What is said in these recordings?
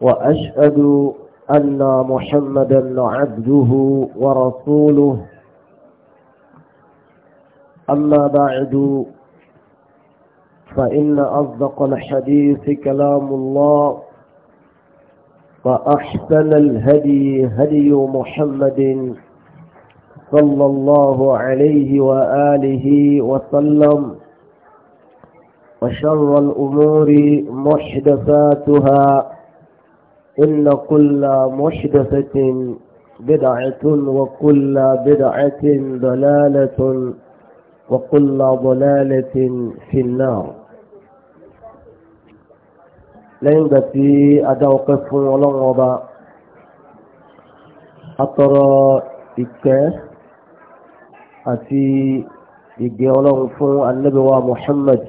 وأشهد أن محمدا عبده ورسوله أما بعد فإن أصدق الحديث كلام الله وأحسن الهدي هدي محمد صلى الله عليه وآله وسلم وشر الأمور محدثاتها إن كل محدثة بدعة وكل بدعة ضلالة وكل ضلالة في النار لين بتي أدوقف ولنغضا أترى إكاس أتي يجيولون فو النبي محمد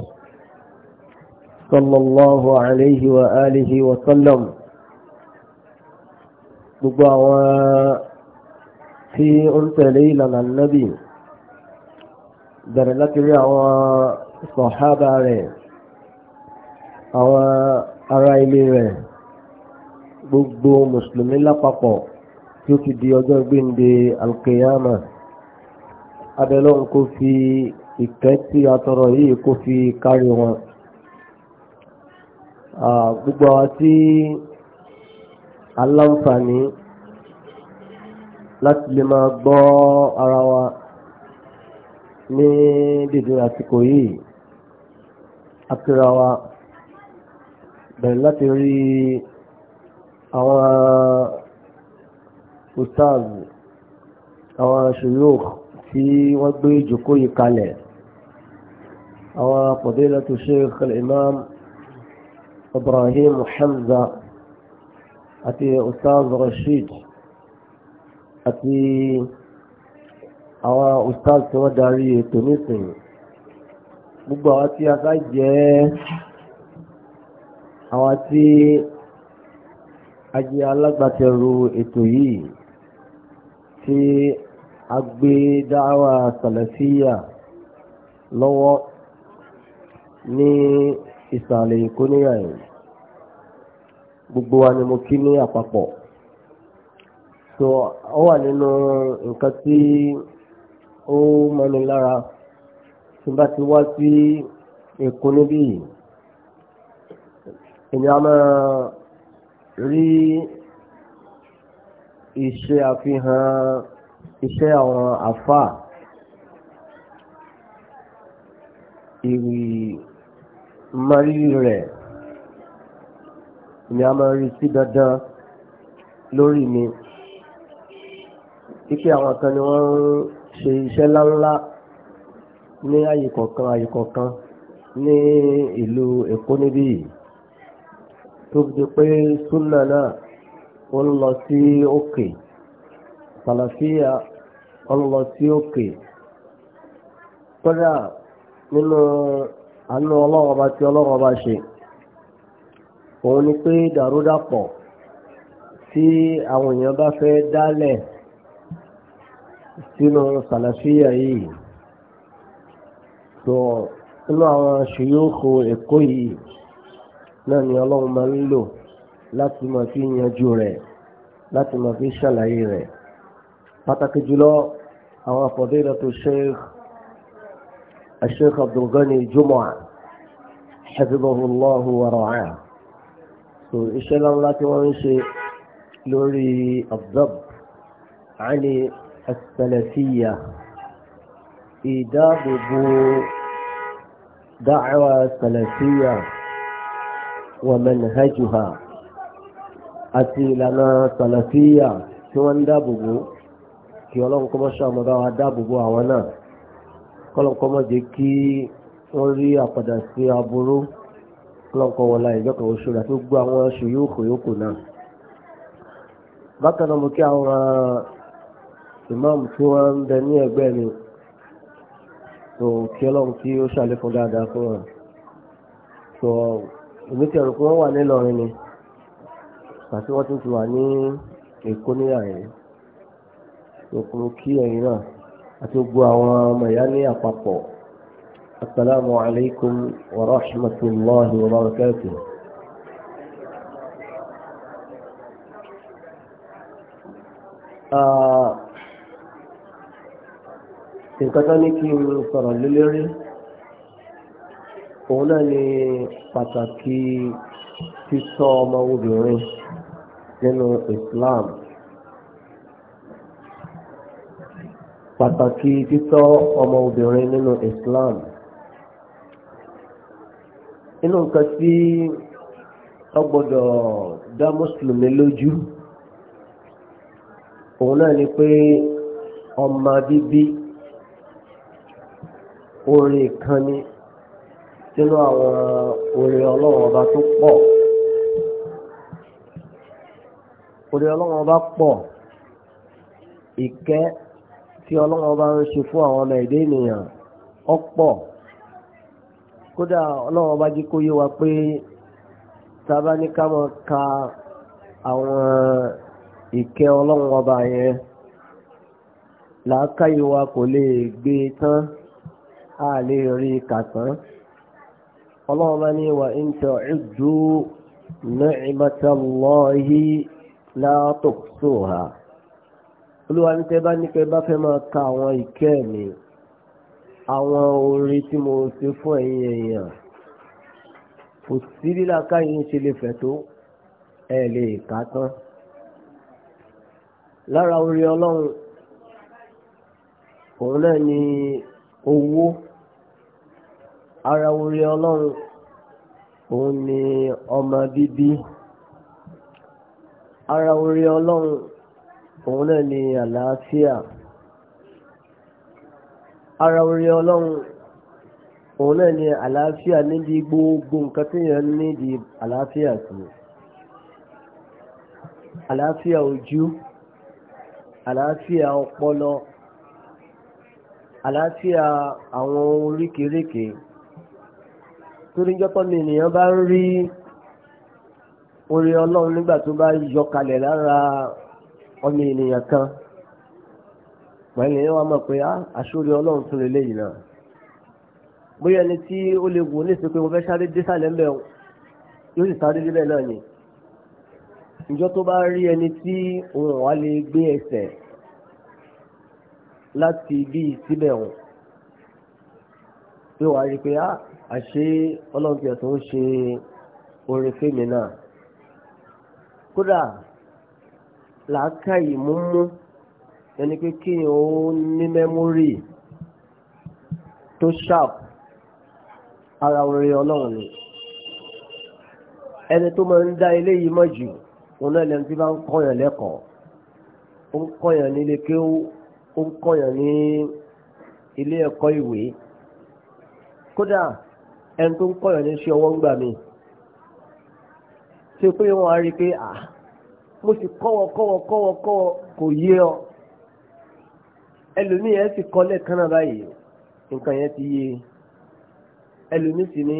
صلى الله عليه وآله وسلم gbogbo àwọn tí ó ń tẹ̀lé ìlànà nẹ́bì bẹ̀rẹ̀ láti rí àwọn sọ̀hábà rẹ̀ àwọn ará ilé rẹ̀ gbogbo mùsùlùmí lápapọ̀ tí ó fi di ọjọ́ gbíndé alkeyama abẹ́lọ́n kó fi ìkẹ́ tí a tọrọ yìí kó fi kárí wọn gbogbo àwọn tí aláǹfààní láti lè máa gbọ́ ara wa ní dèdè àsìkò yìí akíra wa bẹ̀rẹ̀ láti rí àwọn ustaz àwọn shuyukh tí wọ́n gbé ìjókòó yìí kalẹ̀ àwọn fadilatu sheikh al-imam Ibrahim Hamza àti ustaz Rashid àti àwọn ustaz tí wọ́n darí ètò nísìn gbogbo àwọn tí a ká jẹ́ àwọn tí a jẹ́ alágbàtẹ̀rù ètò yìí tí a gbé dáwà sàlẹ̀fíyà lọ́wọ́ ní ìsàlẹ̀ ìkóníyà yìí gbogbo wa ni mo kí ní àpapọ̀ so ó wà nínú nǹkan tí ó mọ́ni lára tí bá ti wá sí Èkó níbí yìí èmi a máa rí iṣẹ́ àfihàn iṣẹ́ àwọn àfáà ìrì mọ́rírì rẹ̀ ni a máa rí sí dandan lórí mi wípé àwọn kan ni wọ́n ń ṣe iṣẹ́ ńláńlá ní àyè kọ̀ọ̀kan àyè kọ̀ọ̀kan ní ìlú Èkó níbí yìí tó fi pé súnà náà ó ń lọ sí òkè sàlàfíà ó ń lọ sí òkè kódà nínú àánú ọlọ́run ọba tí ọlọ́run ọba ṣe òun ni pé dàrúdàpọ̀ tí àwọn èèyàn bá fẹ́ dálẹ̀ sínú sàlàfíà yìí tó inú àwọn ṣèyókò èkó yìí náà ni ọlọ́run máa ń lò láti máa fi yanjú rẹ̀ láti máa fi ṣàlàyé rẹ̀ pàtàkì jùlọ àwọn fadilatu Sheikh Sheikh Abdul Ghani Jumu'ah حفظه الله ورعاه so iṣẹ́ láńlá tí wọ́n ń ṣe lórí abdab àní asalafiya ìdáàbòbò da'wa salafiya wa manhajuha àti ìlànà salafiya tí wọ́n ń dáàbòbò kí ọlọ́run kọ́mọ́ ṣàmọ́dá wa dáàbòbò àwọn náà kọ́lọ́n jẹ́ kí wọ́n rí àpàdà sí aburú lọ́nkọ́ wọn láyé ìjọ kan oṣù rẹ̀ tó gbọ́ àwọn oṣù yóò kò yókù náà bákan náà mo kí àwọn ìmáàmù tí wọ́n ń bẹ ní ẹgbẹ́ mi tó kí ọlọ́run tí ó ṣàlékún dáadáa fún wọn tó èmi tí ẹ̀rù pé wọ́n wà nílọrin ni àti wọ́n tún ti wà ní èkó níyà yìí tó kúrò kí ẹ̀yìn náà àti gbogbo àwọn ọmọ ìyá ní àpapọ̀. السلام عليكم ورحمة الله وبركاته nǹkan tó ní kí n sọ̀rọ̀ lélẹ́rí òun náà ni pàtàkì títọ́ ọmọ obìnrin nínú Islam pàtàkì títọ́ ọmọ obìnrin nínú Islam inú nǹkan tí ó gbọ́dọ̀ dá mùsùlùmí lójú òun náà ni pé ọmọ bíbí oore kan ni sínú àwọn oore ọlọ́run ọba tó pọ̀ oore ọlọ́run ọba pọ̀ ìkẹ́ tí ọlọ́run ọba ń ṣe fún àwọn ọmọ ẹ̀dẹ́ ènìyàn ọ̀pọ̀. kódà ọlọ́wọ́ bá jí kó yé wa pé sábà ní ká ka àwọn ìkẹ́ ọlọ́run bá yẹn làákàyè wa kò lè gbé e tán a lè rí kà tán bá ní wa in ta'uddu ni'matallahi la tuhsuha olúwa ní tẹ́ bá ní àwọn orin tí mo ṣe fún ẹ̀yin èèyàn kò sí bí làákàyè ṣe lè fẹ̀ tó ẹ lè kà tán lára orí ọlọ́run òun náà ni owó ara orí ọlọ́run òun ni ọmọ bíbí ara orí ọlọ́run òun náà ni àlàáfíà. ara orí ọlọ́run òun náà ni àlàáfíà níbi gbogbo nǹkan tí yẹn níbi àlàáfíà sí àlàáfíà ojú àlàáfíà ọpọlọ àlàáfíà àwọn oríkèéríkè torí jọ́pọ̀ mi ènìyàn bá ń rí orí ọlọ́run nígbà tó bá yọ kalẹ̀ lára ọmọ ènìyàn kan. pẹ̀lú wa mọ̀ pé ah, àṣórí ọlọ́run tún lélẹ́ yìí náà bóyá ẹni tí ó lè wò ní ìsìnkú mo fẹ́ sáré dé sàlẹ̀ ńbẹ̀ yóò sì sáré débẹ̀ náà ni ìjọ tó bá rí ẹni tí òun wá lè gbé ẹsẹ̀ láti bí síbẹ̀ wọn pé wàá rí pé ah, àṣé ọlọ́run ti ẹ̀sùn ń ṣe orin fèmí náà kódà làákàyè múmú ẹni pé kí n ó ní mẹ́mórì tó sharp ara orí ọlọ́run ni ẹni tó máa ń dá eléyìí mọ̀ jù òun náà lẹ́nu tí bá ń kọ́yàn lẹ́kọ̀ọ́ ó ń kọ́yàn nílé kí ó ń kọ́yàn ní ilé ẹ̀kọ́ ìwé kódà ẹni tó ń kọ́yàn ní ṣe ọwọ́ ń gbà mí ṣe pé wọ́n á rí i pé mo sì kọ́wọ́ kọ́wọ́ kọ́wọ́ kọ́wọ́ kò yé ọ. elu ni ti kọ́ lẹ́ẹ̀kan náà báyìí nǹkan yẹn ti yé ẹlòmíì sì ni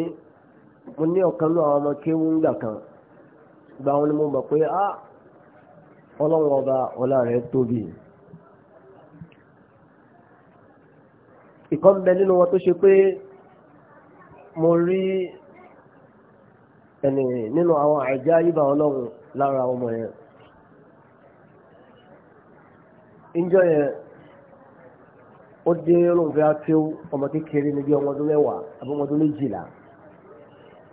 mo ní ọ̀kan náà àwọn ọmọ kéwú kan gba àwọn ni mo pé ọba ọlá rẹ tóbi. ìkan bẹ nínú wọn tó ṣe pé mo rí ẹni nínú àwọn àìjá yíba ọlọ́run lára ọmọ yẹn. ìjọ yẹn ó dé lóun fẹ́ tí ó ọmọ kékeré níbi ọmọ ọdún mẹ́wàá àbí ọmọ ọdún méjìlá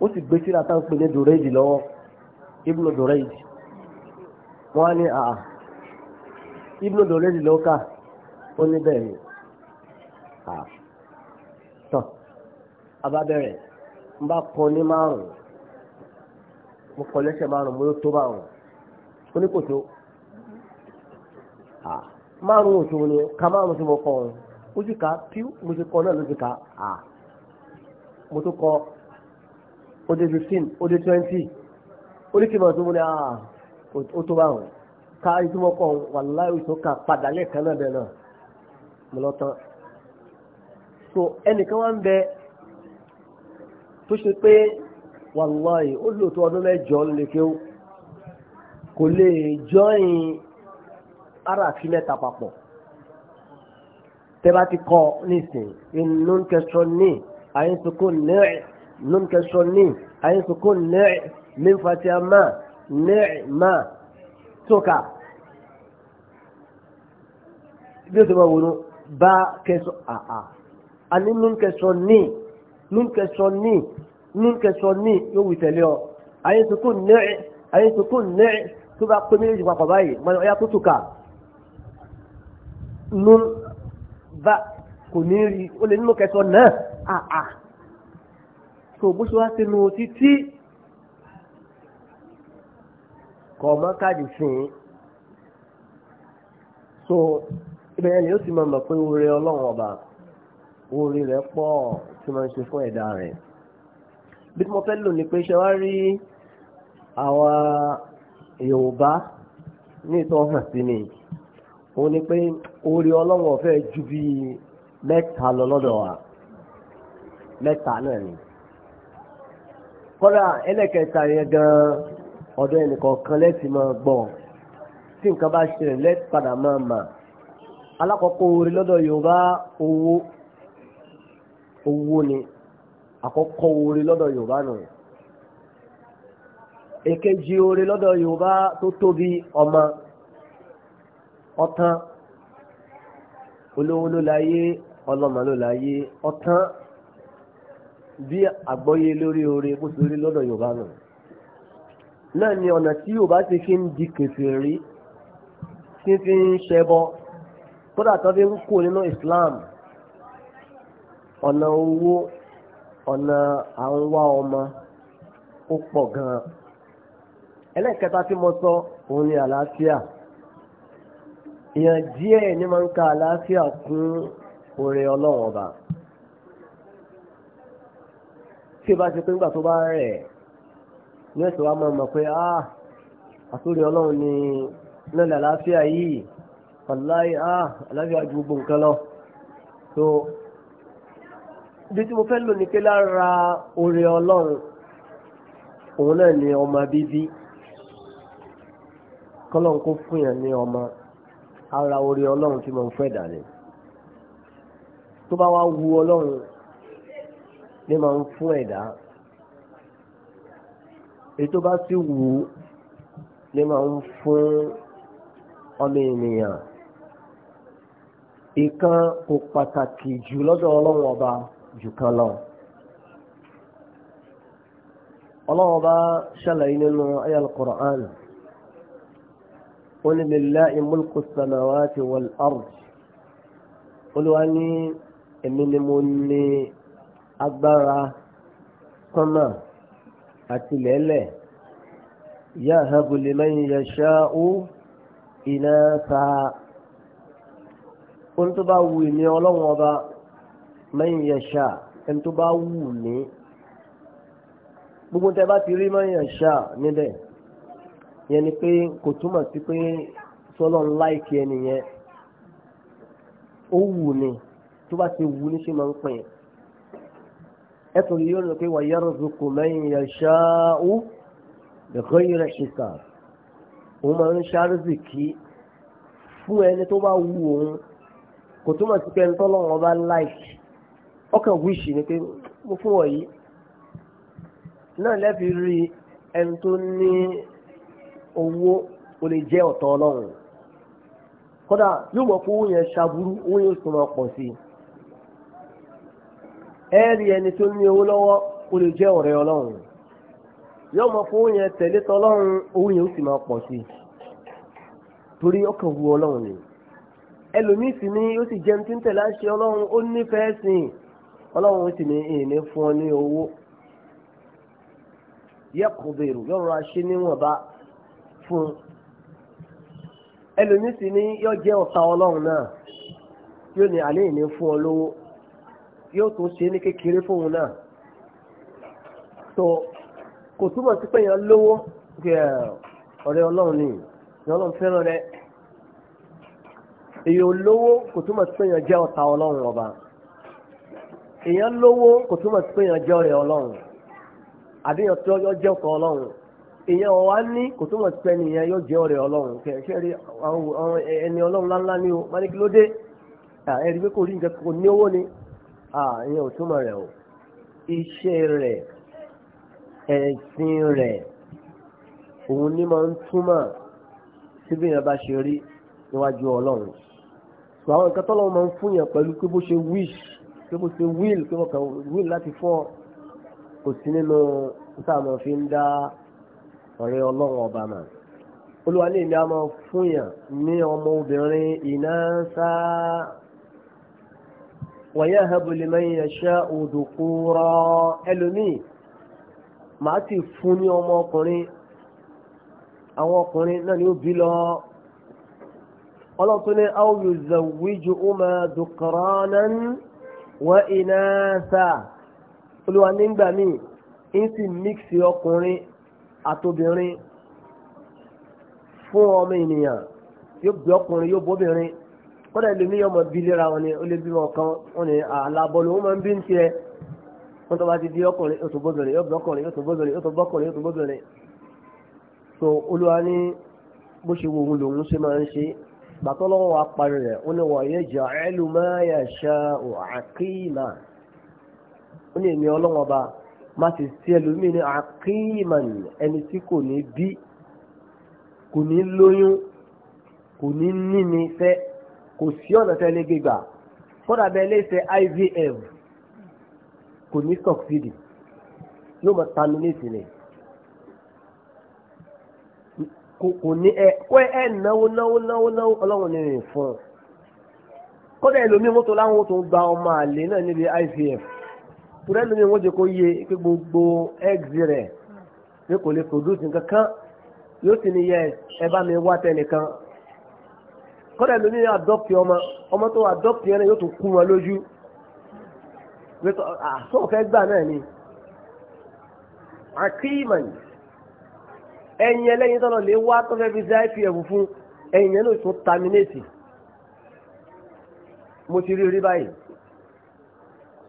ó sì gbé síra táwọn pè dòrèjì lọ́wọ́ ibùdó dòrèjì wọ́n á ní àà ibùdó dòrèjì lọ́wọ́ ká ó ní bẹ́ẹ̀ ni àà tán abábẹ́rẹ̀ ń bá kọ ní márùn-ún mo kọ lẹ́sẹ̀ márùn-ún mo yóò tó márùn-ún ó ní kò tó márùn-ún òṣùwọ̀n ni ká márùn-ún mo kọ ọ̀hún ó sì kà á píú mo ti kọ náà ló ti kà á mo tún kọ ó dé fifteen ó twenty ó ní kí n máa tún mú ní àá ó tó báwọn ká ìtumọ̀ kọ wàláhì ìtọ́ka padà lẹ́ẹ̀kan náà bẹ́ẹ̀ náà mo lọ tán so ẹnìkan wá ń bẹ tó ṣe pé wàláhì ó lò tó ọdún mẹ́jọ lè kéwò kò lè jọyìn ara àfi mẹ́ta papọ̀ tẹ́bá ti kọ́ nísìn nun kẹsàn-án ní àyín sukun nẹ́ẹ̀ nun kẹsàn-án ní àyín sukun nẹ́ẹ̀ min fatiha ma nẹ́ẹ̀ ma tóka bí o ti máa wònú bá kẹsàn-án àà àní nun kẹsàn-án ní nun kẹsàn-án ní nun kẹsàn-án ní yóò wù tẹ̀lé ọ àyín sukun tó bá pé méjèèjì papọ̀ báyìí mọ̀ yà tó tóka nun bá kò ní rí ó lè nínú kẹsọ náà àà tó bó ṣe wá sínú títí kọ̀ mọ́ káàdì fún so ibẹ̀ yẹn ni ó ti máa mọ̀ pé oore ọlọ́run ọba oore rẹ̀ pọ̀ tí máa ń ṣe fún ẹ̀dá rẹ̀ bí mo fẹ́ lò ní pé ṣe wá rí àwọn Yorùbá ní ìtọ́ hàn sí ni. òun ni pé orí ọlọ́run ọ̀fẹ́ ju bí mẹ́ta lọ lọ́dọ̀ wa mẹ́ta náà ni kọ́dà ẹlẹ́kẹta yẹn gan-an ọ̀dọ̀ ẹnìkọ̀ọ̀kan lẹ́sìn máa gbọ́ tí nǹkan bá ṣẹlẹ̀ lẹ́padà máa mà alákọ̀ọ́kọ́ orí lọ́dọ̀ yorùbá owó owó ni àkọ́kọ́ orí lọ́dọ̀ yorùbá nù ọ̀tán olówó ló láyé ọlọ́mọ ló láyé ọ̀tán bí àgbọ́yé lórí oore bó ṣe rí lọ́dọ̀ yorùbá nù náà ni ọ̀nà tí yorùbá ti fi ń di kèfèrí tí fi ń ṣẹbọ kódà tó fi ń kó nínú islam ọ̀nà owó ọ̀nà àwọn wá ọmọ ó pọ̀ gan-an ẹlẹ́kẹta tí mo sọ òun ni àlàáfíà. So, èèyàn díẹ̀ ní máa ń ka àlàáfíà kún oore ọlọ́run ọba tí ìbá ti pé ńgbà tó bá rẹ̀ ní ẹ̀sìn wa máa mọ̀ pé ah, àtúrò ọlọ́run ni nílẹ̀ àlàáfíà yìí wàláì ah àlàáfíà ju gbogbo nǹkan lọ so bí tí mo fẹ́ lò ní pé lára oore ọlọ́run òun náà ni ọmọ bíbí kọ́lọ́n kó fún yàn ní ọmọ. ara orí ọlọ́run tí mo ń fẹ́ dàní tó bá wá wu ọlọ́run ní máa ń fún ẹ̀dá èyí tó bá sì wù ú ní ń fún ọmọ ènìyàn ìkan kò pàtàkì jù lọ́dọ̀ ọlọ́run ọba jù kan lọ. ọlọ́run ọba ṣàlàyé nínú قل لله ملك السماوات والأرض قل واني من مني أكبر سما أتلالي يهب لمن يشاء إناثا قلت باويني ولو با من يشاء أنت باويني بقول تبا تري من يشاء ندي yẹn ni pé kò túmọ̀ sí pé sọlọ ń láìkí ẹni yẹn ó wù ní tó bá ti wù ní ṣe máa ń pè é ẹ tó yóò rìn pé wa yarzuqu man yasha'u bi ghayri hisab òun máa ń ṣáàrùsì kí fún ẹni tó bá wù òun kò túmọ̀ sí pé ẹni tọ́lọ́run ọba láìkí ọkàn wíṣì ni pé mo fún ọ yìí náà lẹ́bi rí ẹni tó ní owó ó lè jẹ́ ọ̀tọ̀ ọlọ́run kódà yóò mọ̀ pé owó yẹn ṣaburú owó yóò sọ̀rọ̀ pọ̀ sí i ẹ̀ẹ́rì ẹni tó ní owó lọ́wọ́ ó lè jẹ́ ọ̀rẹ́ ọlọ́run yóò mọ̀ fún yẹn tẹ̀lé tọlọ́run owó yẹn ó sì máa pọ̀ sí i torí ọkàn wu ọlọ́run ni ẹlòmíì sì ni ó sì jẹun tí ń tẹ̀lé ọlọ́run ó nífẹ̀ẹ́ sìn ọlọ́run sì ní ìní fún ọ ní owó yẹ kò bèrò yọ̀rọ̀ àṣẹ níwọ̀nba fún un ẹlòmíì sì ni yóò jẹ ọta ọlọ́run náà yóò ní ìní fún ọ lówó yóò tún ṣe ní kékeré náà tó kò túmọ̀ sí pé èèyàn lówó ọ̀rẹ́ ọlọ́run ni ìyá ọlọ́run fẹ́ràn rẹ èèyàn lówó kò túmọ̀ sí pé ọba èèyàn lówó kò sí pé ọlọ́run àbí tó yọ èèyàn ọ̀wá ní kò tó mọ̀ pẹ́ nìyẹn yóò jẹ́ ọ̀rẹ́ ọlọ́run kẹ̀kẹ́ rí àwọn ẹni ọlọ́run ńláńlá ní o má ní kí ló dé ẹ̀rí pé kò rí nǹkan kò ní owó ni ìyẹn ò túmọ̀ rẹ̀ o iṣẹ́ rẹ̀ ẹ̀sìn rẹ̀ òun ní máa ń túmọ̀ síbi yẹn bá ṣe rí níwájú ọlọ́run sọ àwọn nǹkan tọ́lọ́run máa ń fún yẹn pẹ̀lú pé bó ṣe wish pé bó ṣe will pé wọ́n kàn will láti fọ́ kò sí nínú táwọn fi ń dá ọ̀rẹ́ ọlọ́run ọba mà olúwa ní èmi a máa fún yàn ní ọmọ obìnrin iná sá wọ̀nyẹ́ ẹ̀hẹ́bùlẹ́mẹ́yìn ẹ̀ṣẹ́ òdòkúrọ̀ ẹlòmíì màá ti fún ní ọmọ ọkùnrin àwọn ọkùnrin náà ni ó bí lọ ọlọ́tún ní áwùjọ zàwíjù ọmọ dùkọ̀rọ̀nán wọ iná sá olúwa nígbà míì ń sì mix ọkùnrin àtobìnrin fún ọmọ ènìyàn yóò bí ọkùnrin yóò bóbìnrin kọ́dà ìlú mi ọmọ bí lera wọn ni ó lè bímọ kan wọn ni àlàbọ̀lù wọn máa ń bí ń tiẹ̀ wọn tó bá ti di ọkùnrin yóò tó bóbìnrin yóò bọ́kùnrin yóò tó bóbìnrin yóò tó bọ́kùnrin yóò tó bóbìnrin so olúwa ní bó ṣe wo òun lòun ṣe máa ń ṣe gbàtọ́ lọ́wọ́ wa parí rẹ̀ ó ní wọ̀ yẹ jà ẹ́lùmáyà ò àkíyìmá ó ní èmi ọlọ́wọ́ bá má ti sí ẹlòmíì ní àkíyèmán ẹni tí kò ní bí kò ní lóyún kò ní níní fẹ́ kò sí ọ̀nà tẹ́lẹ̀ gbígbà kódà bẹ́ẹ̀ léṣe IVF kò ní sọ̀kìdì yóò máa tanu ní ìsìnlẹ̀ kò ní ẹ kó ẹ náwó náwó náwó náwó ọlọ́run ní ìfún kódà ẹlòmíì mọ́tò láwọn tó ń gba ọmọ àlè náà níbi IVF tura ẹni wọ́n jẹ́ kó yé pé gbogbo eggs rẹ̀ pé kò lè produce nǹkan kan yóò sì ní yẹ ẹ bá mi wá tẹnìkan kọ́dà ẹni ní adopt ọmọ ọmọ tó adopt yẹn yóò tún kú wọn lójú àṣọ ọ̀fẹ́ gbà náà ni akíman ẹ̀yìn ẹlẹ́yin tọ́lọ̀ lè wá tó fẹ́ fi ṣe ipf fún ẹ̀yìn yẹn ló tún mo ti rí rí báyìí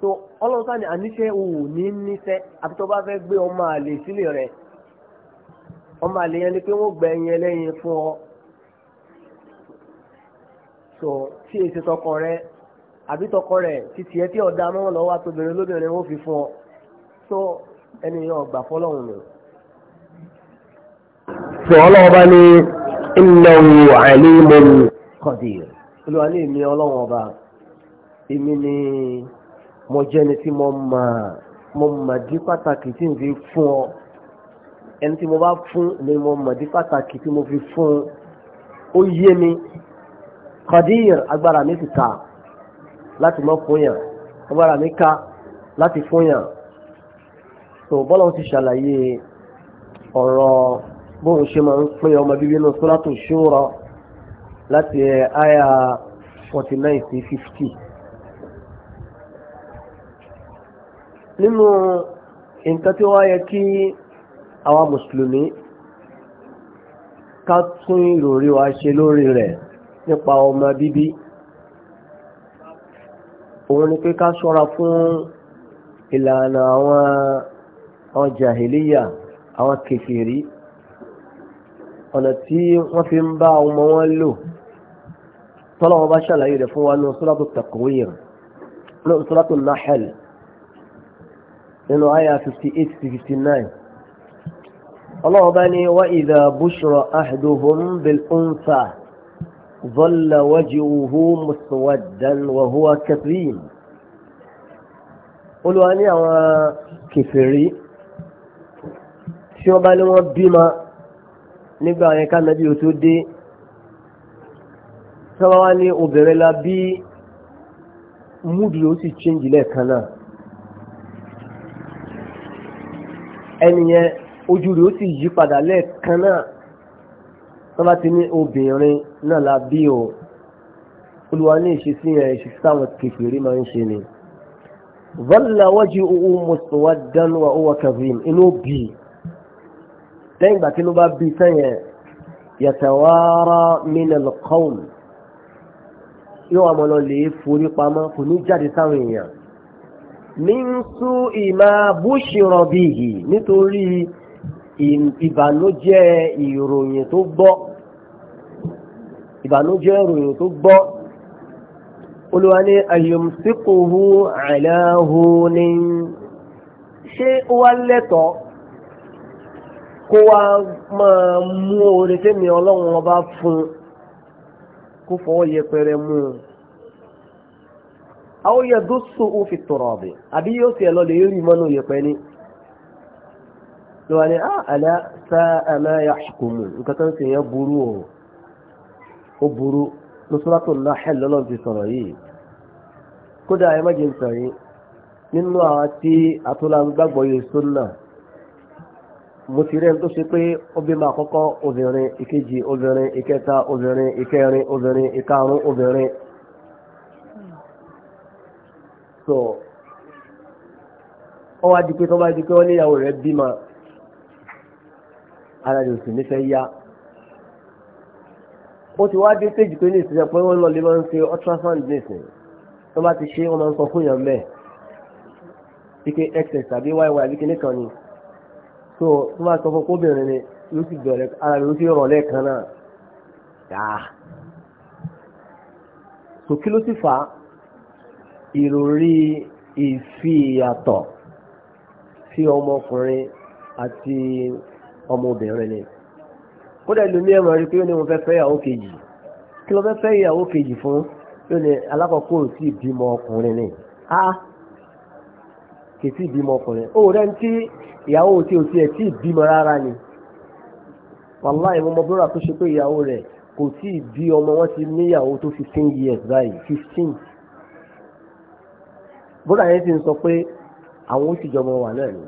so ọlọ́run sáà ní àníṣe òwò ní níṣẹ́ àti tó bá fẹ́ gbé ọmọ àlè sílé rẹ̀ ọmọ àlè yẹn ni pé wọ́n gbẹ ẹyin ẹlẹ́yin fún ọ so tí èsì tọkọ rẹ àbí tọkọ rẹ títí ẹ tí ọ̀dà mọ́ lọ́wọ́ àtòbìnrin lóbìnrin wọ́n fi fún ọ so ẹni yẹn ọgbà fọlọ́run nù. sọ ọlọ́run bá ní innahu alimun qadir olùwà ní èmi ọlọ́run èmi ni mo jẹ́ ni tí mo mà mo mà dí pàtàkì tí n fi fún ọ ẹni tí mo bá fún ni mo mà dí pàtàkì tí mo fi fún ó yé mi kọdíyàn agbára mi ti ka láti mọ fún yàn agbára mi ka láti fún yàn tó bọ́lá ti ṣàlàyé ọ̀rọ̀ bóun ṣe máa ń pín ọmọ bíbí inú Suratu Shura láti àyà forty nine sí fifty. nínú nǹkan tí wọ́n yẹ kí àwa mùsùlùmí ká tún ìròrí wa ṣe lórí rẹ̀ nípa ọmọ bíbí òun ni pé ká ṣọ́ra fún ìlànà àwọn àwọn jàhìlíyà àwọn kèfèrí ọ̀nà tí wọ́n fi ń bá ọmọ wọn lò tọ́lọ́wọ́n bá ṣàlàyé rẹ̀ fún wa ní suratu takwir ní suratu nahal nínú àyà 58-59 ọlọ́wọ́ bá ní wá idha bushira ahaduhum bil unsa dhalla wajhuhu muswaddan wa huwa kadhim olùwà ní àwọn kèfèrí tí wọ́n bá ní wọ́n bímọ nígbà yẹn ká nàbí o dé sábà ní obìnrin la bí múdùú ó sì chíńjì lẹ́ẹ̀kan náà ẹnìyẹn ojú rẹ̀ ó sì yí padà lẹ́ẹ̀kan náà wọ́n bá ti ní obìnrin náà la bí o olùwà ní ìṣesí yẹn ìṣesí táwọn kékeré máa ń ṣe ni. ظل وجهه مسودا وهو كظيم inú bí lẹ́yìn ìgbà tí ló bá bí sẹ́yìn yatawara min al-qawm yóò wà mọ́ lọ lè forí pamọ́ kò ní jáde sáwọn èèyàn min su'i ma bushira bihi nítorí ìbànújẹ́ ìròyìn tó gbọ́ ìbànújẹ́ ìròyìn tó gbọ́ olúwa ní ayọ̀mùsíkòhù àìláhù ní ṣé ó wá lẹ́tọ̀ọ́ kó wá máa mú oore tẹ́mi ọlọ́run ọba fún kó fọwọ́ yẹpẹrẹ mú un àwọn yẹ tó so ó fi tọrọ ọ̀bẹ àbí yóò tiẹ̀ lọ lè rí mọ́nú yẹpẹ́ ni. ló wà ní àlá sá àmà yà ṣùkùmù nǹkan tó ń sè yẹn burú o ó burú lọ́sọ́rọ́tò ńlá xẹ́l lọ́lọ́ ti sọ̀rọ̀ yìí kódà ẹ má jẹ́ ń sọ̀rọ̀ yìí nínú àwọn tí atúlágbàgbọ́ yìí sọ́nà mo ti rẹ́ tó ṣe pé obìnrin àkọ́kọ́ obìnrin ìkejì obìnrin ìkẹta obìnrin ìkẹrin obìnrin ìkarùn-ún obìnrin sọ ọ wá di pé tó bá di pé wọ́n níyàwó rẹ̀ bímọ ara rẹ̀ sì nífẹ̀ẹ́ yá ó ti wá dé péjì pé ní ìsinmi pé wọ́n lọ lè máa ń ṣe ultrasound nísìn tó bá ti ṣe wọ́n máa ń sọ fún yàn bẹ́ẹ̀ wípé xx tàbí yy wípé nìkan ni so tó bá sọ fún kóbìnrin ni yóò sì bẹ̀rẹ̀ ara rẹ̀ yóò sì rọ̀ lẹ́ẹ̀kan náà yáa so kí ló sì fà á ìròrí ìfi ìyàtọ̀ sí ọmọkùnrin àti ọmọbìnrin ni kódà ìlúmí ẹ̀mọ̀ rí pé ó ní mo fẹ́ fẹ́ ìyàwó kejì kí ló fẹ́ fẹ́ ìyàwó kejì fún ó ní alákọ̀ọ́kọ́ ò sí ìbímọ ọkùnrin ni a kì í sí ìbímọ ọkùnrin ó rẹ́ ń tí ìyàwó tí ò tiẹ̀ tí ìbímọ rárá ni wàláì mo mọ búrọ̀ àtúnṣe pé ìyàwó rẹ̀ kò tí ì ọmọ wọn ti níyàwó tó fifteen years báyìí fifteen bóra yẹn ti ń sọ pé àwọn òṣìjọba wà náà ni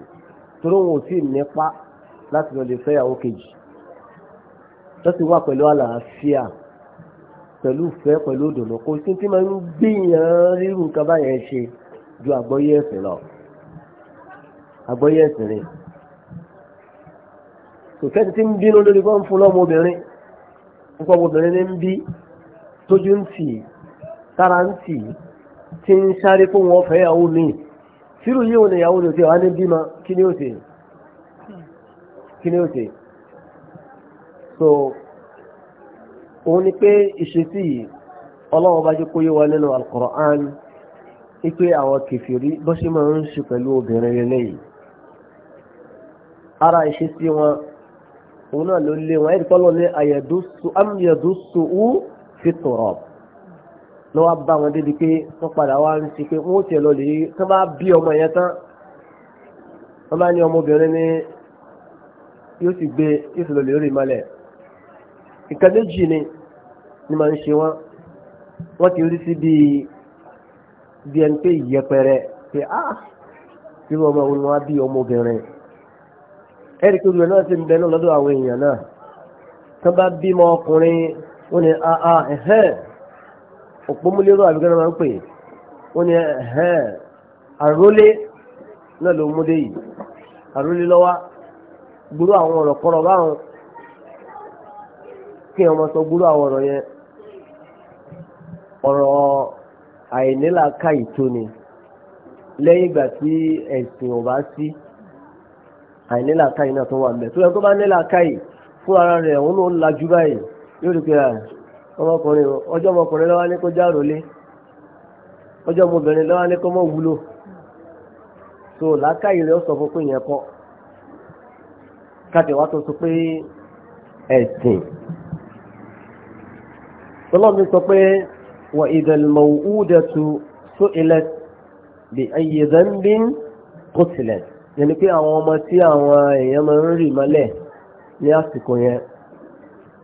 torí wọn ò tí ì nípa láti lọ lè fẹ́ ìyàwó kejì tó ti wà pẹ̀lú àlàáfíà pẹ̀lú ìfẹ́ pẹ̀lú òdòdó kò sí tí máa ń gbìyàn rírun nǹkan báyẹn ṣe ju àgbọ́yé ẹ̀sìn lọ àgbọ́yé ẹ̀sìn rẹ̀ kò kẹ́ni tí ń bínú lórí bọ́ ń fún lọ́mọbìnrin nǹkan ọmọbìnrin ní ń bí tójú ń tì tára ń tì í tí ń sáré fún wọn fẹ́ ìyàwó mi sírù yíò ní ìyàwó lòdì wà ní bímọ kí ni ó ṣe kí ni ó ṣe so òun ni pé ìṣesí yìí ọlọ́wọ́ bá jẹ́ kó yé wa nínú Al-Qur'an ipe àwọn kẹfìrí bó ṣe máa ń ṣe pẹ̀lú obìnrin lélẹ́yìí ara ìṣesí wọn òun náà ló lé wọn ẹ̀rí pọ́lọ́ ní àyẹ̀dúsù am yẹ̀dúsù ú fi turab lọ wá bá wọn débi pé wọ́n padà wá ń ṣe pé wọ́n tiẹ̀ lọ lè tán bá bí ọmọ yẹn tán wọ́n bá ní ọmọbìnrin ní yóò sì gbé yóò sì lọ lè rí malẹ̀ nǹkan méjì ni ni màá ń ṣe wọ́n wọ́n ti rí sí bíi bíi ẹni pé ìyẹpẹrẹ pé ah irú ọmọ òun wá bí ọmọbìnrin ẹ̀rí pé olùrẹ̀ náà ti ń bẹ náà lọ́dọ̀ àwọn èèyàn náà tán bá bímọ ọkùnrin wọ́n ní ah ah ẹ̀hẹ́n òpómúlérò àbíkẹ́ náà máa ń pè wọ́n ní ẹ̀hẹ́n àrólé náà ló múdé yìí àrólé lọ́wọ́ gbúrú àwọn ọ̀rọ̀ kọ́rọ̀ báwọn kí ọmọ sọ gbúrú àwọn ọ̀rọ̀ yẹn ọ̀rọ̀ àìnílàáká ìtóni lẹ́yìn ìgbà tí ẹ̀sìn ò bá sí àìnílàáká yìí náà tó wà mẹ́ tó yẹ kó bá nílàáká yìí fún ara rẹ̀ òun ló lajú báyìí yóò rí pé ọmọkùnrin ọjọ́ ọmọkùnrin lọ́wọ́ ní kó já rólé ọjọ́ ọmọbìnrin lọ́wọ́ ní kó mọ̀ wúlò tó làákàyè rẹ̀ sọ fún pé yẹn kọ́ káàtì wá tó sọ pé ẹ̀sìn tọ́lọ́mí sọ pé wà ìdẹ̀lmọ̀ údẹ̀tù su'ilat bí ayé zambin kó tilẹ̀ yẹn ni pé àwọn ọmọ tí àwọn èèyàn máa ń rì mọ́lẹ̀ ní àsìkò yẹn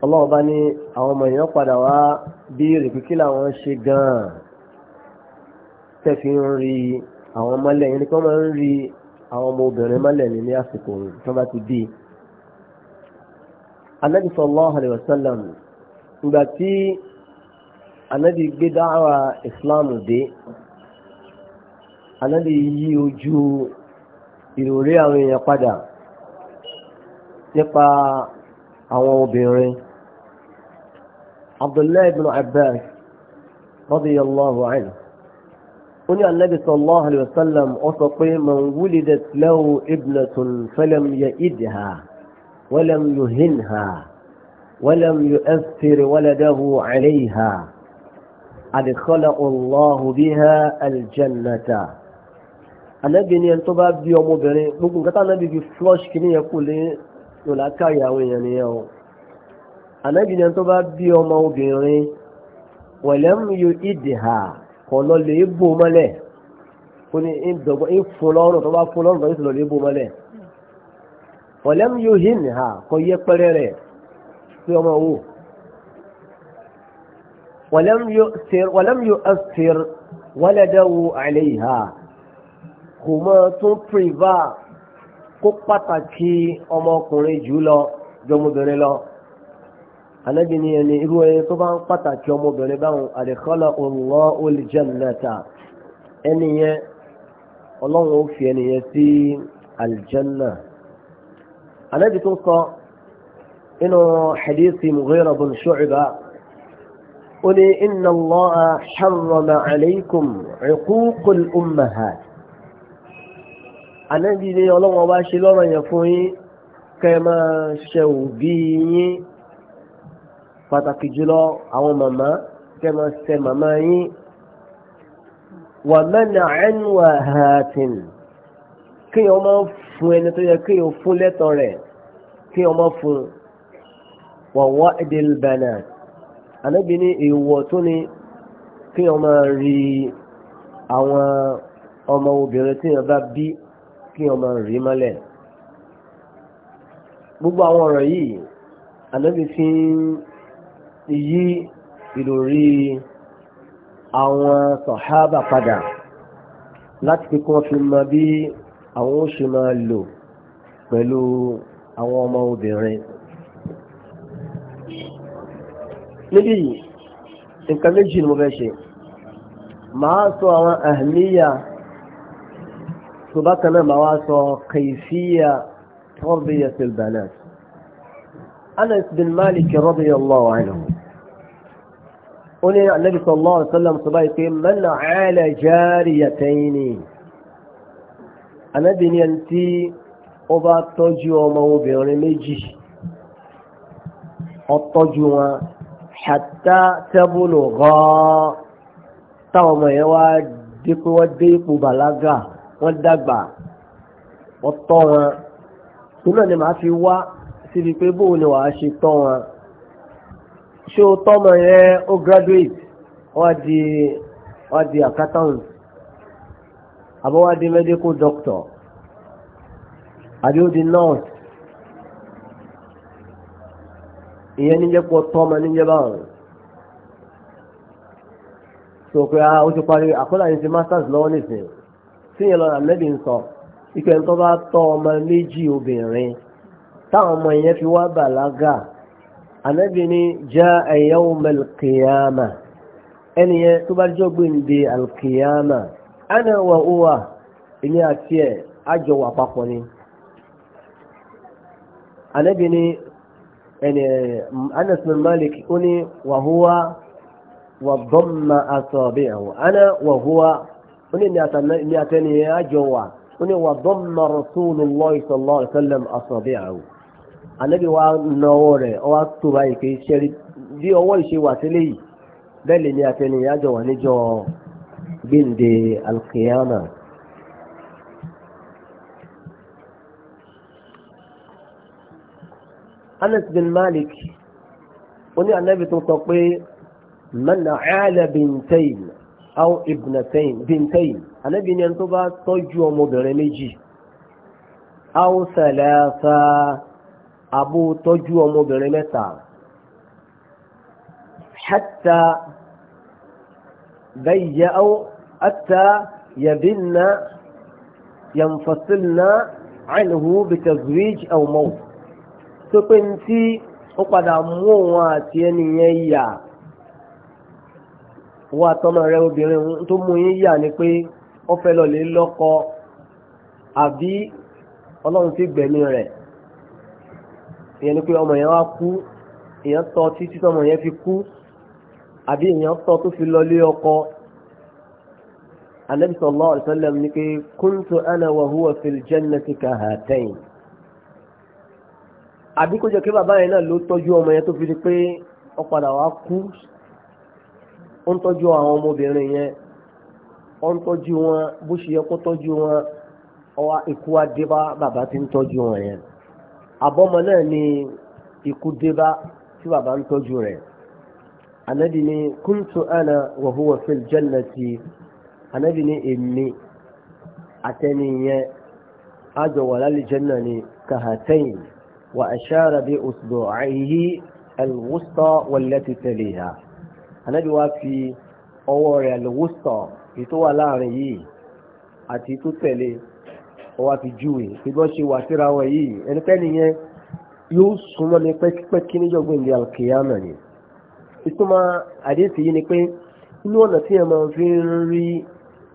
ọlọ́run bá ní àwọn ọmọ èèyàn padà wá bí rìpíkí làwọn ṣe gan-an tẹ́fì ń rí àwọn mọ́lẹ̀ yẹn ni kọ́ máa ń rí àwọn ọmọ obìnrin mọ́lẹ̀ ní ní àsìkò tó bá ti bí. anábì sallallahu alaihi wasallam ìgbà tí anábì gbé dáhà ìsìláàmù dé anábì yí ojú ìròrí àwọn èèyàn padà nípa àwọn obìnrin. عبد الله بن عباس رضي الله عنه قل النبي صلى الله عليه وسلم أصقي من ولدت له ابنة فلم يئدها ولم يهنها ولم يؤثر ولده عليها أدخله الله بها الجنة النبي ni ẹni tó bá bí ọmọbìnrin gbogbo nǹkan tá ànábìyàn tó bá bí ọmọ obìnrin wẹ̀lẹ́mú yóò ìdè hà kọ̀ lọ lè bò mọ́lẹ̀ ó ní ìdọ̀gbọ́n ìfún lọ́rùn tó bá fún lọ́rùn tó ìsìlọ̀ lè bò mọ́lẹ̀ wẹ̀lẹ́mú yóò hìn hà kọ̀ yẹ pẹ́rẹ́ rẹ̀ pé ọmọ wò wẹ̀lẹ́mú yóò ẹ̀sìr wẹ́lẹ́dẹ́wò àìlẹ́ ìhà kò mọ́ tún pìrìvà kó pàtàkì ọmọkùnrin jù lọ jọmọbìnrin lọ anábì ni ẹni irú ẹni tó bá ń pàtàkì ọmọbìnrin báwọn àdìkọ́lá Allahu al-jannata ẹni yẹn ọlọ́run ó fi ẹni yẹn sí aljanna anábì tó sọ inú hadithi Mughira bin Shu'ba ó ní inna Allaha harrama alaykum uququl ummahat anábì ni ọlọ́run ọba ṣe lọ́rọ̀ yẹn fún yín kẹ́ máa ṣe òbí yín pàtàkì jùlọ àwọn màmá tẹ́ máa ṣe màmá yín wà mẹ́nà ẹnuwà hàtìn kéèyàn máa fún ẹni tó yẹ kéèyàn fún lẹ́tọ̀ rẹ̀ kéèyàn máa fún wà wá ẹ̀dẹ̀lbẹ̀nà ànábì ní èèwọ̀ tó ni kéèyàn máa rí àwọn ọmọ obìnrin tí yẹn bá bí kéèyàn máa rí mọ́lẹ̀ gbogbo àwọn ọ̀rọ̀ yìí ànábì fi ń ti yí ìròrí àwọn sọ̀hábà padà láti pé kí wọ́n fi mọ bí àwọn ó ṣe máa lò pẹ̀lú àwọn ọmọ obìnrin. níbí yìí nǹkan méjì ni mo fẹ́ ṣe màá sọ àwọn àhìmíyà tó bákan náà màá wá sọ kàìfíyà tọ́bíyà sílbànà. Anas bin Malik radiyallahu anhu ó ní Ànábì sallallahu alaihi wasallam sọ báyìí pé mẹ́nà àálẹ̀ jariyataini Ànábì ní ẹni tí ó bá tọ́jú ọmọ obìnrin méjì ó tọ́jú wọn hatta tabulugha táwọn ọmọ yẹn wá dé pé wọ́n dé ipò bàlágà wọ́n dàgbà ọ̀tọ́ ni màá fi wá síbi pé bóun ni wàá ṣe tọ́ wọn. ṣé o tọ́mọ yẹn ó graduate wá di wá di accountant àbọ̀ wá di medical doctor àbí ó di nurse ìyẹn níjẹ́ kó tọ́mọ níjẹ́ báwọn so pé a ah, ti parí masters lọ́wọ́ nìsín tí yẹn mẹ́bí ń sọ ike ń tọ́ bá tọ́ ọmọ méjì obìnrin táwọn ọmọ fi wá bàlágà. ànábì ní jaa yawm al-qiyamah ẹnìyẹn tó bá jọ gbèǹde al-qiyamah ana wa huwa èmi àti ẹ̀ àjọ wà papọ̀ ni ànábì ní ẹni Anas bin Malik ó ní wa huwa wa damma asabi'ahu ana wa huwa ó ní ní àtẹnìyẹn àjọ wà ó wa damma Rasulullahi sallallahu alaihi wasallam asabi'ahu ànábì wa na ọwọ́ rẹ̀ ọwọ́ tó báyìí pé ṣẹ́rí bí ọwọ́ ìṣe wà sílẹ̀ yìí bẹ́ẹ̀ lè ní àtẹnìyàn àjọ wà níjọ gbéǹde alkiyama. Anas bin Malik oní ànábì tó sọ pé man aala bintain aw ibnatain bintain ànábì ni ẹni tó bá tọ́jú ọmọbìnrin méjì aw salasa àbó tọ́jú ọmọbìnrin mẹ́ta hatta bayya aw hatta yabinna yanfasilna anhu bitazwij aw mawt tó pé ní tí ó padà mú òun àti ẹni yẹn yà wọ́n àtọ́mọ rẹ obìnrin tó mú yín yà ni pé ó fẹ́ lọ lè lọ́kọ àbí ọlọ́run ti gbẹ̀mí rẹ̀ ìyẹn ni pé ọmọ yẹn wá kú èèyàn tọ́ títí tọmọ yẹn fi kú àbí èèyàn tọ́ tó fi lọ lé ọkọ anabi sallallahu alaihi wasallam ni pé kuntu ana wa huwa fil jannati ka hatayn àbí kó jẹ́ kí bàbá yẹn náà ló tọ́jú ọmọ yẹn tó fi di pé ó padà wá kú ó ń tọ́jú àwọn ọmọbìnrin yẹn ó ń tọ́jú wọn bó ṣe yẹ kó tọ́jú wọn ọwọ́ ikú adé bàbá ti ń tọ́jú wọn yẹn àbọ́mọ náà ni ikú débá tí bàbá ń tọ́jú rẹ̀ anabi ni kuntu ana wa huwa fil jannati anabi ni èmi àtẹniyẹn àjọ wà lálẹ́ janna ni kahatayn wa ashara bi usbu'aihi alwusta wallati taliha anabi wa fi ọwọ́ rẹ̀ alwusta ètò láàrin yìí àti tó ọwọ́ àti júwe ṣùgbọ́n ṣe wà síra wọn yìí ẹnikẹ́ni yẹn yóò súnmọ́ ní pẹ́kípẹ́kí níjọ́gbìn ní alkiyama ni ìtumọ̀ àdéhùn yìí ni pé inú ọ̀nà tí yẹn máa fi ń rí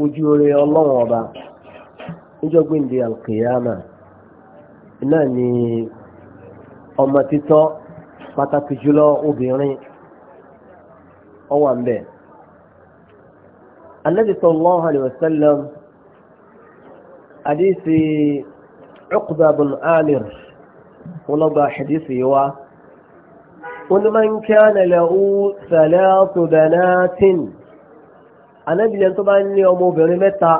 ojú oore ọlọ́run ọba níjọ́gbìn ní alkiyama náà ni ọmọ títọ́ pàtàkì jùlọ obìnrin ọwà ń bẹ̀. Ànábì sallallahu alaihi wasallam hadisi Uqba bin Amir wọn gba hadisi wa wọn man kana lahu thalathu banatin anábìlẹ̀ tó bá ní ọmọbìnrin mẹ́ta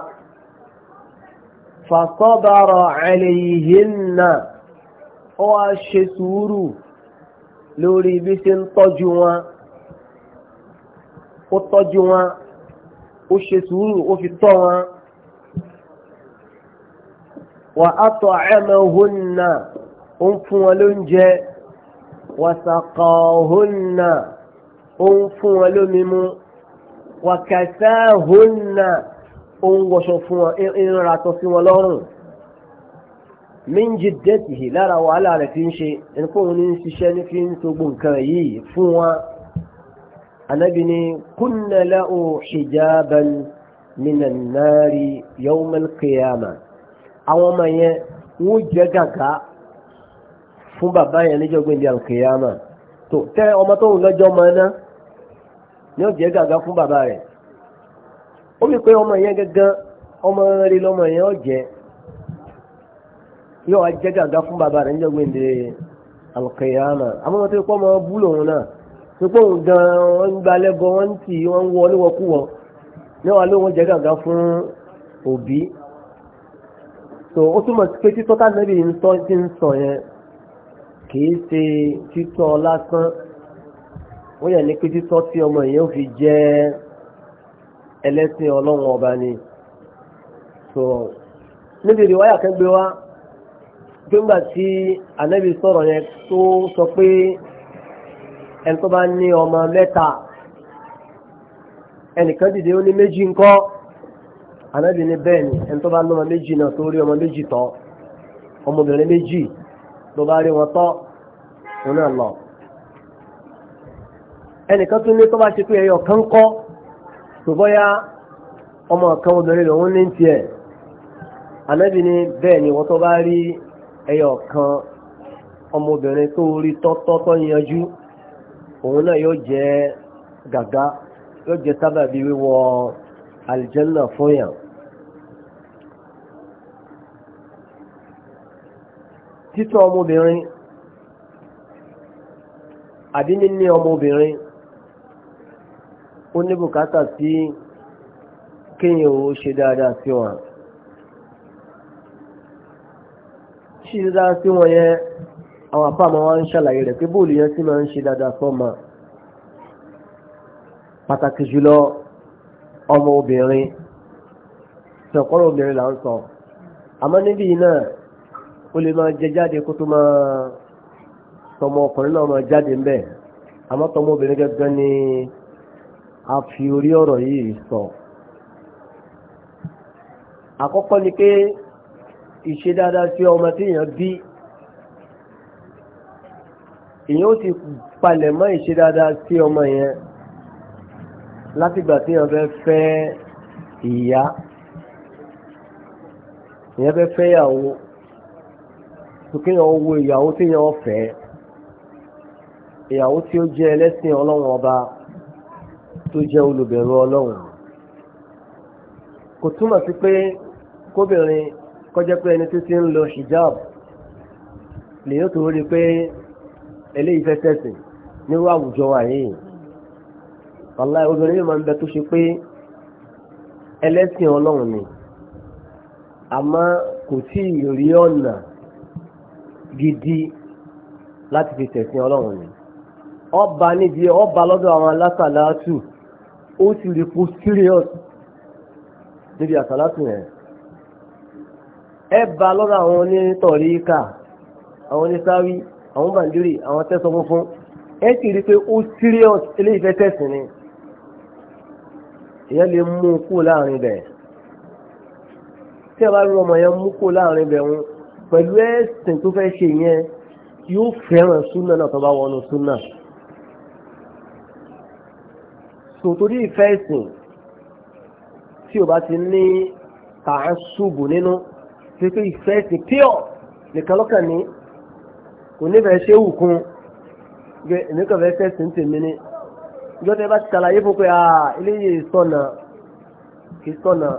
fasabara alayhinna ó wá ṣe sùúrù lórí bí ṣe ń tọ́jú wọn ó tọ́jú wọn ó ṣe sùúrù ó fi tọ́ wọn wà á tọ̀ ẹ̀mẹ̀ òhun náà ó ń fún wọn lóúnjẹ wàsàkọ̀ òhun náà ó ń fún wọn lómi mu wàkàtà òhun náà ó ń wọṣọ fún wọn ìrìnra tọ́ sí wọn lọ́rùn min jiddatihi lára wàhálà rẹ̀ fi ń ṣe ẹnikóhun ní ṣiṣẹ́ ní fi ń togbó nǹkan yìí fún wa anábì ni kunna lahu hijaban minan nari yawmal qiyamah àwọn ọmọ yẹn wọ́n jẹ́ gàgà fún bàbá yẹn níjọ́ gbèndé alkiyama tó tẹ ọmọ tó ń lọ́jọ́ ọmọ ni ó jẹ́ gaga fún bàbá rẹ̀ ó mi pé ọmọ yẹn gángan ọmọ rẹ̀ lọ́mọ yẹn ó jẹ́ yóò wá jẹ́ gàgà fún bàbá rẹ̀ níjọ́ gbèndé alkiyama àwọn ọmọ tó kọ́ ọmọ òun náà òun gan wọ́n ń so ó túmọ̀ sí pé títọ́ tánàbí ń sọ tí ń sọ yẹn kìí ṣe títọ́ lásán ó yẹ ní pé títọ́ tí ọmọ yẹn ó fi jẹ́ ẹlẹ́sìn ọlọ́run ọba ni so níbi ìrìwáyà kan gbé wá gbígbà tí ànábì sọ̀rọ̀ yẹn tó sọ pé ẹni tó bá ní ọmọ mẹ́ta ẹnìkan dìde ó ní méjì ńkọ́ ànábì ní bẹ́ẹ̀ ni ẹni tó bá lọ́mọ méjì náà tó rí ọmọ méjì tọ́ ọmọbìnrin méjì tó bá rí wọn tọ́ òun náà lọ. ẹnìkan tún ní tó bá ṣe pé ẹyọ kan kọ́ ṣùgbọ́yá ọmọ kan obìnrin lòun ní tiẹ̀ ànábì ní bẹ́ẹ̀ ni wọ́n tó bá rí ẹyọ kan ọmọbìnrin tó rí tọ́tọ́tọ́ yanjú òun náà yóò jẹ́ gàgá yóò jẹ́ sábàbí wíwọ̀ aljanna fún yàn títọ́ ọmọbìnrin àbí níní ọmọbìnrin ó ní bùkátà sí kéèyàn ó ṣe dáadáa sí wọn ṣíṣe dáadáa sí wọn yẹn àwọn àpáàmọ́ wa ń ṣàlàyé rẹ̀ pé bóòlù yẹn sì máa ń ṣe dáadáa sọ́mọ pàtàkì jùlọ ọmọ ṣọ̀kọ́rọ̀ obìnrin là ń sọ àmọ́ níbí náà ó lè máa jẹ jáde kó tó máa tọmọ ọkùnrin náà máa jáde ń bẹ̀ àmọ́ tọmọ obìnrin gẹ́gẹ́ ni a fi orí ọ̀rọ̀ yìí sọ àkọ́kọ́ ni pé ìṣe dáadáa sí ọmọ tí èèyàn bí èèyàn ó ti palẹ̀ mọ́ ìṣe dáadáa sí ọmọ yẹn látìgbà tí èèyàn fẹ́ fẹ́ ìyá èèyàn fẹ́ fẹ́yàwó kéèyàn wo ìyàwó téèyàn fẹ́ ìyàwó tí ó jẹ́ ẹlẹ́sìn ọlọ́run ọba tó jẹ́ olùbẹ̀rù ọlọ́run kò túmọ̀ sí pé kóbìnrin kọjá pé ẹni tó ti ń lo hijab lèyìn tó rí pé eléyìí fẹ́ tẹ̀sìn nírú àwùjọ wa yìí wàláì obìnrin yìí máa ń bẹ tó ṣe pé ẹlẹ́sìn ọlọ́run ni àmọ́ kò tí ì rí ọ̀nà gidi láti fi tẹ̀sìn ọlọ́run ni ọba níbi ọba lọ́dọ̀ àwọn alásàlátù ó sì rí kú serious níbi àsàlátù yẹn ẹ bá lọ́dọ̀ àwọn onítọ̀ríkà àwọn onísáwí àwọn bàndírì àwọn tẹ́sán funfun ẹ sì rí pé ó serious eléyìí fẹ́ tẹ̀sìn ni èyàn lè mú un kú láàrin bẹ̀ tí ẹ bá rí ọmọ yẹn mú kú láàrin bẹ̀ wọn pẹ̀lú ẹ̀sìn tó fẹ́ ṣe yẹn yóò fẹ́ràn súnà náà tó bá wọnú súnà sòtórí ìfẹ́ ẹ̀sìn tí o bá ti ní tààṣùbù nínú tí pé ìfẹ́ ẹ̀sìn píọ̀ nìkan lọ́kàn ní kò nífẹ̀ẹ́ ṣé wù kún gbé nìkan fẹ́ fẹ́sìn tèmi ní ìjọ tẹ bá ti ṣàlàyé fún pé àà ah, eléyìí ìsọ̀nà kì í sọ̀nà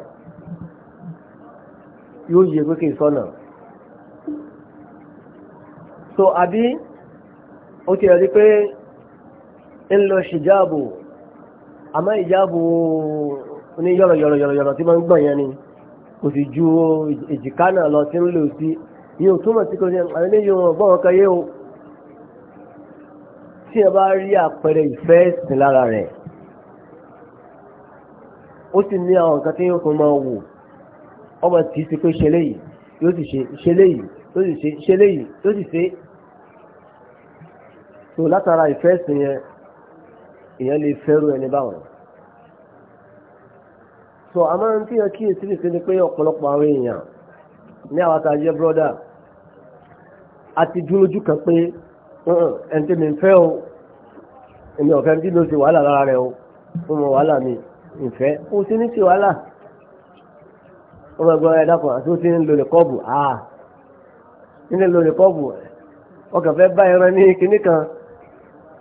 yóò yẹ pé kì í sọ̀nà so àbí ó ti rí pé ń lọ ṣìjáàbò àmọ́ ìjáàbò ní yọ̀rọ̀yọ̀rọ̀yọ̀rọ̀ tí máa ń gbọ̀n yẹn ni kò sì ju èjìká náà lọ sí ń lò sí yóò túmọ̀ sí kò ní àwọn eléyìí wọn bọ́ wọn kan yé o tí ẹ bá rí àpẹẹrẹ ìfẹ́ ẹ̀sìn lára rẹ̀ ó sì ní àwọn nǹkan tí yóò fún máa wò ọmọ tì í ti pé ṣe léyìí yóò sì ṣe léyìí tó sì ṣe ṣe léyìí tó sì ṣe tó látara ìfẹ́ sí yẹn èèyàn lè fẹ́rù ẹni báwọn. sọ àmọ́ ní tí yẹn kíyèsí lè ṣe ni pé ọ̀pọ̀lọpọ̀ àwọn èèyàn ní àwọn àtàjẹ́ bírọ́dà àti dúró ojú kan pé ẹni tí mi ń fẹ́ o èmi ọ̀fẹ́ bí ló ṣe wàhálà lára rẹ o fún mọ wàhálà mi ìfẹ́ o ti ní ṣe wàhálà ọmọ ẹgbẹ́ ẹ̀dá kan àti ó ti ń lo lè kọ́ọ̀bù ah, nílẹ̀ lórí kọ́ọ̀bù ọkàn fẹ́ bá ẹran ní kinní kan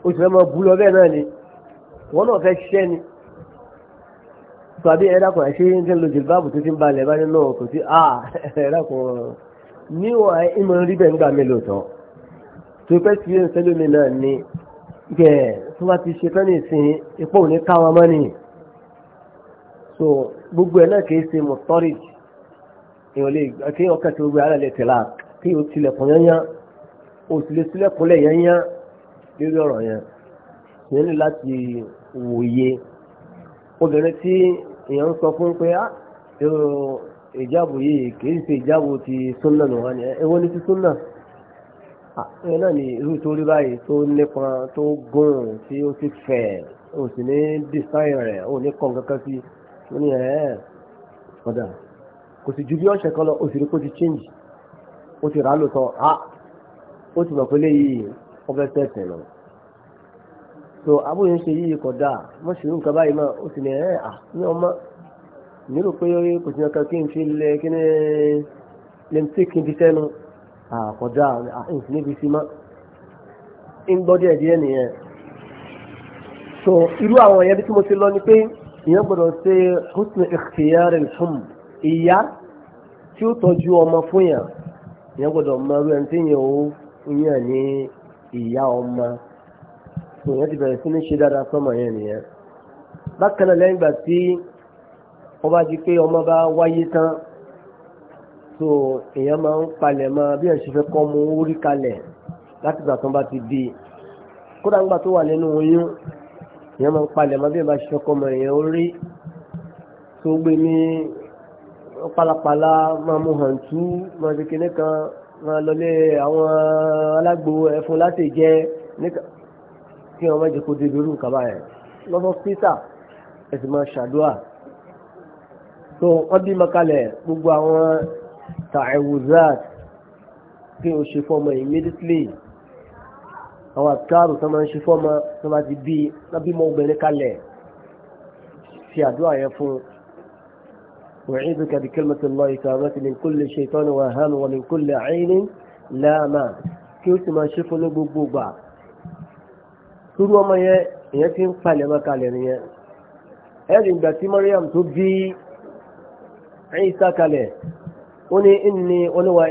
oṣù fẹ́ máa bú lọ bẹ́ẹ̀ náà ni wọ́n náà fẹ́ ṣiṣẹ́ ni tàbí ẹ dákun àṣẹ ń tẹ́ lo jìlbáàbù tó ti ń balẹ̀ bá nínú kò sí à ah, ẹ dákun níwọ̀n ìmọ̀ rí bẹ́ẹ̀ nígbà mi lòótọ́ tó pẹ́ sí ẹ̀ sẹ́lómi náà ni gẹ̀ tó bá ti ṣe tán ní ìsìn ipò òní káwọn mọ́ so gbogbo ẹ̀ náà kì í ṣe mọ̀tọ́rìjì èèyàn lè kí ọkàn tó gbogbo ara lè kí o tilẹ̀kùn yányán o sì lè tilẹ̀kùn lẹ̀ yányán lórí ọ̀rọ̀ yẹn yẹn ní láti wòye obìnrin tí èèyàn ń sọ fún pé á ah, ìjáàbò yìí kìí ṣe ìjáàbò ti súnà nù wá ni ẹ wọ́n ní ti súnà ah, ẹ náà ni irú tó rí báyìí tó nípa tó gùn tí ó ti fẹ̀ o sì ní dísáì rẹ̀ o ní kàn kankan sí i wọ́n ní ẹ̀ eh, ẹ́ ọ̀dà kò sì ju bí ọ̀sẹ̀ kan lọ o sì rí kó ti change ó ti rà lóòótọ́ á ó ti mọ̀ pé léyìí wọ́n fẹ́ lọ. so abóyè ń ṣe yíyí kódà wọ́n ṣì ń nǹkan báyìí mọ́ ó sì ní ẹ̀ à ní ọmọ nílò pé kò sí nǹkan kí n fi lẹ kí ni lẹ́mtí kí n fi sẹ́nu àkọ́dá àìsàn níbi sí mọ́ ń gbọ́ díẹ̀ díẹ̀ nìyẹn so irú àwọn ẹ̀yẹ́ bí tí mo ti lọ ni pé ìyẹn gbọ́dọ̀ ṣe husn ikhtiyar al-hum ìyá tí ó tọ́jú ọmọ fún yàn ìyẹn gbọ́dọ̀ mọ irú ẹni tí yẹn ó yàn ní ìyá ọmọ tó yẹn ti bẹ̀rẹ̀ sí ní ṣe dáadáa sọ́mọ yẹn nìyẹn bákan náà lẹ́yìn ìgbà tí wọ́n bá di pé ọmọ bá wáyé tán tó èèyàn máa ń palẹ̀ mọ́ bí ẹ̀ ṣe fẹ́ kọ́ mu orí kalẹ̀ láti ìgbà tó bá ti di kódà ńgbà tó wà nínú oyún èèyàn máa ń palẹ̀ mọ́ bí ẹ̀ bá ṣe fẹ́ kọ́ mu èèyàn orí tó gbé ní pálapàla máa mú hàǹtú máa fi kíní kan máa lọlé àwọn alágbo ẹ̀fọn láti jẹ kí wọn má jẹ kó débi irú nǹkan báyẹn lọ́fọ́ peter ẹ̀sìn máa ṣàdúrà tó wọ́n bí makalẹ̀ gbogbo àwọn ta'awuzat kí o ṣe fọ́mọ immediately àwọn àtàrù tó máa ń ṣe fọ́mọ tó máa ti bí lábímọ obìnrin kalẹ̀ ṣe àdúrà yẹn fún un أعيذك بكلمة الله تعالى من كل شيطان وهام ومن كل عين لامة kí ó sì máa ṣe fún ní gbogbo gbà túrú ọmọ yẹn ìyẹn ti ń palẹ̀ mọ́ kalẹ̀ nìyẹn ẹ̀rìn ìgbà tí Mariam tó bí Ìsá kalẹ̀ ó ní ìní oníwà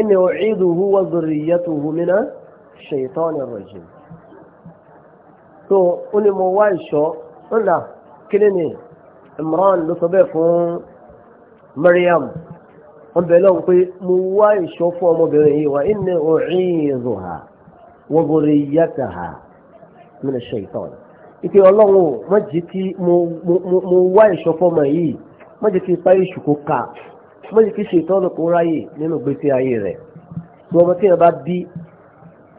ìní u'idhuhu wa dhurriyyatuhu mina shaytanir rajim tó ó ní mo wá ìṣọ́ ńlá kíní ni Imran ló sọ bẹ́ẹ̀ fún Maryam wọ́n bẹ̀rẹ̀ lọ́wọ́ pé mo wá ìṣọ́ fún ọmọbìnrin yìí wá inni u'idhuha wa dhurriyyataha min ash-shaytan ìpè ọlọ́run má jẹ́ kí mo wá ìṣọ́ fún ọmọ yìí má jẹ́ kí ipá ìṣù kó ka má jẹ́ kí ṣètọ́nù kó ráyè nínú gbèsè ayé rẹ̀ tí ọmọ tí yẹn bá bí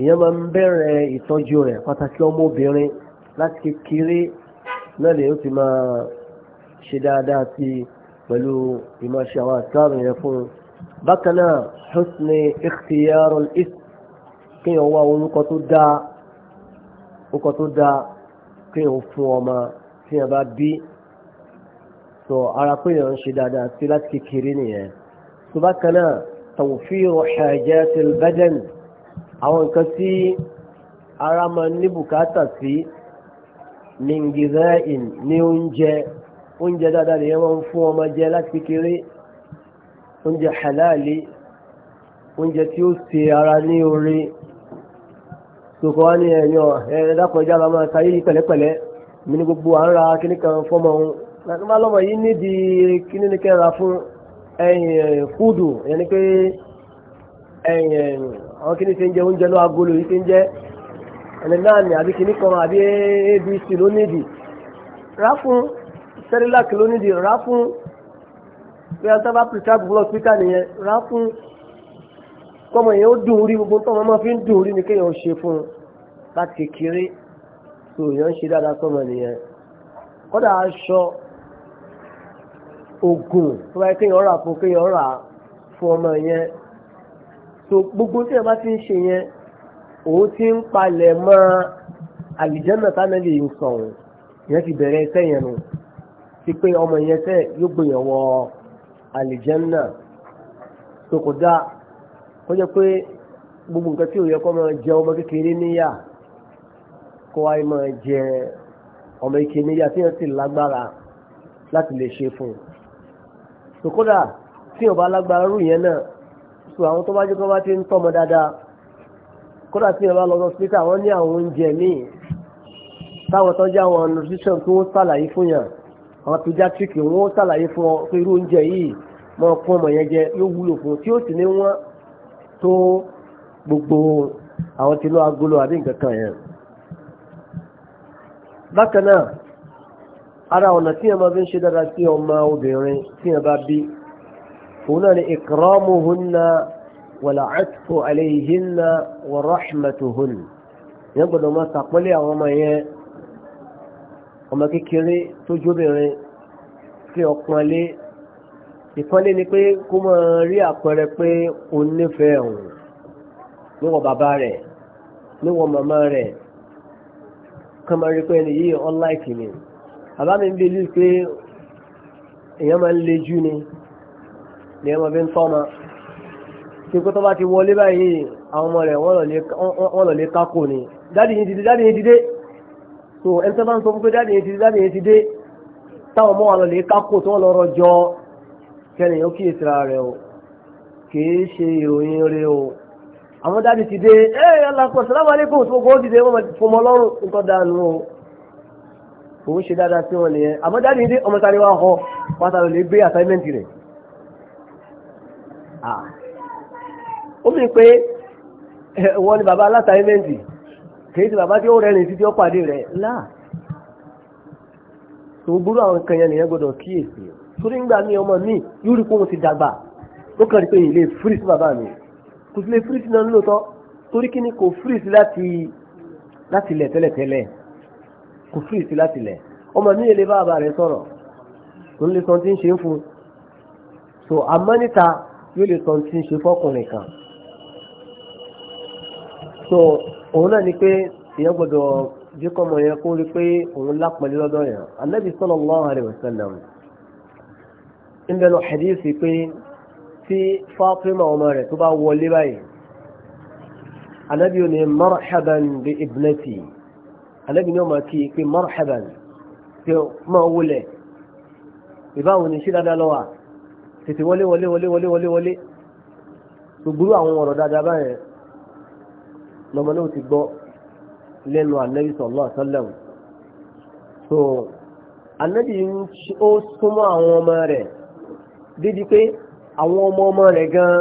èèyàn máa ń bẹ̀rẹ̀ ìtọ́jú rẹ̀ pàtàkì ọmọbìnrin láti kékeré náà lè yóò ti máa ṣe dáadáa sí i pẹ̀lú ìmọ̀ṣe àwọn àtàrù yẹn fún un bákan náà husni ikhtiyar al-ism kéèyàn wá orúkọ tó dáa orúkọ tó dáa kéèyàn fún ọmọ téèyàn bá bí so ara pé èèyàn ń ṣe dáadáa sí láti kékeré nìyẹn so bákan náà tawfiru hajatil badan àwọn nǹkan tí ara máa ní bùkátà sí min gidhain ni oúnjẹ oúnjẹ dáadáa lè wọ́n fún ọmọ jẹ láti kékeré oúnjẹ halali oúnjẹ tí ó ṣe ara ní orí tòkọ́ wá ní ẹ̀yàn ẹ̀ẹ́dàkọ̀já la máa sáyé yìí pẹ̀lẹ́pẹ̀lẹ́ mi ní gbogbo à ń ra kíní kan fọ́mọ òun láti máa lọ́mọ yìí nídìí kíní ní kẹ́ra fún ẹ̀yìn fúdù ẹ̀yìn pé ẹ̀yìn àwọn kíní ti ń jẹ oúnjẹ lọ́wọ́ agolo yìí ti ń jẹ́ ẹni náà ni àbí kìíní kan àbí abc ló nídìí rà fún sẹ́rílàk ló nídìí rà fún bí a sábà pìtàbù lọ pítà nìyẹn rà fún kọ́mọ yẹn ó dùn rí gbogbo tọ́mọ máa fi ń dùn rí ni kéèyàn ó ṣe fún un láti kiri tó yẹn ń ṣe dáadáa sọ́mọ nìyẹn kódà aṣọ oògùn tó bá yẹ kéèyàn rà fún kéèyàn rà fún ọmọ yẹn tó gbogbo tí ẹ bá ti ń ṣe yẹn òun ti ń palẹ̀ mọ́ àlìjẹ́nà tánàlì ń sọ̀rọ̀ ìyẹn ti bẹ̀rẹ̀ ẹsẹ̀ yẹn nù ti pé ọmọ yẹn sẹ́ yóò gbìyàn wọ àlìjẹ́nà tó kò dáa kó jẹ́ pé gbogbo nǹkan tí ò yẹ kó máa jẹ ọmọ kékeré níyà kó wáyé máa jẹ ọmọ ike níyà tí yẹn sì lágbára láti lè ṣe fún un tó kódà tí ọba lágbára rú yẹn náà sọ àwọn tó bá jẹ́ kó bá ti ń tọ́mọ dáadáa kódà tí ìyẹn bá lọ sọ́sítà wọ́n ní àwọn oúnjẹ míì táwọn tó jẹ́ àwọn nutrition tó ń ṣàlàyé fún yàn àwọn pediatric wọn ń ṣàlàyé fún ọ pé irú oúnjẹ yìí mọ fún ọmọ yẹn jẹ yóò wúlò fún tí ó sì ní wọ́n tó gbogbo àwọn tinú agolo àbí nǹkan kan yẹn. bákan náà ara ọ̀nà tí yẹn máa fi ń ṣe dáadáa sí ọmọ obìnrin tí yẹn bá bí òun náà ni ìkàrọ̀ ọmọ òun náà. والعطف عليهن ورحمتهن يقول ما تقبل يا وما ọmọ وما كيري jóbìnrin في ọ̀pọ̀nlé ìpọ́nlé ni pé kó mọ̀ rí àpẹẹrẹ pé o nífẹ̀ẹ́ òun níwọ̀n bàbá rẹ̀ níwọ̀n màmá rẹ̀ kàn máa rí pé ẹni yìí unlike ni bàbá mi ń bí ìlú pé èèyàn máa ń le jù ni ni ẹ máa fi ń tọ́ máa ṣe pé tó bá ti wọlé báyìí àwọn ọmọ rẹ̀ wọ́n lọ lè kákò ni dáàdì yìí dìde dáàdì yìí dìde so ẹni tó bá ń sọ fún pé dáàdì yìí dìde dáàdì yìí dìde táwọn ọmọ wa lọ lè kákò tó wọ́n lọ rọjọ kẹrin ó kíyèsí ra rẹ o kìí ṣe ìròyìn rẹ o àwọn dáàdì ti dé ẹ ẹ alákọ̀ sàlámù aláìkùm tó kọ́ dìde wọ́n fọmọ lọ́rùn nǹkan dànù o òun ṣe dáadáa sí wọn ah ó mì pé wọ́n ni bàbá alátàímẹ́ǹtì kìí ti bàbá tí ó rẹ́rìn títí ó pàdé rẹ̀ láà tó gbúrú àwọn nǹkan nìyẹn gbọdọ̀ kíyèsí torí ń gbà mí mi yóò rí ti dàgbà ó kàn rí pé ìlé fírì bàbá mi kò sí lè fírì náà lóòótọ́ torí kí ni kò fírì láti láti lẹ̀ tẹ́lẹ̀tẹ́lẹ̀ kò láti lẹ̀ ọmọ mi yẹn bàbá rẹ̀ sọ̀rọ̀ kò ní sọ ń ṣe fún so àmọ́ níta yóò lè sọ tí ń ṣe fọ́kùnrin so òun náà ni pé èèyàn gbọ́dọ̀ jẹ́ kọ́mọ yẹn kó rí pé òun lápẹ̀lẹ́ lọ́dọ̀ yẹn anábì sallallahu alaihi wasallam ń bẹ̀rù hadisi pé tí Fatima ọmọ rẹ̀ tó bá wọlé báyìí anábì ò ní marhaban bi ibnati anábì ní ọmọ kí pé marhaban pé máa wulẹ̀ ìbáwọn ní ṣí dáadáa lọ́wọ́ tètè wọlé wọlé wọlé wọlé wọlé gbogbo àwọn ọ̀rọ̀ dáadáa báyẹn lọ́mọ náà ti gbọ́ lẹ́nu ànábì sallallahu alaihi wasallam so ànábì ó súnmọ́ àwọn ọmọ rẹ̀ débi pé àwọn ọmọ ọmọ rẹ̀ gan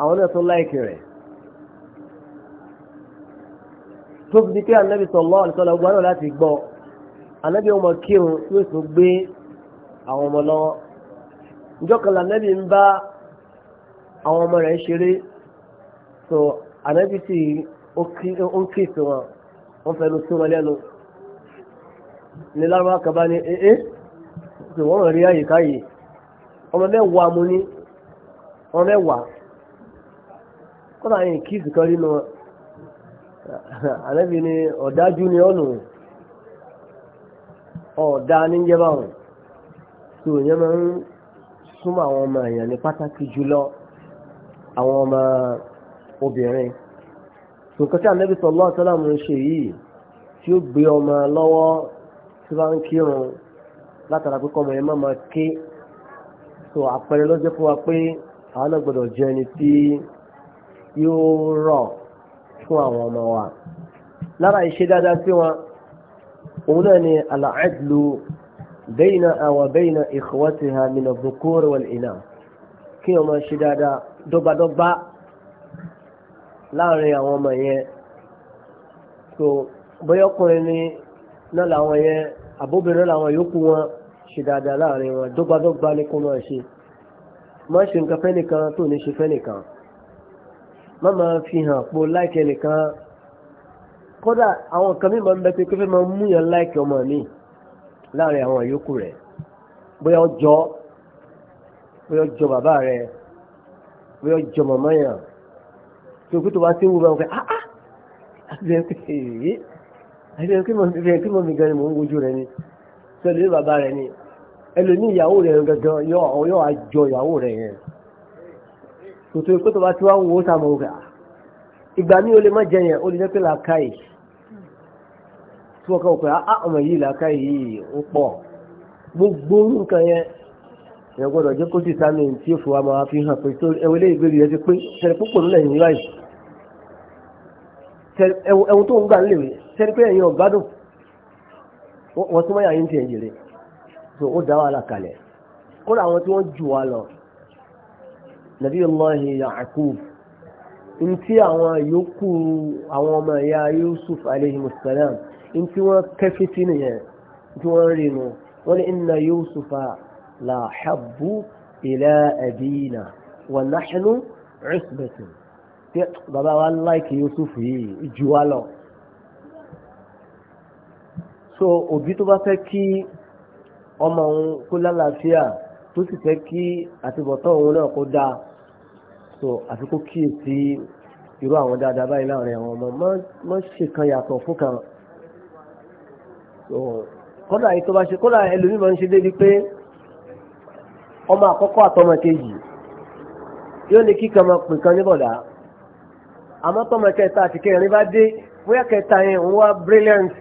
àwọn náà tó láìkì rẹ̀ tó fi di pé ànábì sallallahu alaihi wasallam gbọ́ náà láti gbọ́ ànábì ọmọ kírun yóò tún gbé àwọn ọmọ lọ́wọ́ ìjọ kan lànábì ń bá àwọn ọmọ rẹ̀ ṣeré so ànábì sì ó ń kíìsì wọn wọ́n fẹnu sí wọn lẹ́nu ní lárúbá kaba ni ee ee tí wọ́n rí àyíká yìí ọmọ mẹ́wàá mu ní ọmọ mẹ́wàá kọ́nà àyìn kíìsì kan rí nu wọn àlẹ́bí ni ọ̀dájú ni ọ̀nù ọ̀dá níjẹ́ báwọn tó yẹn máa ń súnmọ́ àwọn ọmọ èèyàn ní pàtàkì jùlọ àwọn ọmọ obìnrin nǹkan tí ànábì sallallahu alaihi wasallam ń ṣe yìí tí ó gbé ọmọ lọ́wọ́ tí wọ́n ń kírun látara pé kọ́mọ yẹn má máa ké so àpẹẹrẹ ló jẹ́ fún wa pé àwọn náà gbọ́dọ̀ jẹ́ ẹni tí yóò rọ̀ fún àwọn ọmọ wa lára ìṣe dáadáa sí wọn òun náà ni al-adlu bayna wa bayna ikhwatiha min adh-dhukuri wal-inath kí ọmọ ṣe dáadáa dọ́gbadọ́gba láàrin àwọn ọmọ yẹn so bọ́yọ́kùnrin ni náà làwọn yẹn àbóbìnrin làwọn yòókù wọn ṣe dáadáa láàrin wọn dọ́gbadọ́gba ní kó máa ṣe má ṣe nǹkan fẹ́nìkan tó ní ṣe fẹ́nìkan má máa fi hàn pò láìkẹ́ nìkan kódà àwọn kan mímọ́ ń bẹ pé pé máa mú yàn láìkẹ́ ọmọ mi láàrin àwọn yòókù rẹ̀ bóyá ọjọ́ bóyá ọjọ́ bàbá rẹ̀ bóyá ọjọ́ màmá yàn tó kí tó bá tí ń wo bá wọn pé áá ah, ah. àbẹ̀rẹ̀ pé èyí àbẹ̀rẹ̀ pé mọ̀ mi gan ni mò ń wojú rẹ ni sọlẹ̀ bàbá rẹ ni ẹlòmí ìyàwó rẹ gangan yọ àjọ ìyàwó rẹ yẹn tó tó kí tó bá tí wá ń wo ó sàmọ̀ òkè ah. ìgbà mi ò lè má jẹ yẹn ó lè jẹ́ pé làákàyè tí wọ́n kọ́ pé áá ọmọ yìí làákàyè yìí ó pọ̀ gbogbo nǹkan yẹn èèyàn gbọ́dọ̀ jẹ́ kó sì sáà mi tí ó fi wá máa fi hàn pé ẹwẹ́lẹ́ ìgbèrè yẹn ti pé ṣẹlẹ̀ púpọ̀ nílẹ̀ yìí báyìí ẹ̀wọ̀n tó ń gbà nílé sẹ́ni pé ẹ̀yin ọ̀gbádùn wọ́n tún mọ́yà yín ti ẹ̀yìn rẹ̀ so ó dá wàhálà kalẹ̀ kódà àwọn tí wọ́n jù wá lọ nàbí ọlọ́hìn Yaqub ntí àwọn yòókù àwọn ọmọ ẹ̀yà Yusuf alayhi salam ntí wọ́n kẹfí sí nìyẹn ntí wọ́n rí nu wọ́n ní inna Yusufa la habbu ila abina wa nahnu usbatun pé bàbá wa láìkì Yusuf yìí jù wá lọ so òbí tó bá fẹ́ kí ọmọ òun kó lálàáfíà tó sì fẹ́ kí àtibọ̀tán òun náà kó dáa so àfi kó kíyèsí irú àwọn dáadáa báyìí láàrin àwọn ọmọ mọ́ ṣe kan yàtọ̀ fún kan kódà yìí tó bá ṣe kódà ẹlòmíràn ń ṣe débi pé ọmọ àkọ́kọ́ àtọmọ kejì yóò ní kíkan máa pè kan níbọ̀dá àmọ́ tọ́mọ kẹta àti kẹrin bá dé bóyá kẹta yẹn òun wá brilliant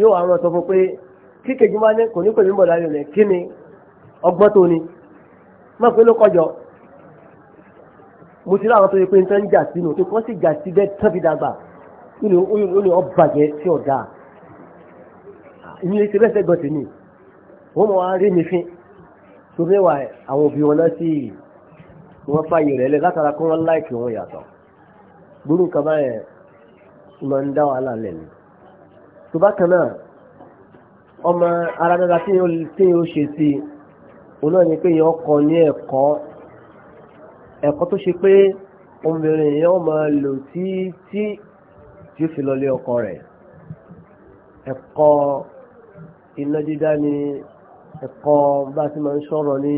yóò àwọn sọ fún pé kí kejì wá ní kò ní pèmí bọ̀dá yóò lẹ̀ kí ni ọgbọ́n tó ni má pé ló kọjọ mo ti rí àwọn tó yẹ pé nǹkan ń jà sínú tó kọ́ sí jà sí bẹ́ẹ̀ tán fi dàgbà ó ní ọbàjẹ́ tí ọ̀dà ìyẹn ti bẹ́ẹ̀ fẹ́ gbọ́n tèmi wọ́n mọ̀ wá rí mi fín tó mẹ́wàá àwọn òbí wọn náà sí wọ́n fàyè rẹ̀ lẹ́ látara kó wọ́n láìkì wọn yàtọ̀ gbórí nǹkan báyẹn máa ń dá wàhálà lẹ́nu tó bá kan náà ọmọ ara dada tí yóò ṣe sí i òun náà ni pé yẹn ọkọ ní ẹ̀kọ́ ẹ̀kọ́ tó ṣe pé obìnrin yẹn wọ́n máa lò tí tí tí ó fi lọ lé ọkọ rẹ̀ ẹ̀kọ́ iná dídá ni ẹ̀kọ́ bá a ti máa ń sọ̀rọ̀ ní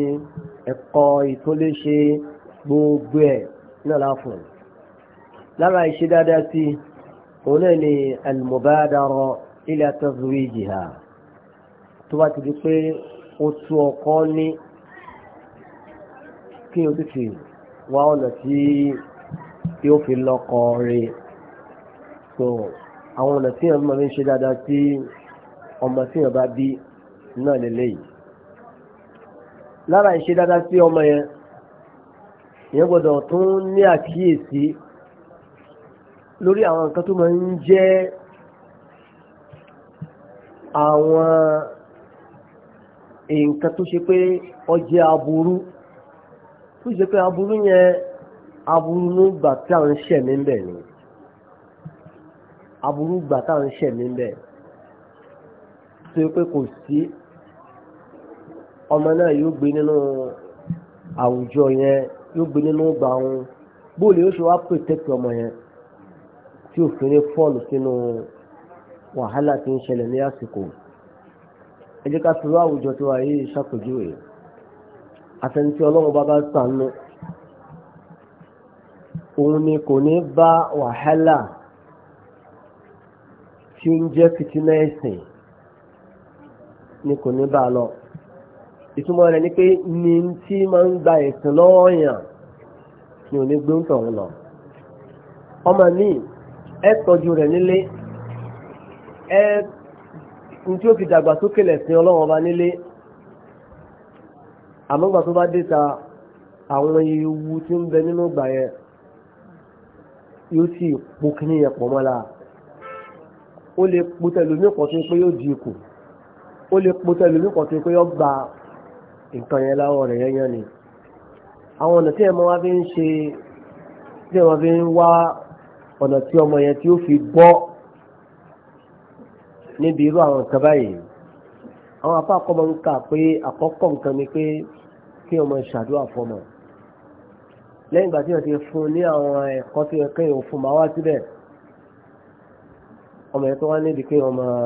ẹ̀kọ́ ìtòléṣe gbogbo ẹ̀ náà láfún lára ìṣe dáadáa sí òun náà ni al-mubadara ila tazwijiha tó bá ti di pé ó tú ọkọ ní kí o ti fi wá ọ̀nà tí yóò fi lọ́kọ rẹ̀ so àwọn ọ̀nà tí èèyàn máa fi ń ṣe dáadáa sí ọmọ tí èèyàn bá bí náà lélẹ́yìí lára ìṣe dáadáa sí ọmọ yẹn èèyàn gbọ́dọ̀ tún ní àkíyèsí lórí àwọn nǹkan tó máa ń jẹ́ àwọn nǹkan tó ṣe pé ọjẹ́ aburú tó ṣe pé aburú yẹn aburú nígbà tí à ń ṣẹ̀mí ń bẹ̀ ni aburú gbà tá à ń ṣẹ̀mí ń bẹ̀ tó yẹ pé kò sí ọmọ náà yóò gbé nínú àwùjọ yẹn yóò gbé nínú ọgbà wọn bóòlù yóò ṣe wá pètèkì ọmọ yẹn. tí òfin ní fọ́ọ̀lù sínú wàhálà tí ń ṣẹlẹ̀ ní àsìkò ẹ ká fi wá àwùjọ tó wà yìí ṣàpèjúwe àtẹnití ọlọ́run bá bá sànú òun ni kò ní bá wàhálà tí ó ń jẹ́ fìtínà ẹ̀sìn ni kò ní bá lọ ìtumọ̀ rẹ̀ ni pé ní tí máa ń gba ẹ̀sìn lọ́wọ́ yàn ni ẹ tọ́jú rẹ̀ nílé ẹ ní tí ó fi dàgbà sókè lẹ̀sìn ọlọ́run ọba nílé àmọ́gbà tó bá dé ta àwọn ewu tí ń bẹ nínú ìgbà yẹn yóò sì po kíní yẹn pọ̀ mọ́la ó lè po tẹlómi kan tó pé yóò di ikù ó lè po tẹlómi kan tó pé yóò gba nǹkan yẹn láwọ̀ rẹ̀ yẹn yẹn ni àwọn ọ̀nà tí ẹ̀ mọ́ wá fi ń ṣe tí ẹ̀ mọ́ fi ń wá ọ̀nà tí ọmọ yẹn tí ó fi bọ́ níbi irú àwọn nǹkan báyìí àwọn apá àkọ́mọ ń kà pé àkọ́kọ́ nǹkan ni pé kí ọmọ ṣàdúrà fọmọ lẹ́yìn ìgbà tí wọ́n ti fún ní àwọn ẹ̀kọ́ tí wọ́n kẹ́yìn òfin máa wá síbẹ̀ ọmọ yẹn tó wá níbi kí wọ́n máa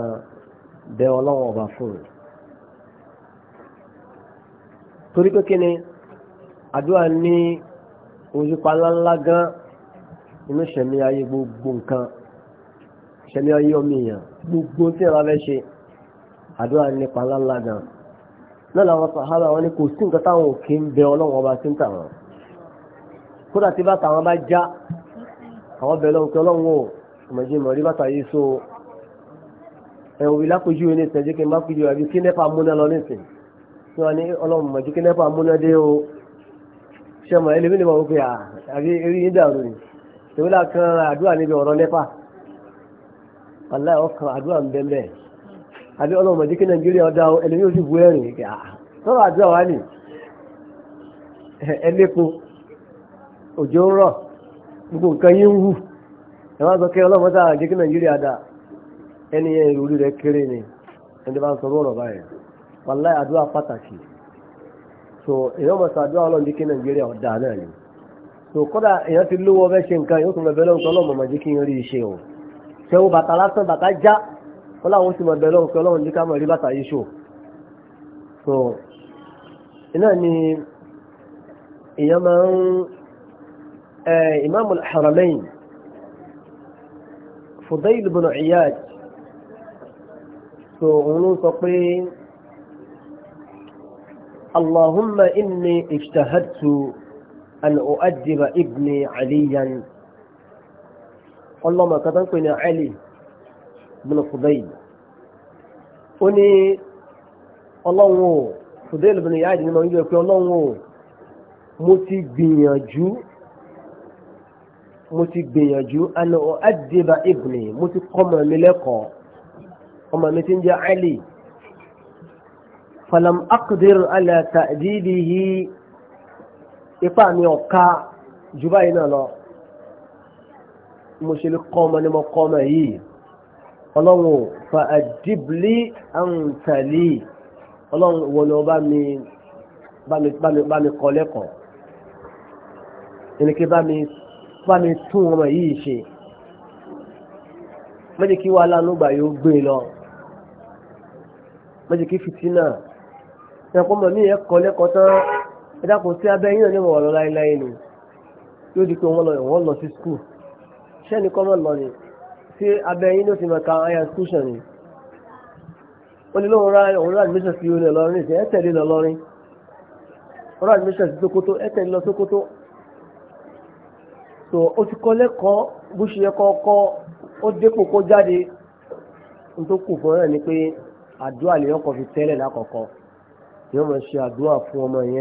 bẹ ọlọ́wọ́n ọba fún un torí pé kí ni àdúrà ní ojúpa ńláńlá gan-an inú ṣẹ̀mí ayé gbogbo nǹkan ṣẹ̀mí ayé ọmọ èèyàn gbogbo tí ẹ̀rọ fẹ́ ṣe àdúrà nípa ńláńlá náà làwọn sàhálà wọn ni kò sí nǹkan táwọn òkè ń bẹ ọlọ́run ọba tí ń tà wọn kódà tí bàtà wọn bá já àwọn bẹ̀rẹ̀ lọ́wọ́ pé ọlọ́run ò mọ̀jì mọ̀ rí bàtà yìí so ẹ̀wọ̀n ìlà kojú ní ìsẹ̀jẹ́ kí n bá kojú àbí kí nẹ́pà múná lọ nísìn tí wọ́n ní ọlọ́run mọ̀jì kí nẹ́pà múná dé o ṣe mọ̀ tèmi kan àdúrà níbi ọ̀rọ̀ nẹ́pà aláì àdúrà ń bẹ́ẹ̀ àbí ọlọ́mọ jẹ́ nàìjíríà ọ̀dà ẹlẹ́mí ó sì bu ẹ̀rìn kí àdúrà wá nì ẹlẹ́po òjò ń rọ̀ gbogbo nǹkan yín ń hù ẹ wá sọ a jẹ́ kí nàìjíríà dà ẹni yẹn ìròrí rẹ kéré ni ẹni bá ń sọ lọ́rọ̀ báyìí wàláì àdúrà pàtàkì so àdúrà ọlọ́run nàìjíríà náà ni. so kódà èèyàn ti lówó ọbẹ̀ ṣe nǹkan yóò tún lọ bẹ́ẹ̀ lọ́wọ́ tó ọlọ́mọ màjí kí n rí iṣẹ́ o ṣé wo bàtà lásán bàtà já ó láwọn sì mọ bẹ́ẹ̀ lọ́wọ́ tó ọlọ́run ní ká rí bàtà yìí so iná ni èèyàn máa ń ẹ Imam haramain Fudayl ibn Iyad so òun ló sọ pé Allahumma inni ijtahadtu. أن أؤدب ابني عليا اللهم كتنقني علي بن فضيل أني الله fùdẹ́lì bìnrin yáàdì ní ọjọ́ pé ọlọ́run o mo ti gbìyànjú mo ti gbìyànjú àna ọ̀ádìbà ìbìnì mo ti kọ́ ọmọ mi lẹ́kọ̀ọ́ ọmọ mi ti ń jẹ́ Ali falam akdir ala ta'dibihi ipá mi ọ̀ka jù báyìí náà lọ mo ṣe lè kọ́ ọmọ ni mo kọ́ ọmọ yìí ọlọ́run ò fa àdìbìlì àǹtàlì ọlọ́run ìwọ ni wọ́n bá mi bá mi bá mi bá mi kọ́ lẹ́kọ̀ọ́ ìrìnkè bá mi bá mi tún ọmọ yìí ṣe mẹ́jẹ̀ kí wàhálà nígbà yóò gbé e lọ mẹ́jẹ̀ kí fìtínà ẹ̀kọ́ mọ̀ mí ẹ̀ kọ́ lẹ́kọ̀ọ́ tán. eda kò sí abẹ́ yín náà ní ọ̀wọ̀ lọ láéláé ni yóò di pé wọ́n lọ wọ́n lọ sí skul sẹ́ni kọ́ mọ̀ lọ ni sí abẹ́ yín ló ti mọ̀ skúṣàn ni ó ní lóun òun rà admission sí lọ lọrin rà admission sí Sókótó ẹ̀tẹ̀lé lọ Sókótó tó o ti kọ́ lẹ́kọ̀ọ́ bó ṣe yẹ kọ́kọ́ ó dépò kó jáde n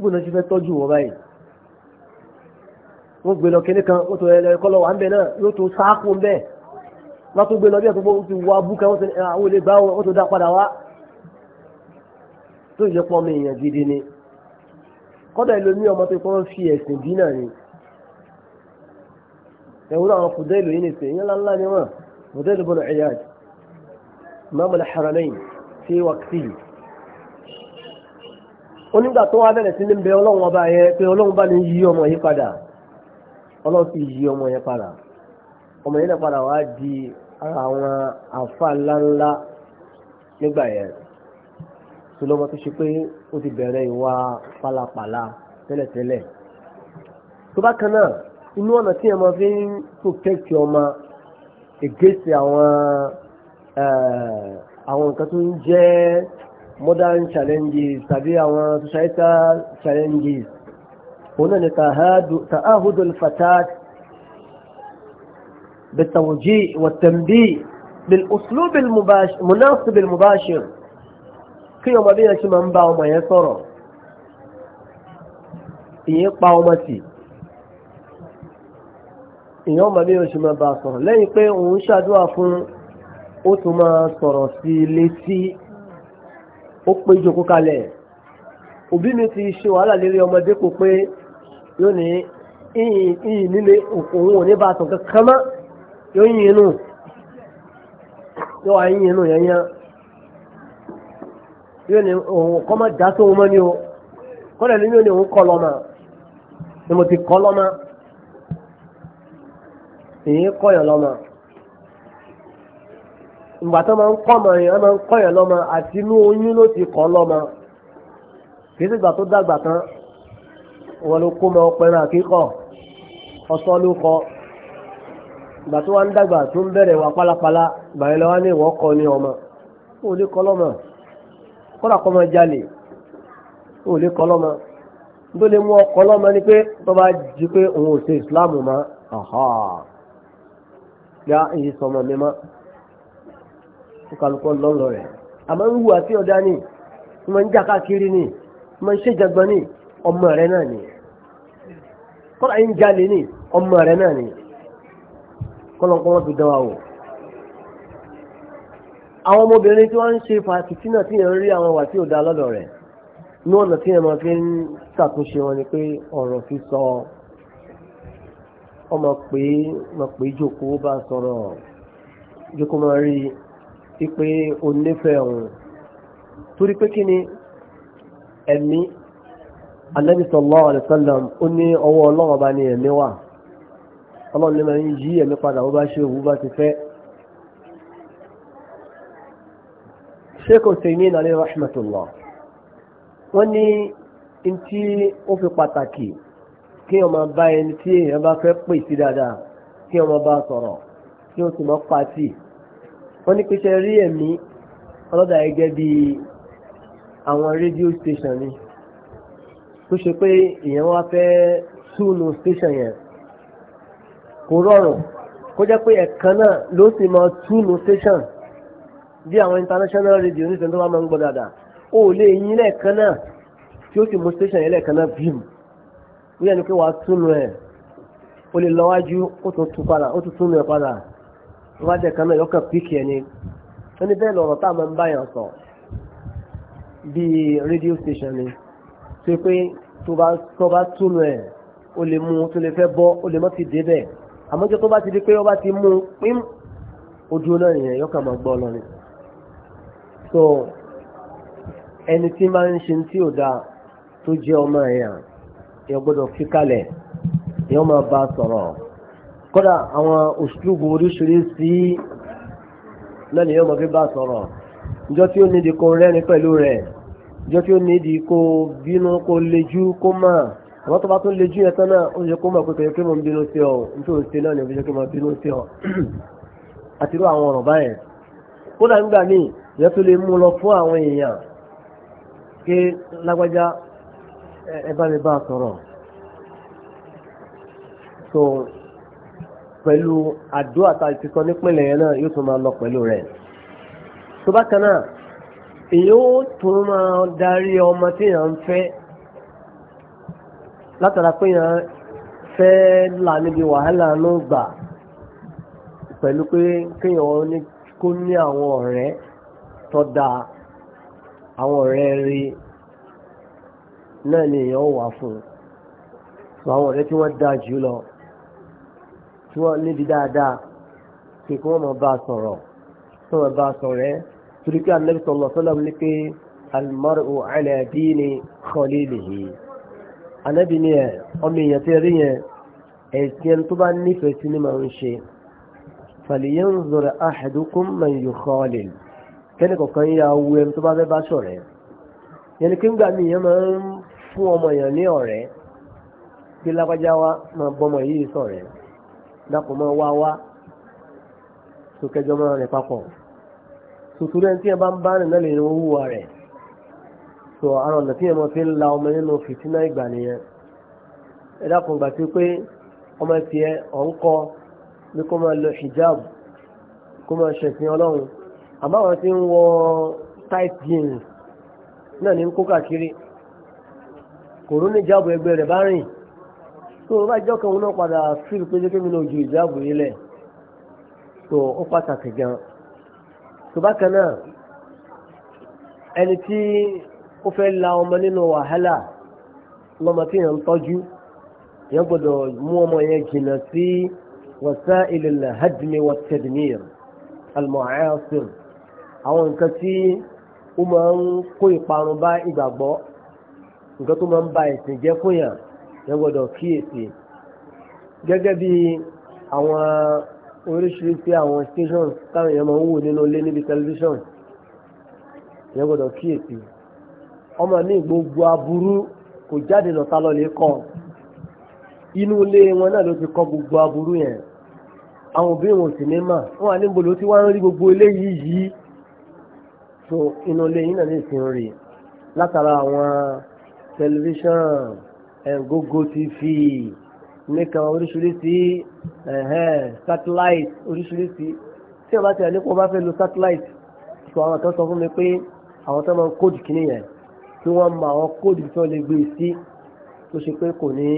gbọ́dọ̀ ti fẹ́ tọ́jú wọ báyìí wọ́n gbé lọ kíní kan wọ́n tó ẹ kọ́ lọ wà ń bẹ̀ náà yóò tó sáàkù ń bẹ̀ wọ́n tó gbé lọ bí ẹ̀ tó ti wá búkẹ́ wọ́n ti àwọn ah, gbá wọ́n tó dá padà wá tó yẹ pọ́ mi èèyàn gidi ni kọ́dà ìlòmí ọmọ tó kọ́ fi ẹ̀sìn bí náà ni ẹ̀wúrọ̀ àwọn fùdẹ́ ìlú yìí nìsẹ̀ ìyẹn ńláńlá ni wọ́n fùdẹ́ ìlú bọ́lá ẹ̀yà ìmáàmù al-Haramayn fi waqtihi onígbà tó wá bẹ̀rẹ̀ sí ní bẹ ọlọ́run ọba yẹn pé ọlọ́run bá ní yí ọmọ yìí padà ọlọ́run sì yí ọmọ yẹn padà ọmọ yẹn padà wá di àwọn àfa ńláńlá nígbà yẹn tó lọ́mọ tó ṣe pé ó ti bẹ̀rẹ̀ ìwà pálapàla tẹ́lẹ̀tẹ́lẹ̀ tó bá kan náà inú ọ̀nà tí ẹ̀mọ fi ń protect ọmọ against àwọn eh, àwọn nǹkan tó ń jẹ́ modern challenges tàbí àwọn societal challenges òun náà ni ta'ahudul fatat بالتوجيه والتنبيه بالأسلوب المباشر مناسب المباشر kí ọmọ bí yẹn ṣe máa ń bá ọmọ yẹn sọ̀rọ̀ ìyẹn pa ọmọ tì ìyẹn ọmọ bí yẹn ṣe máa bá a sọ̀rọ̀ lẹ́yìn pé òun ṣàdúrà fún ó tún máa sọ̀rọ̀ sí i ó pé ìjòkó kalẹ̀ òbí mi ti ṣe wàhálà lérí ọmọdé kò pé yóò ní ìyìn nílé òun ò ní bá tàn kankan mọ́ yóò yìn inú yóò wá yìn inú yẹn yóò ní òun kọ́ mọ́ dá sóhun mọ́ ni o kọ́lẹ̀ ni mo ti kọ́ èyí kọ́ yẹn ìgbà tó máa ń kọ́ ọmọ yẹn máa ń lọ́mọ àti inú oyún ló ti kọ́ lọ́mọ tó dàgbà tán wọn ló kó mọ ọpẹran àkíkọ ọsọ ló kọ ìgbà tó wá ń dàgbà tó ń bẹ̀rẹ̀ wà pálapàla lọ́wọ́ ní ìwọ́ kọ ní ọmọ ó lè kọ́ lọ́mọ kọ́dà kọ́ jalè ó lè kọ́ lọ́mọ lè mú ọkọ lọ́mọ ni pé tó bá jí pé òun ò kó kálukọ́ lọ́lọ́ rẹ̀ àmọ́ ń wùwà tí ọ̀dá ni wọ́n máa ń jà káàkiri ni wọ́n ń ṣèjàgbọ́n ni ọmọ rẹ̀ náà ni kọ́lá yín jalè ni ọmọ rẹ̀ náà ni kọ́lọ́kọ́ wọn fi dán wa wò àwọn ọmọbìnrin tí wọ́n ń ṣe fàtìtì náà tí yẹn ń rí àwọn wà tí ò da lọ́dọ̀ rẹ̀ ní ọ̀nà tí yẹn fi ń ṣàtúnṣe wọn ni pé ọ̀rọ̀ fi sọ ọmọ pé ọmọ pé jókòó bá sọ̀rọ̀ jókòó máa rí ipe onífẹ̀ẹ́ òun torí pé kí ni ẹ̀mí Ànábì sallallahu alaihi wasallam ó ní ọwọ́ ọlọ́run ọba ní ẹ̀mí wà ọlọ́run ní máa ń yí ẹ̀mí padà bó bá ṣe òwú bá ti fẹ́ Sheikh Uthaymeen alayhi rahmatullah wọ́n ní n tí ó fi pàtàkì kí ọmọ bá ẹni tí èèyàn bá fẹ́ pè sí dáadáa kí ọmọ bá sọ̀rọ̀ kí ó sì mọ́ pàtì wọ́n ní pèsè rí ẹ̀mí ọlọ́dà gẹ́gẹ́ bí àwọn rédíò station ni tó ṣe pé èèyàn wá fẹ́ túnú station yẹn kò rọrùn kó jẹ́ pé ẹ̀kan náà ló sì máa túnú station bí àwọn international radio nífẹ̀ẹ́ tó bá máa ń gbọ́ dáadáa ó lè yín lẹ́ẹ̀kan náà tí ó sì mú station yẹn lẹ́ẹ̀kan náà bímù ó yẹ ni pé wàá túnú ẹ̀ ó lè lọ́wájú ó tún tún padà ó tún túnú ẹ̀ padà tó bá jẹ́ kan náà yọkàn píkì ẹni ó ní bẹ́ẹ̀ lọ̀rọ̀ tá a máa ń báyàn sọ bíi rédíò station ni tó pé tó bá tó bá túnú ẹ̀ o lè mú tó lè fẹ́ bọ́ o lè má ti dé bẹ́ẹ̀ àmọ́jọ́ tó bá ti di pé ó bá ti mú pín ojú náà nìyẹn yọkàn máa gbọ́ lọ́ni. so ẹni tí máa ń ṣe tí ò dáa tó jẹ́ ọmọ ẹ̀yà ẹ̀ gbọ́dọ̀ fi kalẹ̀ ẹ̀ ọmọ bá sọ̀rọ̀ kódà àwọn òṣùlùbù oríṣiríṣi lẹ́nu yóò mọ̀ fi bá sọ̀rọ̀ ìjọ tí ó ní di kó rẹ́ni pẹ̀lú rẹ̀ ìjọ tí ó ní di kó bínú kó lejú kó mọ̀ àwọn tó bá tún lejú yẹn tán náà ó yẹ kó mọ̀ pé kẹ̀kẹ́ kí mo ń bínú sí ọ nítorí ṣe náà ni òfin ṣe kí mo bínú sí ọ àti irú àwọn ọ̀rọ̀ báyẹn kódà nígbà míì ìyẹn tó lè mú lọ fún àwọn èèyàn pé lágbájá ẹ bá mi bá sọ̀rọ̀ so pẹ̀lú àdúrà àtàwọn ìfikọ́ nípìnlẹ̀ yẹn náà yóò tún máa lọ pẹ̀lú rẹ̀ tó bá kan náà èyí ó tún máa darí ọmọ tí èèyàn ń fẹ́ látara pé èèyàn fẹ́ là níbi wàhálà ló gbà pẹ̀lú pé kéèyàn ní kó ní àwọn ọ̀rẹ́ tó dáa àwọn ọ̀rẹ́ rí náà ni èèyàn wà fún un àwọn ọ̀rẹ́ tí wọ́n dáa jù lọ tí wọ́n níbi dáadáa kí kí wọ́n máa bá a sọ̀rọ̀ tí wọ́n bá a sọ̀rọ̀ ẹ́ torí pé anabi sọ̀lọ̀ sọ́lá ní pé almaru ala dini khalilihi anabi ni ẹ ọmọ èèyàn tí rí yẹn ẹ̀sìn tó bá nífẹ̀ẹ́ sí ni máa ń ṣe falyanzur ahadukum man yukhalil kẹ́ni kọ̀ọ̀kan yá wu ẹni tó bá fẹ́ bá sọ̀rọ̀ yẹn kí ń gbà mí yẹn máa ń fún ọmọ èèyàn ní ọ̀rẹ́ bí lágbájá wa máa bọ́mọ yìí sọ̀rọ̀ dákò mọ́ wá wá tó kẹjọ mọ́ rẹ̀ papọ̀ tí ẹ bá ń bá rìn náà lè ní owó wa rẹ̀ tó ara tí ẹ fi la ọmọ nínú fìtínà ìgbà nìyẹn ẹ dákò gbà tí pé ọmọ tiẹ̀ ọ̀ńkọ́ ní kó máa hijab máa ṣẹ̀sìn ọlọ́run àmọ́ àwọn tí ń wọ tight jeans náà ní kó tó o bá jọ́ kan náà padà fíìlì pé jẹ́kẹ́ mi náà ju ìjáàbù yìí lẹ̀ tó ó pàtàkì gan tó bá kan náà ẹni tí ó fẹ́ la ọmọ nínú wàhálà lọ́mọ tí yẹn ń tọ́jú yẹn gbọ́dọ̀ mú ọmọ yẹn jìnnà sí wasa'il al-hadmi wat-tadmir al àwọn nǹkan tí ó máa ń kó ìparun bá ìgbàgbọ́ nǹkan tó máa ń ba ẹ̀sìn jẹ́ fún yàn yẹn gbọ́dọ̀ kíyèsí gẹ́gẹ́ bí àwọn oríṣiríṣi àwọn station táwọn èèyàn máa ń wò nínú ilé níbi tẹlifíṣàn yẹn gbọ́dọ̀ kíyèsí ọmọ ní gbogbo aburú kò jáde lọ́ta lọ́lẹ́ kọ́ inú ilé wọn náà ló ti kọ́ gbogbo aburú yẹn àwọn òbí wọn sì ní mà wọn wà níbo ló ti wá ń rí gbogbo eléyìí yìí so inú ilé yìí náà lè fi ń látara àwọn tẹlifíṣàn. gógó tv nìkan oríṣiríṣi satellite oríṣiríṣi tí ọba tí a nípa ọba fẹ́ lo satellite sọ àwọn kan sọ fún mi pé àwọn tó máa kóòdù kìíní yẹn kí wọ́n mọ àwọn kóòdù tí wọ́n lè gbé e sí tó ṣe pé kò ní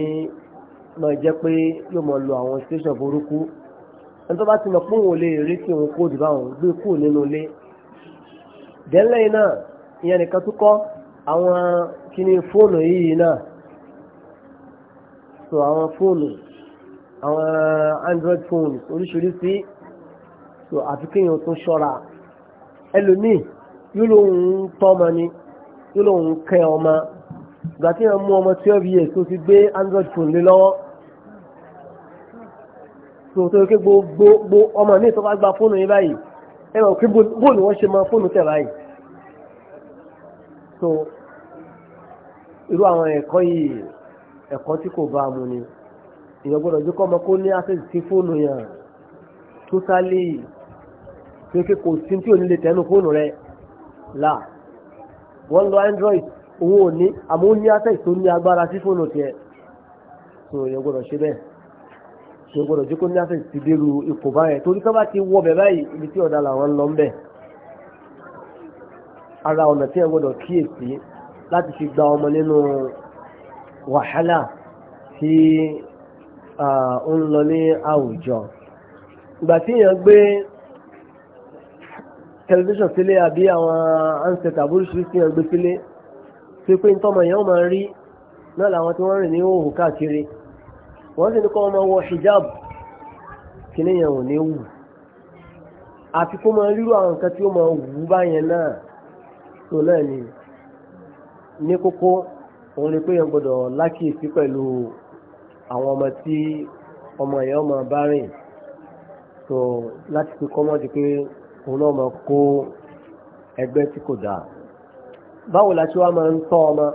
lọ jẹ́ pé yóò mọ lo àwọn station burúkú ẹni tó bá ti pé òun ò lè rí gbé e kú nínú ilé dẹ́lẹ́yìn náà ìyẹn so àwọn fóònù àwọn android phone, oríṣiríṣi so àfi kéèyàn tún ṣọ́ra ẹlòmíì yóò lóun tọ́mọ ni yóò lóun kẹ́ ọmọ ìgbà tí wọ́n mú ọmọ twelve years tó fi gbé android phone lé lọ́wọ́ so tó yẹ kí gbogbo ọmọ mi tó bá gba fóònù yìí báyìí ẹ mọ̀ pé bóòlù wọ́n ṣe mọ fóònù tẹ̀ báyìí so irú àwọn ẹ̀kọ́ yìí ẹ̀kọ́ tí kò bá mu ni èèyàn gbọ́dọ̀ jẹ́ kọ́ ọmọ kó ní access sí fóònù yẹn totally pé kí kò sí tí ò ní lè tẹ́nu fóònù rẹ̀ là wọ́n lọ android owó ò ní àmọ́ ó ní access tó ní agbára sí fóònù tiẹ̀ so èèyàn gbọ́dọ̀ ṣe bẹ́ẹ̀ tí o gbọdọ̀ jókòó ní afẹ́ ti dérú ipò báyẹn torí ká bá ti wọ bẹ̀ ibi tí ọ̀dà làwọn lọ ń ara ọ̀nà tí ẹ gbọdọ̀ kíyèsí láti fi gba ọmọ nínú wàhálà tí ó ń lọ ní àwùjọ ìgbà tí èèyàn gbé tẹlifíṣàn sílé àbí àwọn ansẹt àbúrúṣiríṣi èèyàn gbé sílé tí pé ntọ́mọ èèyàn máa rí náà làwọn tí wọ́n rìn ní òhù káàkiri wọ́n sì ní kọ́ ọmọ wọ hijab kí ni èèyàn ò ní wù àti kó máa ríru àwọn nǹkan tí ó máa wù báyẹn náà tó náà ni ní kókó òun ni pé yẹn gbọ́dọ̀ lákìsí pẹ̀lú àwọn ọmọ tí ọmọ ẹ̀yà ọmọ bá rìn tó láti fi kọ́mọ́ di pé òun náà máa kó ẹgbẹ́ tí kò dáa báwo la ti wá máa ń tọ́ ọmọ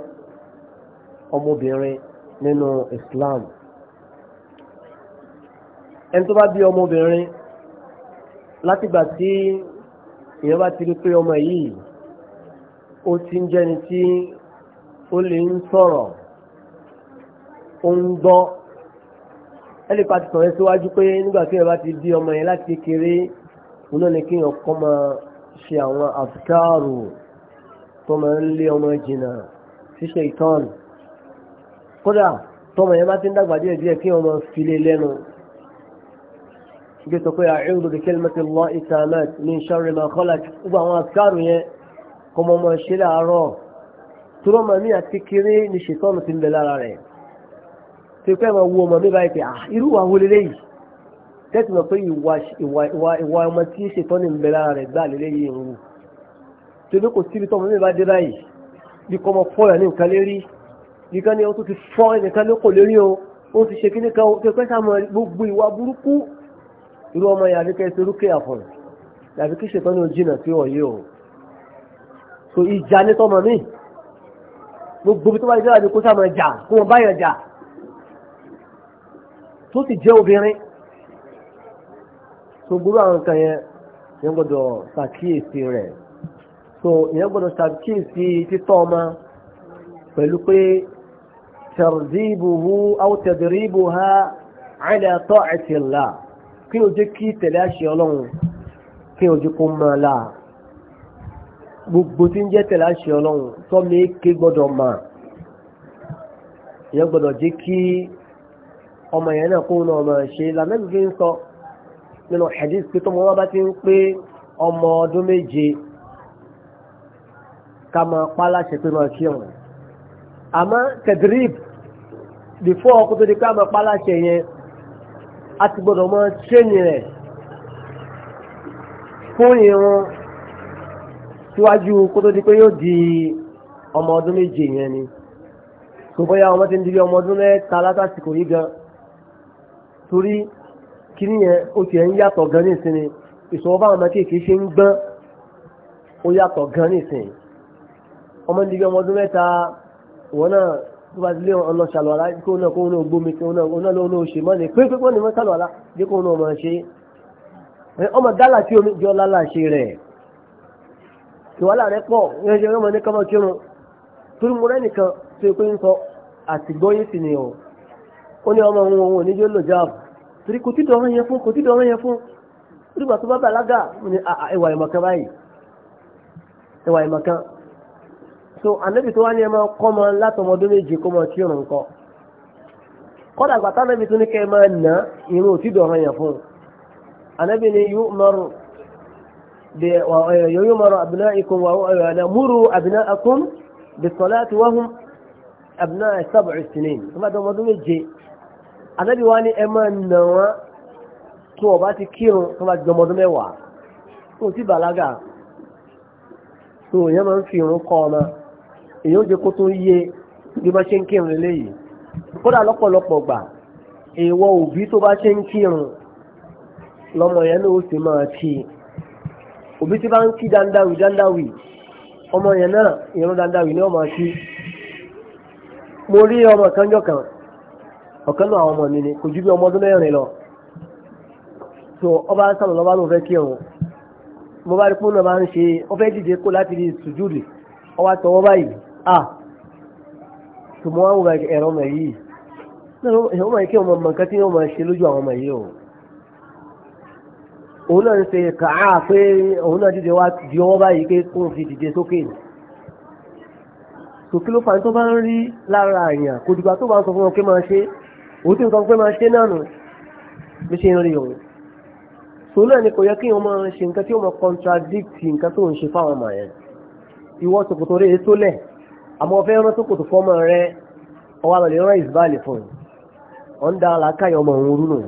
ọmọbìnrin nínú Islam ẹni tó bá bí ọmọbìnrin látìgbà tí èèyàn bá ti rí pé ọmọ yìí ó ti ń jẹ́ni tí ó lè ń sọ̀rọ̀ ó ń gbọ́ ẹnì kan ti sọ̀rọ̀ yẹn síwájú pé nígbà tí wọ́n bá ti bí ọmọ yẹn láti kékeré òun náà ni kí wọ́n kọ́ máa ṣe àwọn àfikáàrù tó máa ń lé ọmọ jìnnà ṣíṣe ìtọ́n kódà tọmọ yẹn bá ti ń dàgbà díẹ̀ díẹ̀ kí wọ́n máa file lẹ́nu gbèsò pé àìrò bí kẹlẹ́mẹ́tì lọ ìtààmẹ́t ní sharri ma khalaq gbogbo àwọn àfikáàrù yẹn kọ́ mọ́ mọ́ ṣe láàárọ̀ tó lọ́mọ mi àti kéré ni ṣètọ́nù ti ń bẹ lára rẹ̀ tó pẹ́ máa wo ọmọ mi báyìí pé irú wa wo leléyìí tẹ́tì mọ̀ pé ìwà ọmọ tí ṣètọ́nù ń bẹ lára rẹ̀ gbà leléyìí ń wù tó ní kò síbi tọ́mọ mi bá dé báyìí bí kò mọ fọ́ ní nǹkan lérí nìkan ni ó tún ti fọ́ ẹnìkan ló kò lérí o ó ti ṣe kíní kan tó pẹ́ sáà gbogbo ìwà burúkú irú ọmọ yàrá so ìjà ní tọ́mọ mi gbogbo bí tó bá yẹ dára ni kó sáà jà kó wọn báyọ̀ jà tó sì jẹ́ obìnrin tó gbúrú àwọn nǹkan yẹn ìyẹn gbọ́dọ̀ ṣàkíyèsí rẹ̀ so ìyẹn gbọ́dọ̀ ṣàkíyèsí títọ́ ọmọ pẹ̀lú pé tẹ̀rìdìbòhù àwòtẹ̀dìrìbòhà àìlẹ́tọ́ àti ìlà kí o jẹ́ kí tẹ̀lé àṣẹ ọlọ́run kí o jẹ́ kó mọ́ ọ láà gbogbo tí ń jẹ́ tẹ̀lé àṣẹ ọlọ́run tọ́mi ké gbọ́dọ̀ mà ìyẹn gbọ́dọ̀ jẹ́ kí ọmọ yẹn náà kóun náà máa ṣe lànàbí fi ń sọ nínú hadith pé tọmọ wọn bá ti ń pé ọmọ ọdún méje ká máa pa láṣẹ pé máa kí ọ̀hún àmọ́ tẹ̀dírìb bìfọ́ ọkùn tó di pé àmọ́ pa láṣẹ yẹn a ti gbọ́dọ̀ máa ṣẹ́yìn rẹ̀ fún ìrún síwájú kó tó di pé yóò di ọmọ ọdún méje yẹn ni kò bóyá ọmọ ti ń di ọmọ ọdún mẹ́ta látàsìkò yìí gan torí kíní yẹn ó tiẹ̀ ń yàtọ̀ gan ní ìsinmi ìṣòro báwọn ọmọ kéèké ṣe ń gbọ́n ó yàtọ̀ gan ní ìsinmi ọmọ ń di ọmọ ọdún mẹ́ta wọn náà tó bá dilé ọ̀nà ṣàlùwàlá kó náà kó náà gbómi kó náà ló náà ṣe mọ́ni pé pípọ́n ni wọ́n ṣàlùwàlá dé kó náà ọmọ ṣe ọmọ dálà tí omi jọ lálàṣe rẹ̀ ìwàlá rẹ̀ pọ̀ yẹn ṣe ọmọ ní kọ́mọ kírun torí mo rẹ́nìkan tó yẹ pé ń sọ àtìgbọ́yé sì ni ọ̀ ó ní ọmọ òun òun oníjó lò jáàbù torí kò tídọ̀ ọ̀rọ̀ yẹn fún kò tídọ̀ ọ̀rọ̀ yẹn fún nígbà tó bá bàlágà ní ìwà ìmọ̀kan báyìí ìwà ìmọ̀kan so ànábì tó wá ní ẹ máa kọ́ ọmọ látọmọdún méje kó mọ kírun nǹkan kọ́dà gbàtà ànábì tó ní kẹ́ ẹ máa nà irun òtídọ̀ ọ̀rọ̀ yẹn fún ànábì ni yóò mọ̀rún ويؤمر أبنائكم ونمر أبنائكم بالصلاة وهم أبناء سبع سنين ثم هذا موضوع جي النبي واني أما نوا تو كيرو ثم هذا موضوع ميوا تو تي بلاغا tó yẹn máa ń fi irun kọ ọmọ èyàn jẹ kó tó yé bí bá ṣe ń kírun لما kódà lọ́pọ̀lọpọ̀ gbà òbí tí bá ń kí dandawi dandawi ọmọ yẹn náà ìran dandawi ni ọmọ sí mo rí ọmọ kanjọ kan ọ̀kan náà àwọn ọmọ mi ni kò ju bí ọmọ ọdún mẹ́rin lọ so ọba sàmù lọ́ba ló fẹ́ kí ọ̀hún mo bá rí pé ọ̀nà máa ń ṣe ọ fẹ́ dìde kó láti di sùjúdì ọwọ́ àtọwọ́ báyìí à tòmọ́ àwọn ẹ̀rọ ọmọ yìí náà ọmọ yìí kí ọmọ mọ̀ nǹkan tí wọ́n ṣe lójú àwọn ọmọ yìí o òun náà ń ṣe kàá pé òun náà dìde wá di ọwọ́ báyìí pé kó fi dìde sókè ni tòkí ló fa tó bá ń rí lára àyàn kò dìgbà tó bá ń sọ fún wọn pé máa ṣe òun tí ń sọ pé máa ṣe náà nù bí ṣe ń rí òun tòun náà ni kò yẹ kí wọn máa ṣe nǹkan tí wọn máa contradict nǹkan tó ń ṣe fáwọn ọmọ yẹn ìwọ ṣòkòtò rẹ tó lẹ àmọ́ ọfẹ rán ṣòkòtò fọmọ rẹ ọwọ́ àbẹlẹ rán ìsbáàlì fún un ọ̀n da làákàyọ̀ ọmọ òun rú nù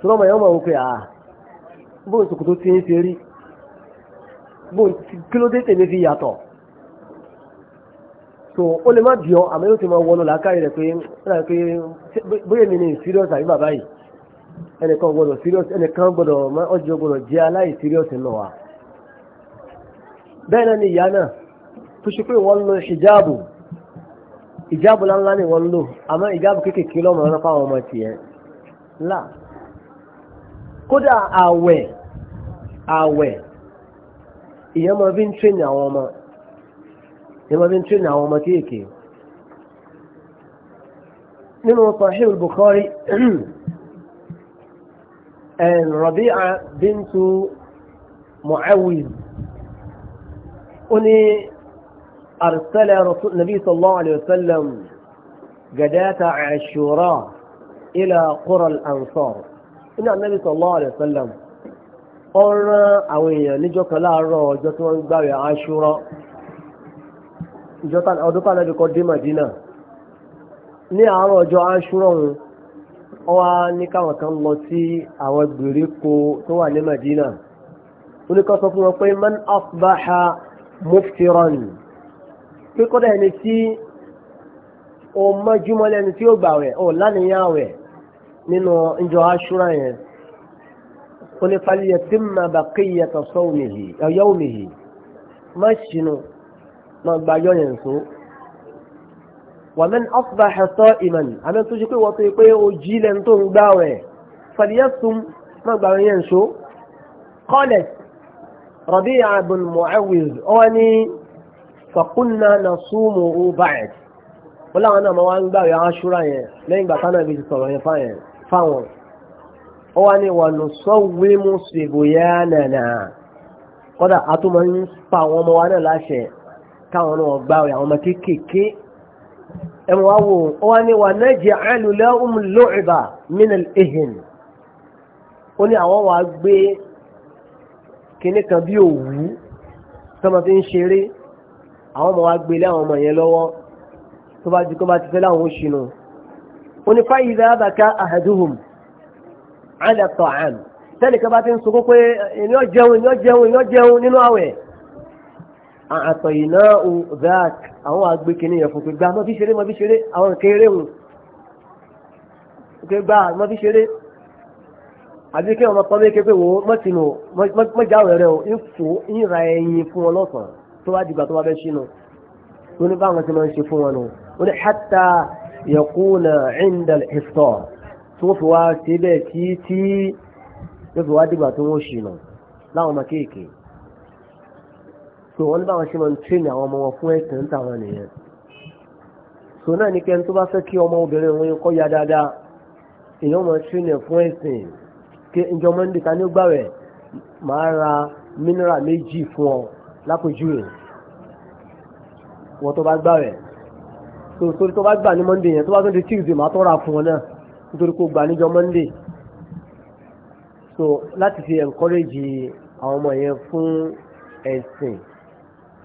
tọ́lọ́mọ yẹn mọ̀ wọ́n pé àà ah, bóun ṣòkòtò tí ń ṣe rí bóun kí ló dé tèmi fi yàtọ̀ so ó lè má bì ọ́ àmọ́ yóò ti máa wọnú làákàyè rẹ̀ pé pé bóyá mi ni serious àbí bàbá yìí ẹnìkan gbọ́dọ̀ serious ẹnìkan gbọ́dọ̀ ọjọ́ gbọ́dọ̀ jẹ́ aláì serious nù wa bẹ́ẹ̀ náà ni ìyá náà tó ṣe pé wọ́n ń lo hijabu hijabu láńlá ni wọ́n ń lò àmọ́ hijabu kéékèèké lọ́mọ rẹ̀ fáwọn ọmọ tiẹ̀ láà. kódà àwẹ̀ àwẹ̀ ìyẹn máa fi ń tírèèni àwọn ọmọ ìyẹn máa fi ń tírèèni àwọn ọmọ kéèké nínú Sahih Bukhari Rabi'a bintu Mu'awiz ó ní arsala rasul nabi sallallahu alayhi wa sallam gadata Ashura ila qura al-Ansar inú Ànábì sallallahu alaihi wasallam ó rán àwọn èèyàn níjọ́ kan láàárọ̀ ọjọ́ tí wọ́n ń gbààwẹ̀ Àṣúrà ọdún kan lẹ́bi kọ́ dé Màdínà ní àárọ̀ ọjọ́ Àṣúrà ọ̀hún ó wá ní káwọn kan lọ sí àwọn gbèríko tó wà ní Màdínà ó ní kọ́ sọ fún wọn pé man asbaha muftiran pé kọ́dà ẹni tí ó mọ́júmọ́ lẹ́ni tí ó gbààwẹ̀ ó lánìyàn àwẹ̀ nínú ìjọ aṣúra yẹn ó ní falẹ̀ tí mà bà kéye tọ̀sọ́ ọ̀yọ́ òmìhì má ṣìnú ma gba yọ yẹn so wàmẹ́n ọ̀fà ẹ̀sọ́ ìmọ̀ àmì tó ṣe pé wọ́n tó yẹ pé o jí lẹ́nu tó ń gbà wẹ̀ falẹ̀ tún na gba yẹn so kọ́lẹ̀ ربيع بن معوذ أني فقلنا نصومه بعد wọ́n láwọn náà wá ń aṣúra fáwọn ó wá ní wàlú sọ́wémú ṣègbòyà nànà kódà a tún máa ń pa àwọn ọmọ wa náà láṣẹ káwọn náà gbá ọ̀yà àwọn ọmọ kéékèèké ẹmọ wa wò ó wá ní wà nájẹ àlùlẹ̀ òmùlọ́ọ̀bà mínal ehin ó ní àwọn wa gbé kinní kan bí òwú tọ́mọ fi ń ṣeré àwọn ọmọ wa gbé lé àwọn ọmọ yẹn lọ́wọ́ tó bá di kó bá ti fẹ́ láwọn ó ṣinú onífà ìdá àbàká àhàdúhùm àdàtọ̀ àm tẹ́nìkan bá ti ń sunkún pé èmi ò jẹun èmi ò jẹun èmi ò jẹun nínú àwẹ̀ àtọ̀ ìná zaak àwọn agbékiní yẹn fún pé gba mọ́ fi ṣeré mọ́ fi ṣeré àwọn kéré hùn pé gba mọ́ fi ṣeré àbí kí ọmọ pọ́nmé ké pé wò ó mọ́tìnù mọ́jà rẹ̀ o ń fò ń ra ẹyin fún wọn lọ́sàn-án tó bá dìgbà tó bá fẹ́ sínú ó ní báwọn ti máa ń ṣe fún wọn nù ó ní hátà يكون عند الإفطار توفي واتبه تيتي توفي واتبه تموشينا لا ما كيكي so wọ́n bá wọn ṣe máa ń tírìn àwọn ọmọ wọn fún ẹ̀sìn táwọn nìyẹn so náà ní kẹ́ni tó bá fẹ́ kí ọmọ obìnrin òun kọ́ ya dáadáa èèyàn máa tírìn fún ẹ̀sìn kí ǹjọ́ mọ́ndé ta ní gbà rẹ̀ máa ra mineral méjì fún ọ lápèjúwe wọ́n tó bá gbà so torí tó bá gbà ní monday yẹn tó bá tún di tuesday máa tún fún wọn náà nítorí kó gbà níjọ monday so láti fi encourage àwọn ọmọ yẹn fún ẹ̀sìn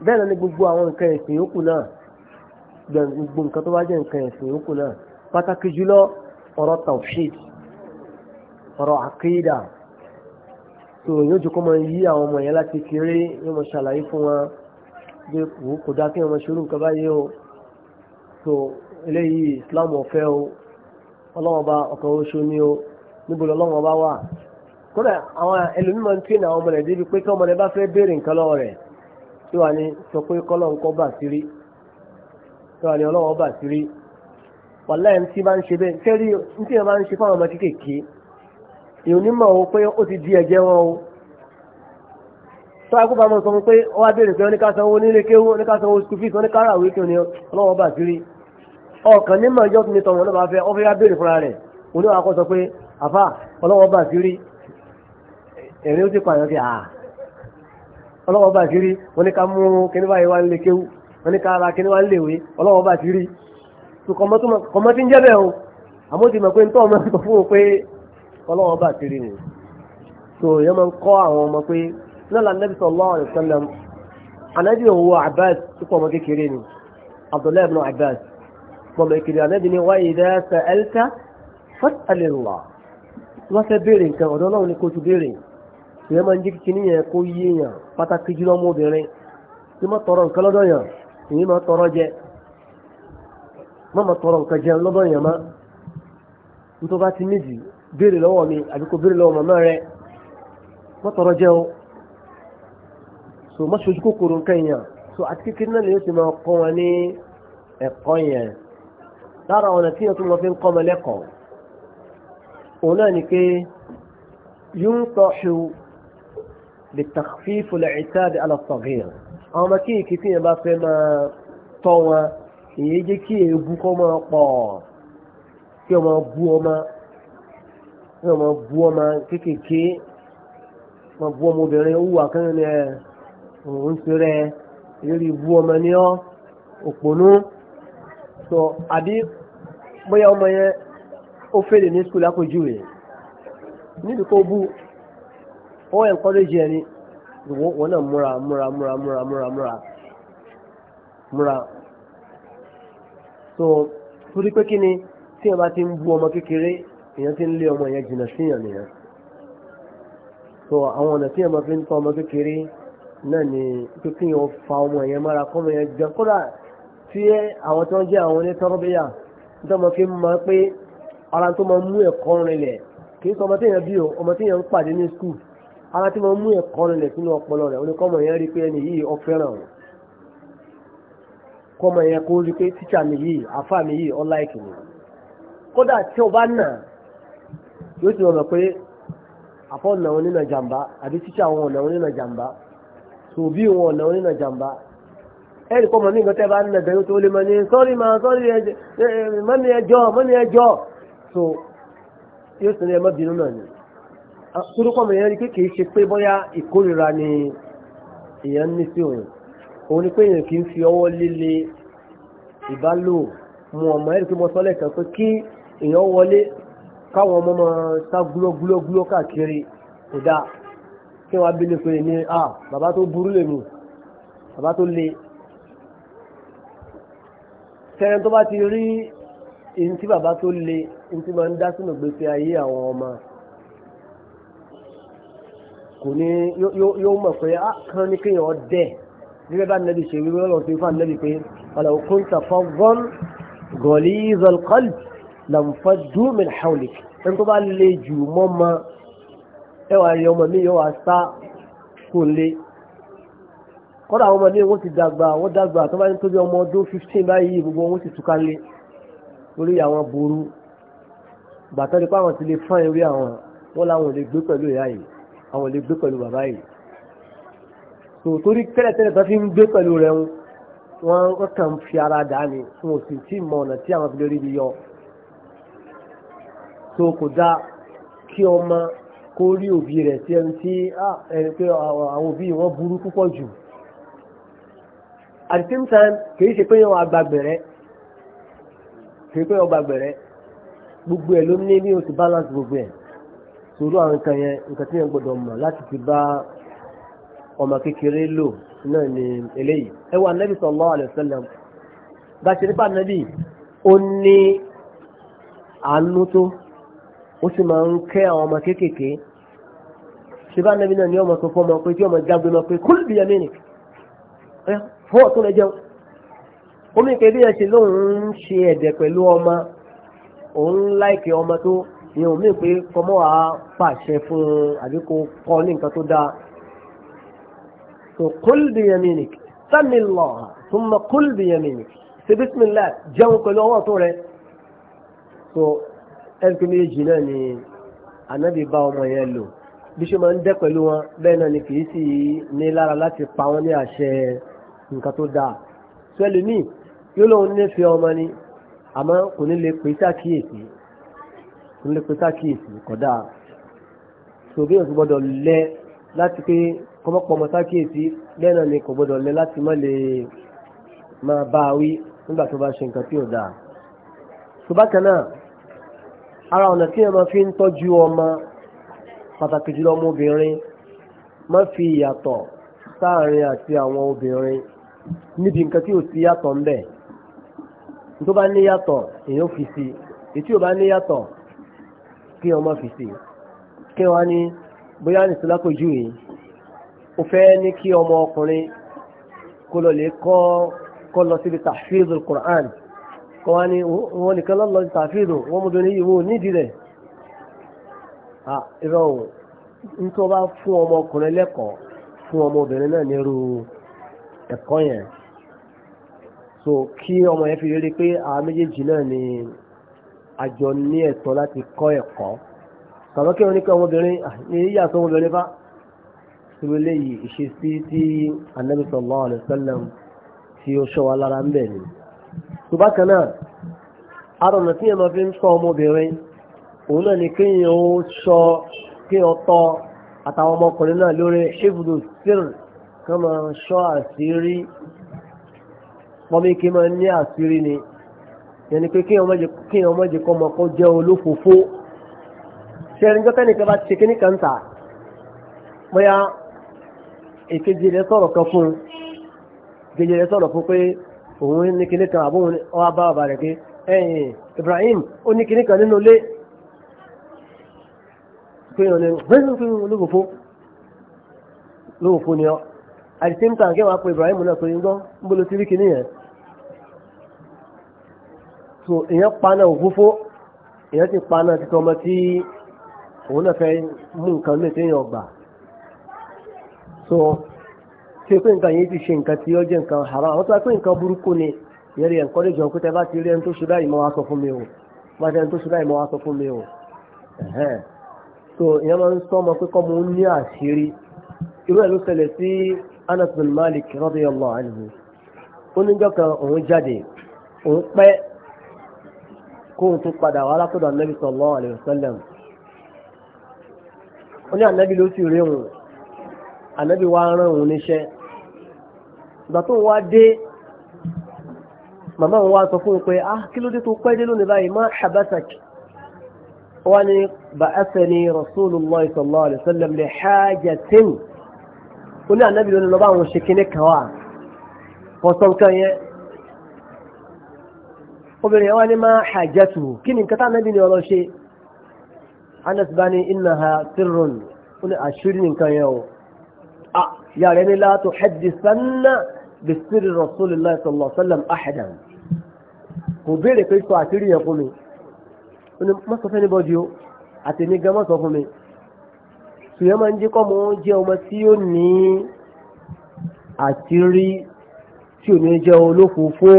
bẹ́ẹ̀ náà ni gbogbo àwọn nǹkan ẹ̀sìn yòókù náà gbogbo nǹkan tó bá jẹ́ nǹkan ẹ̀sìn yòókù náà pàtàkì jùlọ ọ̀rọ̀ tawhid ọ̀rọ̀ àkídà so yóò jù kó mọ yí àwọn ọmọ yẹn láti kéré yóò mọ ṣàlàyé fún wọn bí kò dá kí wọn mọ ṣerú nǹkan báyìí o. so eléyìí islam ọ̀fẹ́ o ọlọ́mọba ọkọ̀ oṣù ni o níbo lọ́mọba wà kódà àwọn ẹlòmímọ̀ ń tún àwọn ọmọ rẹ̀ débi pé kí ọmọ bá fẹ́ béèrè nǹkan lọ́wọ́ rẹ̀ tí wàá ní sọ pé kọ́lọ́ ń kọ́ bà sírí tí wàá ní ọlọ́wọ́ bà sírí ń ṣe bẹ́ẹ̀ ń ṣe fáwọn ọmọ kéékèèké èèyàn onímọ̀ di ẹ̀jẹ̀ wọn o mọ̀ sọ fún pé wá béèrè pé nílé kéwú ọlọ́wọ́ bà ọkàn nímọ̀ ìjọ ní tọmọ náà bá fẹ́ ọ fẹ́ yá béèrè fúnra rẹ̀ oníwà kọ́ sọ pé àfà ọlọ́wọ́ bá sí rí ẹ̀rín ó ti ọlọ́wọ́ bá sí rí ká mú kíní báyìí wá kéwú ká ara kíní wá nílé ìwé ọlọ́wọ́ bá sí rí kọ̀mọ́ tí ń o ti mọ̀ pé ọmọ fún pé ọlọ́wọ́ bá sí rí ni máa ń kọ́ àwọn ọmọ pé nẹ́bí gbọmọ ìkìlẹ̀ ànábì ni wáyé dá sa ẹlta fọ́tàlélà wọ́n fẹ́ béèrè nǹkan ọ̀dọ́ náà ni kò tún béèrè ìyẹn máa ń jẹ́ kíní yẹn kó yé yàn pàtàkì jùlọ ọmọbìnrin tí má tọrọ nǹkan lọ́dọ̀ yàn ìyẹn má tọrọ jẹ má má tọrọ nǹkan jẹ lọ́dọ̀ yàn má nítorí bá ti méjì béèrè lọ́wọ́ mi àbí kò béèrè lọ́wọ́ màmá rẹ má tọrọ jẹ so má ṣojú kòkòrò nǹkan so àti kékeré náà lè ti máa kọ́ wọn lára ọ̀nà tí yẹn tún lọ fi ń kọ́ ọmọ lẹ́kọ̀ọ́ òun náà ni pé yóò tọ́ṣù lè tàfí fúlẹ̀ ìtàdé alàtọ̀gìyàn àwọn ọmọ kéèké tí yẹn bá fẹ́ máa tọ́ wọn èyí jẹ́ kí èébú kọ́ máa pọ̀ kí ọmọ bú ọmọ kí ọmọ bú ọmọ kéékèèké ọmọ bú ọmọ obìnrin ó wù ní ẹ̀ òun ń ṣe rẹ̀ èyí bú ọmọ ní ọ́ òpònú so àbí bóyá ọmọ yẹn ó fèlè ní skul àpòjú rẹ̀ níbi kó bú ó encourage ẹni wọn náà múra múra múra múra múra múra múra so torí pé kí ni tí wọn bá ti ń bú ọmọ kékeré èèyàn ti ń lé ọmọ yẹn jìnnà síyàn nìyẹn so àwọn ọ̀nà tí wọn fi ń tọ́ ọmọ kékeré náà ni pé kí wọn fa ọmọ yẹn mára kọ́ ọmọ yẹn jẹun kódà tí àwọn tó ń jẹ́ àwọn onítọ́rọ́bíyà tó mọ̀ fi mọ̀ pé ara tó mọ̀ mú ẹ̀kọ́ rinlẹ̀ kì í sọ ọmọ téèyàn bí o ọmọ téèyàn ń pàdé ní skul ara tí mọ̀ mú ẹ̀kọ́ rinlẹ̀ sínú ọpọlọ rẹ̀ oníkọ́mọ yẹn rí pé ẹni yìí ó fẹ́ràn o kọ́mọ yẹn kó rí pé tíṣà mi yìí mi yìí láìkì mi kódà tí o bá nà yóò ti pé àfọ̀ ọ̀nà jàmbá àbí tíṣà ọ̀nà jàmbá tòbí ẹnì kọ́ mọ̀ ní nǹkan tẹ́ bá ń nà gan yóò tó lè mọ̀ ní sọ́rí mà sọ́rí mọ́mí ẹjọ́ mọ́mí ẹjọ́ so yóò sì ní ẹ má bínú náà ni kúrúkọ́ mi yẹn rí pé kìí ṣe pé bóyá ìkórìíra ni èèyàn ní sí òun òun ni pé èèyàn kì í fi ọwọ́ líle ìbálò mu ọmọ ẹ̀rí pé mo sọ lẹ́ẹ̀kan pé kí èèyàn wọlé káwọn ọmọ máa sá gúlógúlógúló káàkiri kò dáa kí wọ́n abílẹ̀ pé ní à bàbá tó burú lèmi bàbá tó le tẹ́rẹ tó bá ti rí ihun tí bàbá tó le ihun tí máa ń dá sínú gbèsè ayé àwọn ọmọ kò ní yóò mọ̀ pé á ah, kán ní kéèyàn dẹ̀ gẹ́gẹ́ bá nẹ́bí ṣe wíwẹ́ lọ́wọ́ sí fún ànẹ́bí pé ọ̀là tàfọ́ gọ́n gọ̀ọ́lì zọlkọ́lì làǹfà dúmìn hàwùlì ẹni tó bá le jù mọ́ ma ẹwà rí mi yóò wá sá kó lé kọ́dà àwọn ọmọdé wọ́n ti dàgbà wọ́n dàgbà tó bá ní tó bí ọmọ ọdún fifteen báyìí gbogbo wọn ti túká lé lórí àwọn burú bàtọ́ nípa àwọn ti lè fán ewé àwọn wọ́n láwọn ò lè gbé pẹ̀lú ìyá yìí àwọn ò lè gbé pẹ̀lú bàbá yìí tò torí tẹ́lẹ̀tẹ́lẹ̀ tó fi ń gbé pẹ̀lú rẹ̀ wọ́n kàn fi ara dà ní fún òsì tí mọ ọ̀nà tí àwọn abilé rí bi yọ tó kò dá kí ọmọ kó rí òbí rẹ̀ sí ẹni tí ah, àwọn òbí wọn burú púpọ̀ jù at the same time kì í ṣe pé wọn agbàgbẹ̀rẹ̀ kì í pé wọn agbàgbẹ̀rẹ̀ gbogbo ẹ̀ ló ní bí o ti balance gbogbo ẹ̀ sòrò àwọn nǹkan yẹn nǹkan tí yẹn gbọdọ̀ mọ̀ láti ti bá ọmọ kékeré lò náà ni eléyìí ẹ wà nẹ́bí sallallahu alaihi wasallam bá ṣe nípa nẹ́bí ó ní àánú tó ó sì máa ń kẹ́ àwọn ọmọ kéékèèké ṣe bá nẹ́bí náà ní ọmọ tó fọ́ ọmọ pé tí ọmọ jágbe lọ pé kúlù bíi ẹ̀mí nìkan fọ́ tó lè jẹun omi ìpè bí ẹ ṣe lóun ń ṣe ẹ̀dẹ̀ pẹ̀lú ọmọ òun láìkè ọmọ tó ìyẹn omi ìpè kọmọ wa pàṣẹ fún un àbí kò kọ́ ní nǹkan tó dáa so kúl bí yaminik sami lọ súnmọ́ kúl bí yaminik ṣe bísímìlá jẹun pẹ̀lú ọwọ́ tó rẹ so ẹnìkan méjì náà ni ànábì bá ọmọ yẹn lò bí ṣe máa ń dẹ́ pẹ̀lú wọn bẹ́ẹ̀ náà ni kì í sì ní lára láti pa wọn ní àṣẹ nǹkan tó dáa sẹ́lẹ̀ míì yóò lóun nífẹ̀ẹ́ ọmọ ni àmọ́ kò ní lè pè sákìyèsí kò ní lè pè sákìyèsí kódà sòbí yóò gbọ́dọ̀ lẹ láti pé kọ́mọ́pọ́ ọmọ sákìyèsí lẹ́nà ni kò gbọ́dọ̀ lẹ láti má lè máa bá a wí nígbà tó bá ṣe nǹkan tí ò dáa tó bákan náà ara ọ̀nà tí ẹmọ fi ń tọ́jú ọmọ pàtàkì jùlọ ọmọbìnrin má fi ìyàtọ̀ sáàrin àti àwọn obìnrin níbi nǹkan tí ò sí yàtọ̀ ń bẹ̀ tó bá ní yàtọ̀ èèyàn fi sí ètí ò bá ní yàtọ̀ kí ọmọ fi sí kí wọn ní bóyá nìsí lápòjú yìí ó fẹ́ ní kí ọmọ ọkùnrin kó lọ lè kọ́ kọ́ lọ síbi tàfíìzù Qur'an kọ́ wá ní wọn nìkan lọ́ọ́ lọ sí tàfíìzù wọ́n mú doni yìí wọ́n nídìí rẹ̀ à irọ́ o nítorí wọ́n bá fún ọmọ ọkùnrin lẹ́kọ̀ọ́ fún ọmọ obìnrin náà ní irú ẹ̀kọ́ yẹn so kí ọmọ yẹn fi rí pé àwọn méjèèjì náà ni àjọ ní ẹ̀tọ́ láti kọ́ ẹ̀kọ́ kàmọ́ kí wọ́n ní pé ọmọbìnrin ní ah, yíyàtọ̀ ọmọbìnrin bá sọ̀rọ̀ léyìí ìṣesí tí Ànábì sallallahu alaihi wasallam tí ó ṣọ́ wa lára ń bẹ̀ ni tó bá kan náà arọ̀nà tí ẹ̀mọ́ fi ń sọ ọmọbìnrin òun náà ni kéèyàn ó ṣọ́ kéèyàn tọ́ àtàwọn ọmọkùnrin náà lórí ṣébùdó sírì Kama máa ṣọ́ àṣírí pọ́míkì máa ní àṣírí ni yẹni pé kí ọmọ jẹ kọ́ ọmọ kan jẹ́ olófòfó ṣẹ́rin jọ́ tẹ́nìkan bá ti ṣe kíní kan tà bóyá èkejì rẹ̀ sọ̀rọ̀ kan fún un èkejì rẹ̀ sọ̀rọ̀ fún pé òun ní kíní kan àbóhun ọwá bá bàbá rẹ̀ pé ẹ̀yìn Ibrahim ó ní kíní kan nínú ilé pé ìrànlẹ́ olófòfó lóòfó ni ọ́ at the same time kẹwàá pé Ibrahim náà pé ń gbọ́ ń bolo tí rí kìíní yẹn so ya paná òfófó èèyàn ti paná títọ́ ọmọ tí òun náà fẹ́ mú nǹkan lè téèyàn gbà so tí o pé nǹkan yìí ti ṣe nǹkan tí ó jẹ́ nǹkan àwọn tó wá pé nǹkan burúkú ni ìyẹn rí ẹ̀ńkọ́ lẹ́jọ́ pé ti rí ẹni tó ṣe wá sọ fún mi o bá ti rí ẹni tó ṣe wá sọ fún mi o so ìyẹn máa ń sọ ọmọ pé kọ́ mo ń ní àṣírí irú ẹ̀ ló ṣẹlẹ̀ sí Anas bin Malik radiyallahu anhu oníjọ́ kan òun jáde òun pẹ́ kóhun tó padà wá látọ̀dọ̀ anabi sallallahu alayhi wa sallam ó ní anabi ló sì rí òun anabi wa rán òun níṣẹ́ ìgbà tó ń wá dé màmá òun wá sọ fún un pé ah kí ló dé tó pẹ́ dé lónìí báyìí má habasak wọ́n ní ba'athani rasulullah sallallahu alayhi wa sallam li hajatin ó ní ànábì lónìí lọ́ba àwọn ṣe kíní kan wà pọ̀tọ́ nǹkan yẹn obìnrin yẹn wá ní máa hajjatu kí ni nǹkan tá ànábì ni ọlọ́ ṣe anas bá ní innaha sirrun ó ní àṣírí nǹkan yẹn o yàrá ẹni la tuhaddisanna bisiri rasulillah sallallahu alaihi wa sallam ahadan kò béèrè pé sọ àṣírí yẹn fún mi ó ní má sọ fẹ́ni bọ́dí o àtẹ̀mí gan má sọ fún mi sùyẹ́ máa ń jẹ́ kọ́mọ jẹ́ ọmọ tí ó ní àtírí tí ò ní jẹ́ olófòófó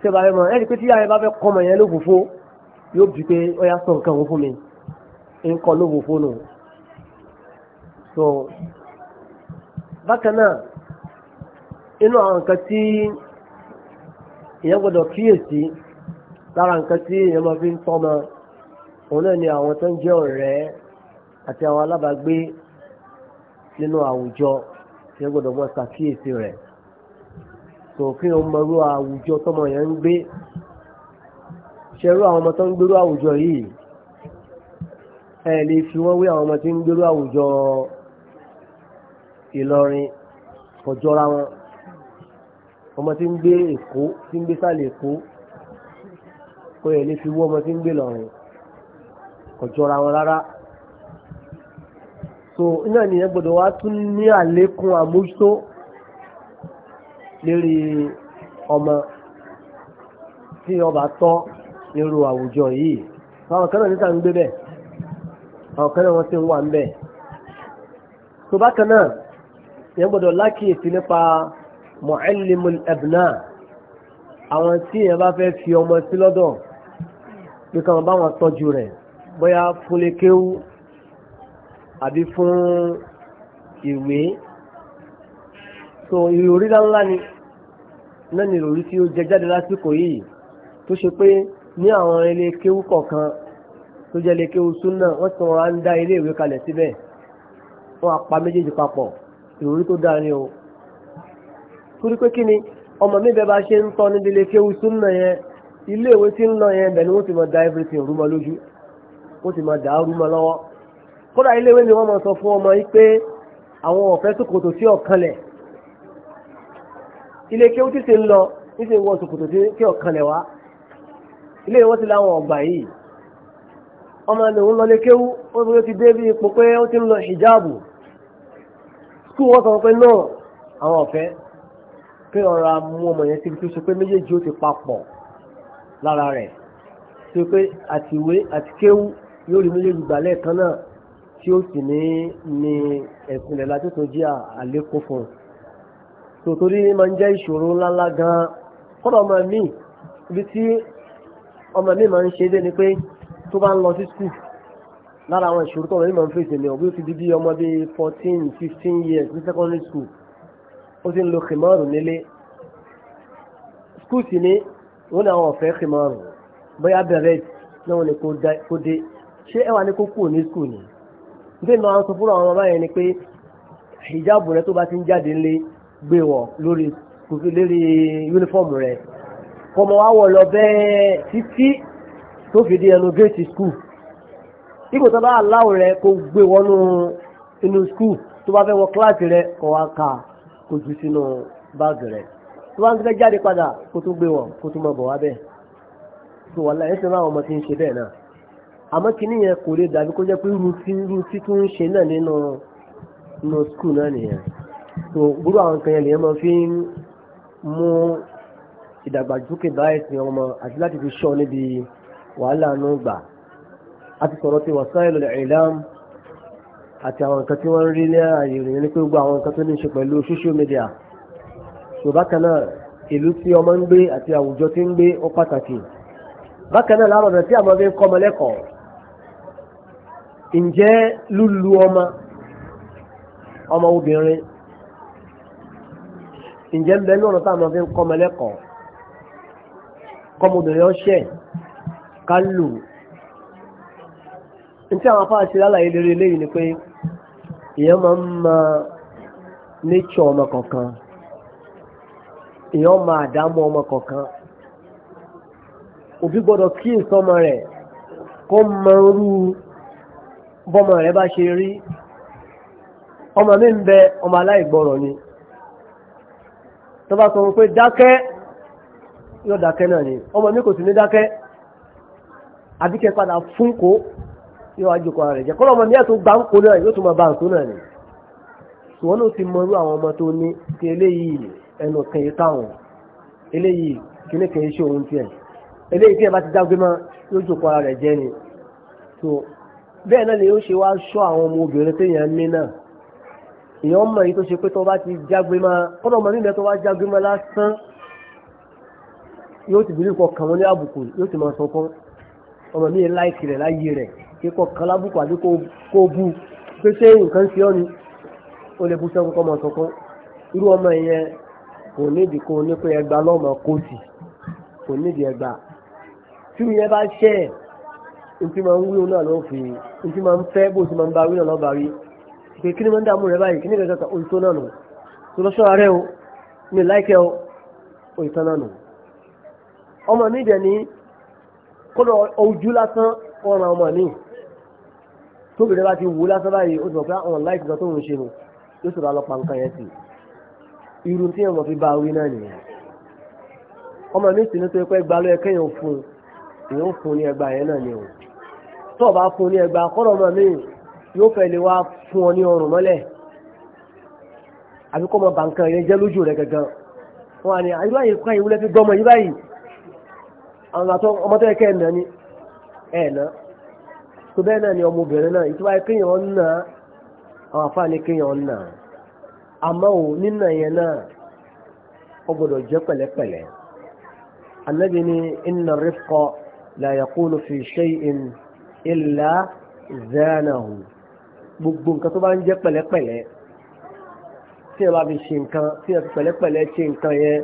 ṣé bá fẹ́ mọ ẹ̀rí pé tí ayé bá fẹ́ kọ́mọ yẹn lófòófó yóò bí pé ó yá sọ nǹkan òun fún mi ń kọ́ lófòófó nù. so bákan náà inú àwọn nǹkan tí èèyàn gbọ́dọ̀ kíyèsí lára nǹkan tí èèyàn máa fi ń tọ́ ọmọ òun náà ni àwọn tó ń jẹ́ ọ̀rẹ́ àti àwọn alábàágbé nínú àwùjọ tí ó gbọ́dọ̀ mọ́ ṣàkíyèsí rẹ̀ tó kí wọ́n mọ irú àwùjọ tọmọ yẹn ń gbé ṣerú àwọn ọmọ tó ń gbérú àwùjọ yìí ẹ lè fi wọ́n wé àwọn ọmọ tí ń gbérú àwùjọ Ìlọrin kò jọra wọn ọmọ tí ń gbé Èkó tí ń gbé sálẹ̀ Èkó kò yẹ lè fi wọ́n ọmọ tí ń gbé lọ́rin kò wọn rárá so iná nìyẹn gbọ́dọ̀ wá tún ní àlékún àmójútó lérí ọmọ tí ọba tọ́ nírú àwùjọ yìí àwọn kan náà níta ń gbé bẹ́ẹ̀ àwọn kan náà wọ́n ti ń wà ń bẹ́ẹ̀ tó bákan náà ìyẹn gbọ́dọ̀ lákìyèsí nípa mu'allimul abna àwọn tí ìyẹn bá fẹ́ fi ọmọ sí lọ́dọ̀ pé káwọn bá wọn tọ́jú rẹ̀ bóyá fúnlékéwú àbí fún ìwé so ìròrí ńláńlá ni náà ni ìròrí tí ó jẹ jáde lásìkò yìí tó ṣe pé ní àwọn ilé kéwú kọ̀ọ̀kan tó jẹ́ ilé kéwú súnà wọ́n ti wọ́n á ń dá ilé ìwé kalẹ̀ síbẹ̀ wọ́n á pa méjèèjì papọ̀ ìròrí tó dáa ni o torí pé kí ni ọmọ mi bẹ́ẹ̀ bá ṣe ń tọ́ níbi ilé kéwú súnà yẹn ilé ìwé tí ń lọ yẹn bẹ̀ ni wọ́n ti máa da everything rúmọ lójú wọ́n ti máa dà rúmọ lọ́wọ́ kódà iléèwé ni wọ́n máa sọ fún ọmọ yìí pé àwọn ọ̀fẹ́ ṣòkòtò tí ọ̀kanlẹ̀ ilé kéwú ti ṣe ń lọ níṣẹ́ wọ ṣòkòtò tí ọ̀kanlẹ̀ wá ilé wọn ti láwọn ọgbà yìí ọmọ ẹni òun lọlé kéwú ó fi dé bí ipò pé ó ti ń lọ hijabu skul wọn sọ pé náà àwọn ọ̀fẹ́ pé ọ̀rọ̀ amú ọmọ yẹn ti tó ṣe pé méjèèjì ó ti papọ̀ lára rẹ̀ ṣe pé àtiwé àti kéwú yóò rí méjèèjì gbà lẹ́ẹ̀kan náà tí ó sì ní ní ẹ̀sìn ẹ̀la tó tó jẹ́ àlékún fún un tòtórí máa ń jẹ́ ìṣòro ńláńlá gan kọ́dọ̀ ọmọ mi ibi tí ọmọ mi máa ń ṣe dé ni pé tó bá ń lọ sí skul lára àwọn ìṣòro tó ọmọ mi máa ń fèsì ni ọ̀gbìn ti di bí ọmọ bíi fourteen fifteen years ní secondary school ó ti ń lo kìmọ́ọ̀rù nílé skul sì ni wọ́n ní àwọn ọ̀fẹ́ kìmọ́ọ̀rù bóyá bẹ̀rẹ̀ náà wọ́n ní dé ṣé ẹ̀wà ni kó kúrò ní skul nìyí nígbà tí wọ́n sọ fún àwọn ọmọ yẹn ni pé hijabu rẹ tó bá ti ń jáde ńlé gbé wọ̀ lórí kòfi lérí yúnífọ́ọ̀mù rẹ kọmọ wa wọ̀ lọ bẹ́ẹ̀ títí tó fi di ẹnu géètì skul ipò tó bá aláwọ̀ rẹ kó gbé wọnú inú skul tó bá fẹ́ wọ kíláàsì rẹ kó wá kà kó jù sínú báàgì rẹ tó bá ń fẹ́ jáde padà kó tó gbé wọ̀ kó tó mọ̀ bọ̀ wá bẹ́ẹ̀ tó wà láyé sẹ́nu àwọn ọmọ tí ń ṣe bẹ́ẹ̀ náà àmọ́ kìíní yẹn kò lè dàbí kó jẹ́ pé irú tí tó ń ṣe náà nínú nínú skul náà nìyẹn so gbúrú àwọn nǹkan yẹn lèyẹn máa fi ń mú ìdàgbàsókè bá ẹ̀sìn ọmọ àti láti fi ṣọ́ níbi wàhálà nù gbà a ti sọ̀rọ̀ ti wasailul i'lam àti àwọn nǹkan tí wọ́n ń rí ní ààyè ìròyìn ní pé gbogbo àwọn nǹkan tó ní ṣe pẹ̀lú social media so bákan náà ìlú tí ọmọ ń gbé àti àwùjọ tí ń gbé ó pàtàkì bákan náà láàrọ̀ náà tí àwọn ọmọ fi ń kọ́ ọmọ lẹ́kọ̀ọ́ ǹjẹ́ lúlu ọmọ ọmọ obìnrin ǹjẹ́ ń bẹ ní ọ̀nà táwọn fi ń kọ́ mẹlẹ́kọ̀ọ́ kọ́mọbìnrin ọṣẹ ká lù ntí àwọn afáà ṣe lálàyé lórí eléyìí ni pé èèyàn máa ń ma nature ọmọ kọ̀ọ̀kan èèyàn máa dààmú ọmọ kọ̀ọ̀kan òbí gbọ́dọ̀ kíyèsí rẹ̀ bọ́mọ rẹ̀ bá ṣe rí ọmọ mi ń bẹ ọmọ aláìgbọ́rọ̀ ni tọba sọ pé dákẹ́ yóò dákẹ́ náà ni ọmọ mi kò sì ní dákẹ́ àbíkẹ́ padà fún kó yóò rẹ̀ jẹ́ ọmọ mi ẹ̀ tó gbá ń kó náà yóò tún máa bá ń tó náà ni ló ti àwọn ọmọ tó ní ti eléyìí ẹnu táwọn eléyìí kìíní ṣe òun ni bẹ́ẹ̀ náà ni ó ṣe wá ṣọ́ àwọn ọmọ obìnrin téèyàn ní náà èèyàn mọ̀ èyí tó ṣe pé tó bá ti jágbe máa kọ́dọ̀ mọ̀ nílẹ̀ tó bá jágbe máa lásán yóò ti bìrì kọkàn wọn ní àbùkù yóò ti máa sọ fún ọmọ mi láìkì rẹ̀ láyé rẹ̀ kí kọkàn lábùkù àbí kó bu pé ṣé nǹkan ṣe ọ́ ni ó lè bu sẹ́kùn kọ́ máa sọ fún irú ọmọ yẹn kò nídìí kó ní pé ẹgbàá lọ́mọ kó kò nídìí ẹgbàá tí ìyẹn bá ṣẹ́ ẹ̀ ntí máa ń wí òun náà ló fi ntí máa ń fẹ́ bó ti máa ń ba wí náà lọ́ba rí pé kí ni máa ń dààmú rẹ báyìí kí ni kankan oṣù tó náà nù tó lọ́sọ́ ààrẹ o mi láìkẹ́ o oṣù tó náà nù. ọmọ mi dẹ̀ ní kódà ojú lásán ọ̀ràn ọmọ mi tóbìnrin bá ti wù lásán báyìí ó ti mọ̀ pé àwọn láìkì kan tó ń ṣe nù yóò sọ̀rọ̀ alọ́pàá nǹkan yẹn sí irun tí ọmọ fi bá wí náà nìyẹn ọmọ mi sì ní tó yẹ pé gbalọ́ ẹ̀kẹ́yìn òfun ìyẹn òfun ní ẹgbàá yẹn náà ni òun tó o bá fún ní ẹgbàá kọ́rọ̀ ọmọ mi yóò fẹ́ lè wá fún ọ ní ọrùn mọ́lẹ̀ àbí ọmọ bàǹkà yẹn jẹ́ lójú rẹ̀ gangan wọn ni àyíká yìí kọ́ ìwúlẹ̀ fi gbọ́mọ yìí báyìí àwọn àtọ́ ọmọ tó yẹ kẹ́ ẹ̀ nà ni ẹ̀ nà tó bẹ́ẹ̀ náà ni ọmọbìnrin náà ìtura kéèyàn ń nà àwọn àfáàní kéèyàn ń nà àmọ́ ò nínà yẹn náà ó gbọ́dọ̀ jẹ́ pẹ̀lẹ́pẹ̀lẹ́ Ànábì ní inna rifqa la yakunu fi shay'in ìlà zanahu gbogbo nǹkan tó bá ń jẹ́ pẹ̀lẹ́pẹ̀lẹ́ tí ẹ bá fi ṣe nǹkan tí ẹ fi pẹ̀lẹ́pẹ̀lẹ́ ṣe nǹkan yẹn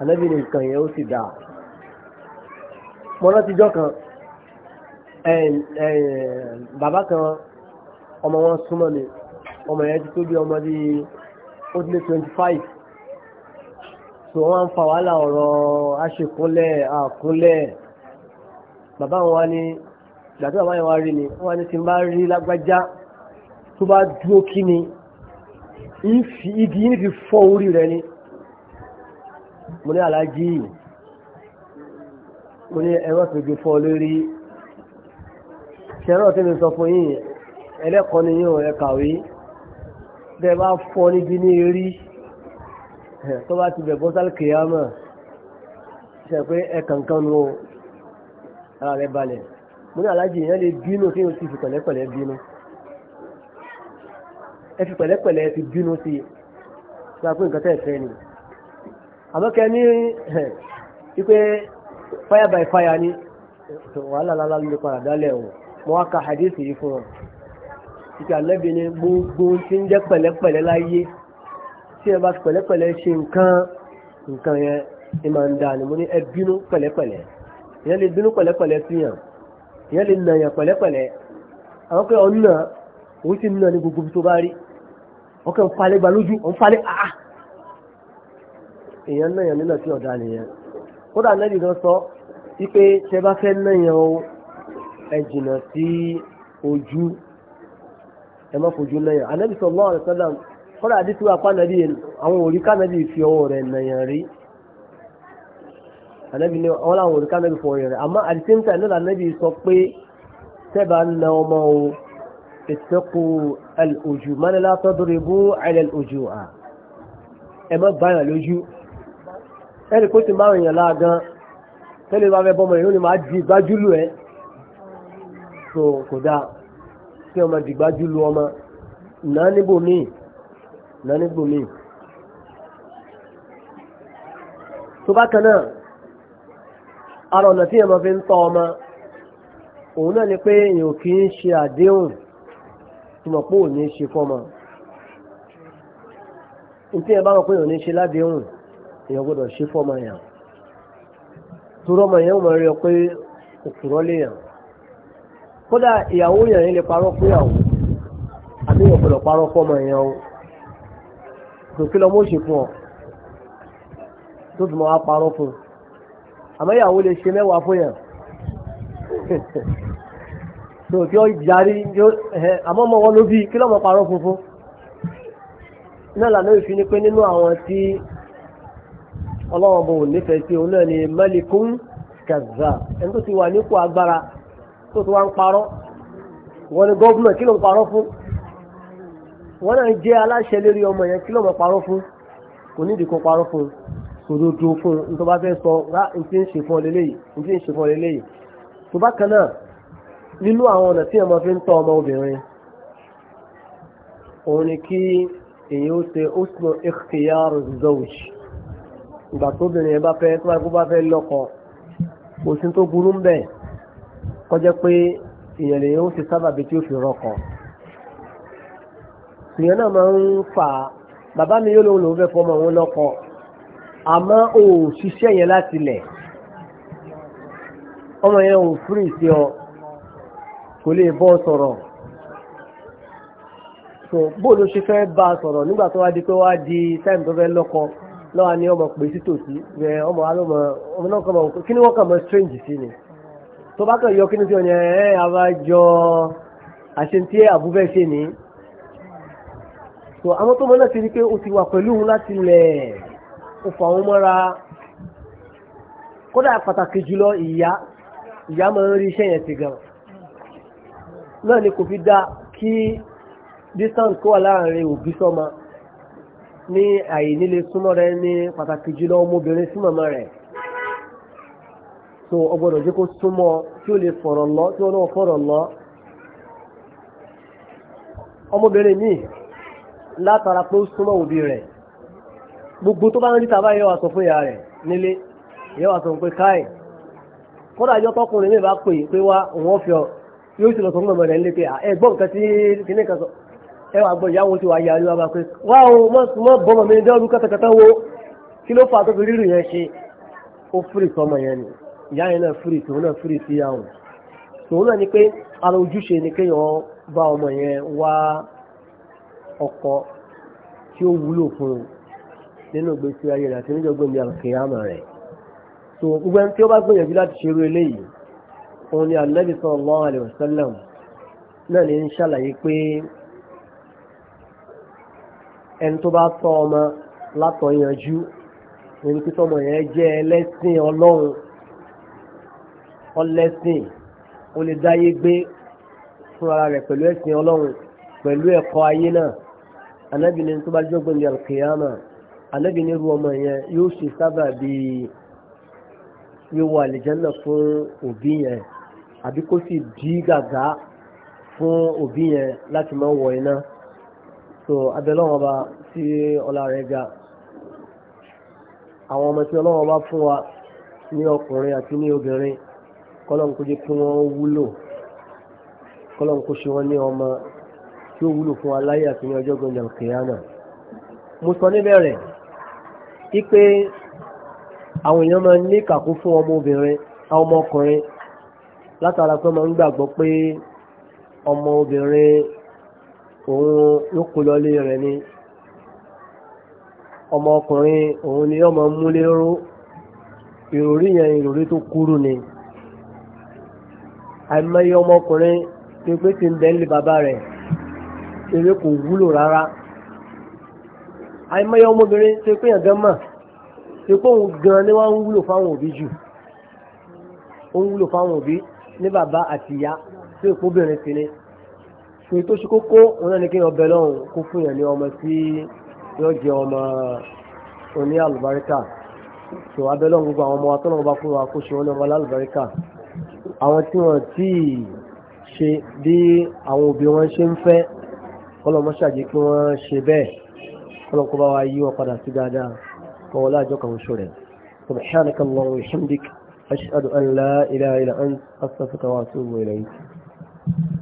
ànábì ní nǹkan yẹn ó sì dáa mo rántijọ́ kan bàbá kan ọmọ wọn súnmọ́ mi ọmọ yẹn ti tó bí ọmọ bíi ó ti lé twenty five so wọ́n ń fa wàhálà ọ̀rọ̀ àṣekúnlẹ̀ àkúnlẹ̀ bàbá wọn wá ní ìgbà tí bàbá yẹn rí mi wọ́n wá ní bá rí lágbájá tó bá dúró kí ni igi yìí fi fọ́ orí rẹ ni mo ní alájí mo ní ẹ̀rọ tó gbé fọ́ lórí ṣẹ́rọ̀ tí mi sọ fún yìí ẹlẹ́kọ̀ọ́ ni yóò ẹ kàwé bẹ́ẹ̀ bá fọ́ níbi ní rí tó bá ti bẹ̀ bọ́sálì kìyàmọ̀ ṣe pé ẹ kàǹkan nu ara rẹ balẹ̀ mo ní aláàjì èèyàn lè bínú kí o ti fi pẹ̀lẹ́pẹ̀lẹ́ bínú ẹ fi pẹ̀lẹ́pẹ̀lẹ́ fi bínú sí i gba pé nǹkan tẹ́ fẹ́ ni àmọ́kẹ́ ní wípé fire by fire ni wàhálà lálá ló padà dálẹ̀ o mo wá ka hadith yìí fún ọ ìkà lẹ́bi ni gbogbo tí ń jẹ́ pẹ̀lẹ́pẹ̀lẹ́ láyé tí ẹ bá pẹ̀lẹ́pẹ̀lẹ́ ṣe nǹkan nǹkan yẹn ni máa ń dà ní mo ní ẹ bínú pẹ̀lẹ́pẹ̀lẹ́ ìyẹn lè bínú pẹ̀lẹ́pẹ̀lẹ́ sí yàn ìyẹn lè nà yàn pẹ̀lẹ́pẹ̀lẹ́ àwọn pé ọ̀nà òun ti nà ní gbogbo tó bá rí ọkẹ́ ń falẹ̀ gba lójú ọ̀n falẹ̀ àá ah, èèyàn ah. náà yàn nínà tí ọ̀dà nìyẹn kódà nẹ́bí gan sọ wípé tẹ bá fẹ́ náà yàn o ẹ jìnà sí ojú ẹ má fojú náà yàn ànẹ́bí sọ lọ́wọ́ àlùsọ́dà kódà àdìsí wa pa nàbí àwọn òrí ká nàbí fi ọwọ́ rẹ̀ nà yàn rí ànábì ní wọn làwọn òrùka ànábì fọ orin rẹ àmọ́ at the same time náà ànábì sọ pé sẹ́bà ń na ọmọ o ìtẹ́kù ojú mánilá tọ́dúró ibú àìlẹ̀ ojú à ẹ má báyà lójú ẹnì kó ti máa rìnyàn láàgán tẹ́lẹ̀ bá fẹ́ bọ́mọ ìlú ni máa di gbájúlù ẹ̀ so kò dáa kí ọmọ di gbájúlù ọmọ náà níbò míì náà níbò náà ara ọ̀nà tí èèyàn ọmọ òun náà ni pé èèyàn kì ṣe àdéhùn tí mọ̀ pé ò ní ṣe fọ́mọ tí èèyàn bá mọ̀ pé ní ṣe ládéhùn èèyàn gbọ́dọ̀ ṣe fọ́mọ yàn torọ́ ọmọ yẹn mọ̀ rí ọ pé òkùrọ́ lè yàn kódà ìyàwó yàn yín lè parọ́ o tòkí àmọ́ ìyàwó lè ṣe mẹ́wàá fún yàn tó tí ó jarí àmọ́ ọmọ wọn ló bí kí lọ́mọ parọ́ funfun iná lànà ìfi ni pé nínú àwọn tí ọlọ́wọ́n bò nífẹ̀ẹ́ sí òun náà ni mẹ́lìkún kẹzà ẹni tó ti wà nípò agbára tó ti wá ń parọ́ wọn ni gọ́vùnà kí ló ń parọ́ fún wọn náà jẹ́ aláṣẹ lérí ọmọ yẹn kí ló ń parọ́ fún kò nídìí kó parọ́ fún un òdodo fún un tó bá fẹ́ sọ rá n tí ń ṣe fún ọ lélẹ́yìí n tí ń ṣe fún ọ lélẹ́yìí tó bá kan náà nínú àwọn ọ̀nà tí ọmọ fi ń tọ́ ọmọ obìnrin òun ni kí èyí ó ṣe husnu ikhtiyar zawj ìgbà tóbìnrin yẹn bá fẹ́ tó bá kó bá fẹ́ lọ́kọ kò sí tó burú ń bẹ̀ kọjá pé èèyàn lèyìn ó ṣe sábàbí tí ó fi rọkọ èèyàn náà máa ń fà bàbá mi yóò lóun lòun fẹ́ fọmọ òun lọ́kọ àmọ́ ò ṣiṣẹ́ yẹn láti lẹ̀ ọmọ yẹn ò fúrì sí ọ kò lè bọ́ sọ̀rọ̀ so bó ló ṣe fẹ́ bá a sọ̀rọ̀ nígbà tó wá di pé wá di táìmù tó fẹ́ lọ́kọ lọ́wọ́ ni ọmọ pè sí tòsí rẹ ọmọ alọ́mọ ọmọ náà kọ́ mọ̀ kí ni wọ́n kàn mọ́ strange sí ni tó bá kàn yọ kí ni tí wọ́n yẹn ẹ́ abájọ àṣentí àbúfẹ́ ṣe ni so àwọn tó mọ náà ti rí pé ó ti wà pẹ̀lú òun láti lẹ̀ ẹ́. ó fà wọ́n mọ́ra kódà pàtàkì jùlọ ìyá ìyá máa rí iṣẹ́ yẹn ti gan náà ni kò fi dá kí distance kó wà láàrin òbí sọ́mọ ní àyè nílé súnmọ́ rẹ ní pàtàkì jùlọ ọmọbìnrin sí rẹ̀ so ọgbọ́dọ̀ lọ tí ó náà fọ̀rọ̀ lọ ọmọbìnrin míì gbogbo tó bá ń rí tàbá yẹ wà sọ fún ìyá rẹ̀ nílé yẹ wà sọ pé káì kódà ìjọ tọkùnrin mi bá pè pé wá òun ọ̀fẹ́ ọ yóò sì lọ sọ fún ọmọ rẹ̀ nílé pé ẹ gbọ́ nǹkan tí kìnnì kan sọ ẹ wà gbọ́ ìyá wọn ti wà yà rí wa bá pé wá o mọ̀ mọ̀ bọ́mọ̀ mi dẹ́rù kẹtẹkẹtẹ wo kí ló fà á tó fi rírù yẹn ṣe ó fúrì sọmọ yẹn ni ìyá yẹn náà fúrì tòun náà fúrì sí àwọn tòun náà ni pé ara ojúṣe ni kéèyàn tí ó wúlò fún un nínú gbèsè ayé rẹ̀ àti níjọ́ gbòmí àkèyàmà rẹ̀ so gbogbo ẹni tí ó bá gbìyànjú láti ṣe irú eléyìí òun ni Ànábì sallallahu alaihi wasallam náà ní ń ṣàlàyé pé ẹni tó bá tọ́ ọmọ látọ̀ yanjú ẹni tí tọ́mọ yẹn jẹ́ ẹlẹ́sìn ọlọ́run ọlẹ́sìn ó lè dáyé gbé fún ara rẹ̀ pẹ̀lú ẹ̀sìn ọlọ́run pẹ̀lú ẹ̀kọ́ ayé náà Ànábì ni tó bá jọ́gbọ́n ní àkèyàmà ànábì ní irú ọmọ yẹn yóò ṣe sábà bí yóò wọ àlìjánà fún òbí yẹn àbí kó sì dí gàgá fún òbí yẹn láti máa wọ iná so abẹ́lọ́wọ́n bá sí ọlá rẹ̀ ga àwọn ọmọ tí ọlọ́wọ́n bá fún wa ní ọkùnrin àti ní obìnrin kọ́lọ́n kó jẹ́ kí wọ́n wúlò kọ́lọ́n kó ṣe wọ́n ní ọmọ tí ó wúlò fún aláyé àti ní ọjọ́ gbọ́njà kìíyàmà mo sọ níbẹ̀rẹ̀ wípé àwọn èèyàn máa ń ní kàkó fún ọmọbìnrin àwọn ọmọkùnrin látara pé máa ń gbàgbọ́ pé ọmọ obìnrin òun ló kó lọlé rẹ̀ ni ọmọkùnrin òun ni ọmọ múléró ìròrí yẹn ìròrí tó kúrú ni àìmọye ọmọkùnrin tí pé ti ń bẹ́ńlé bàbá rẹ̀ eré kò wúlò rárá àìmọye ọmọbìnrin tó pé yàn gan mà tó òun gan ni wọ́n ń wúlò fáwọn òbí jù ó ń wúlò fáwọn òbí ní bàbá àti ìyá tó pé obìnrin sí ni tó tó ṣe kókó òun náà ni kí yàn bẹ lọ́hùn kó fún yàn ní ọmọ tí yóò jẹ ọmọ oní àlùbáríkà tó abẹ lọ́hùn gbogbo àwọn ọmọ wa tó náà bá fún wa kó ṣe wọn ní ọmọ àlùbáríkà àwọn tí wọ́n tí ì ṣe bí àwọn òbí wọn ṣe ń fẹ́ kọ́lọ́mọ́ṣàjẹ́ kí wọ́n ṣe bẹ́ẹ̀. فلوك بابا أيها قد أسدادا فولا جوك وشوري سبحانك الله وبحمدك أشهد أن لا إله إلا أنت أصفك واتوب إليك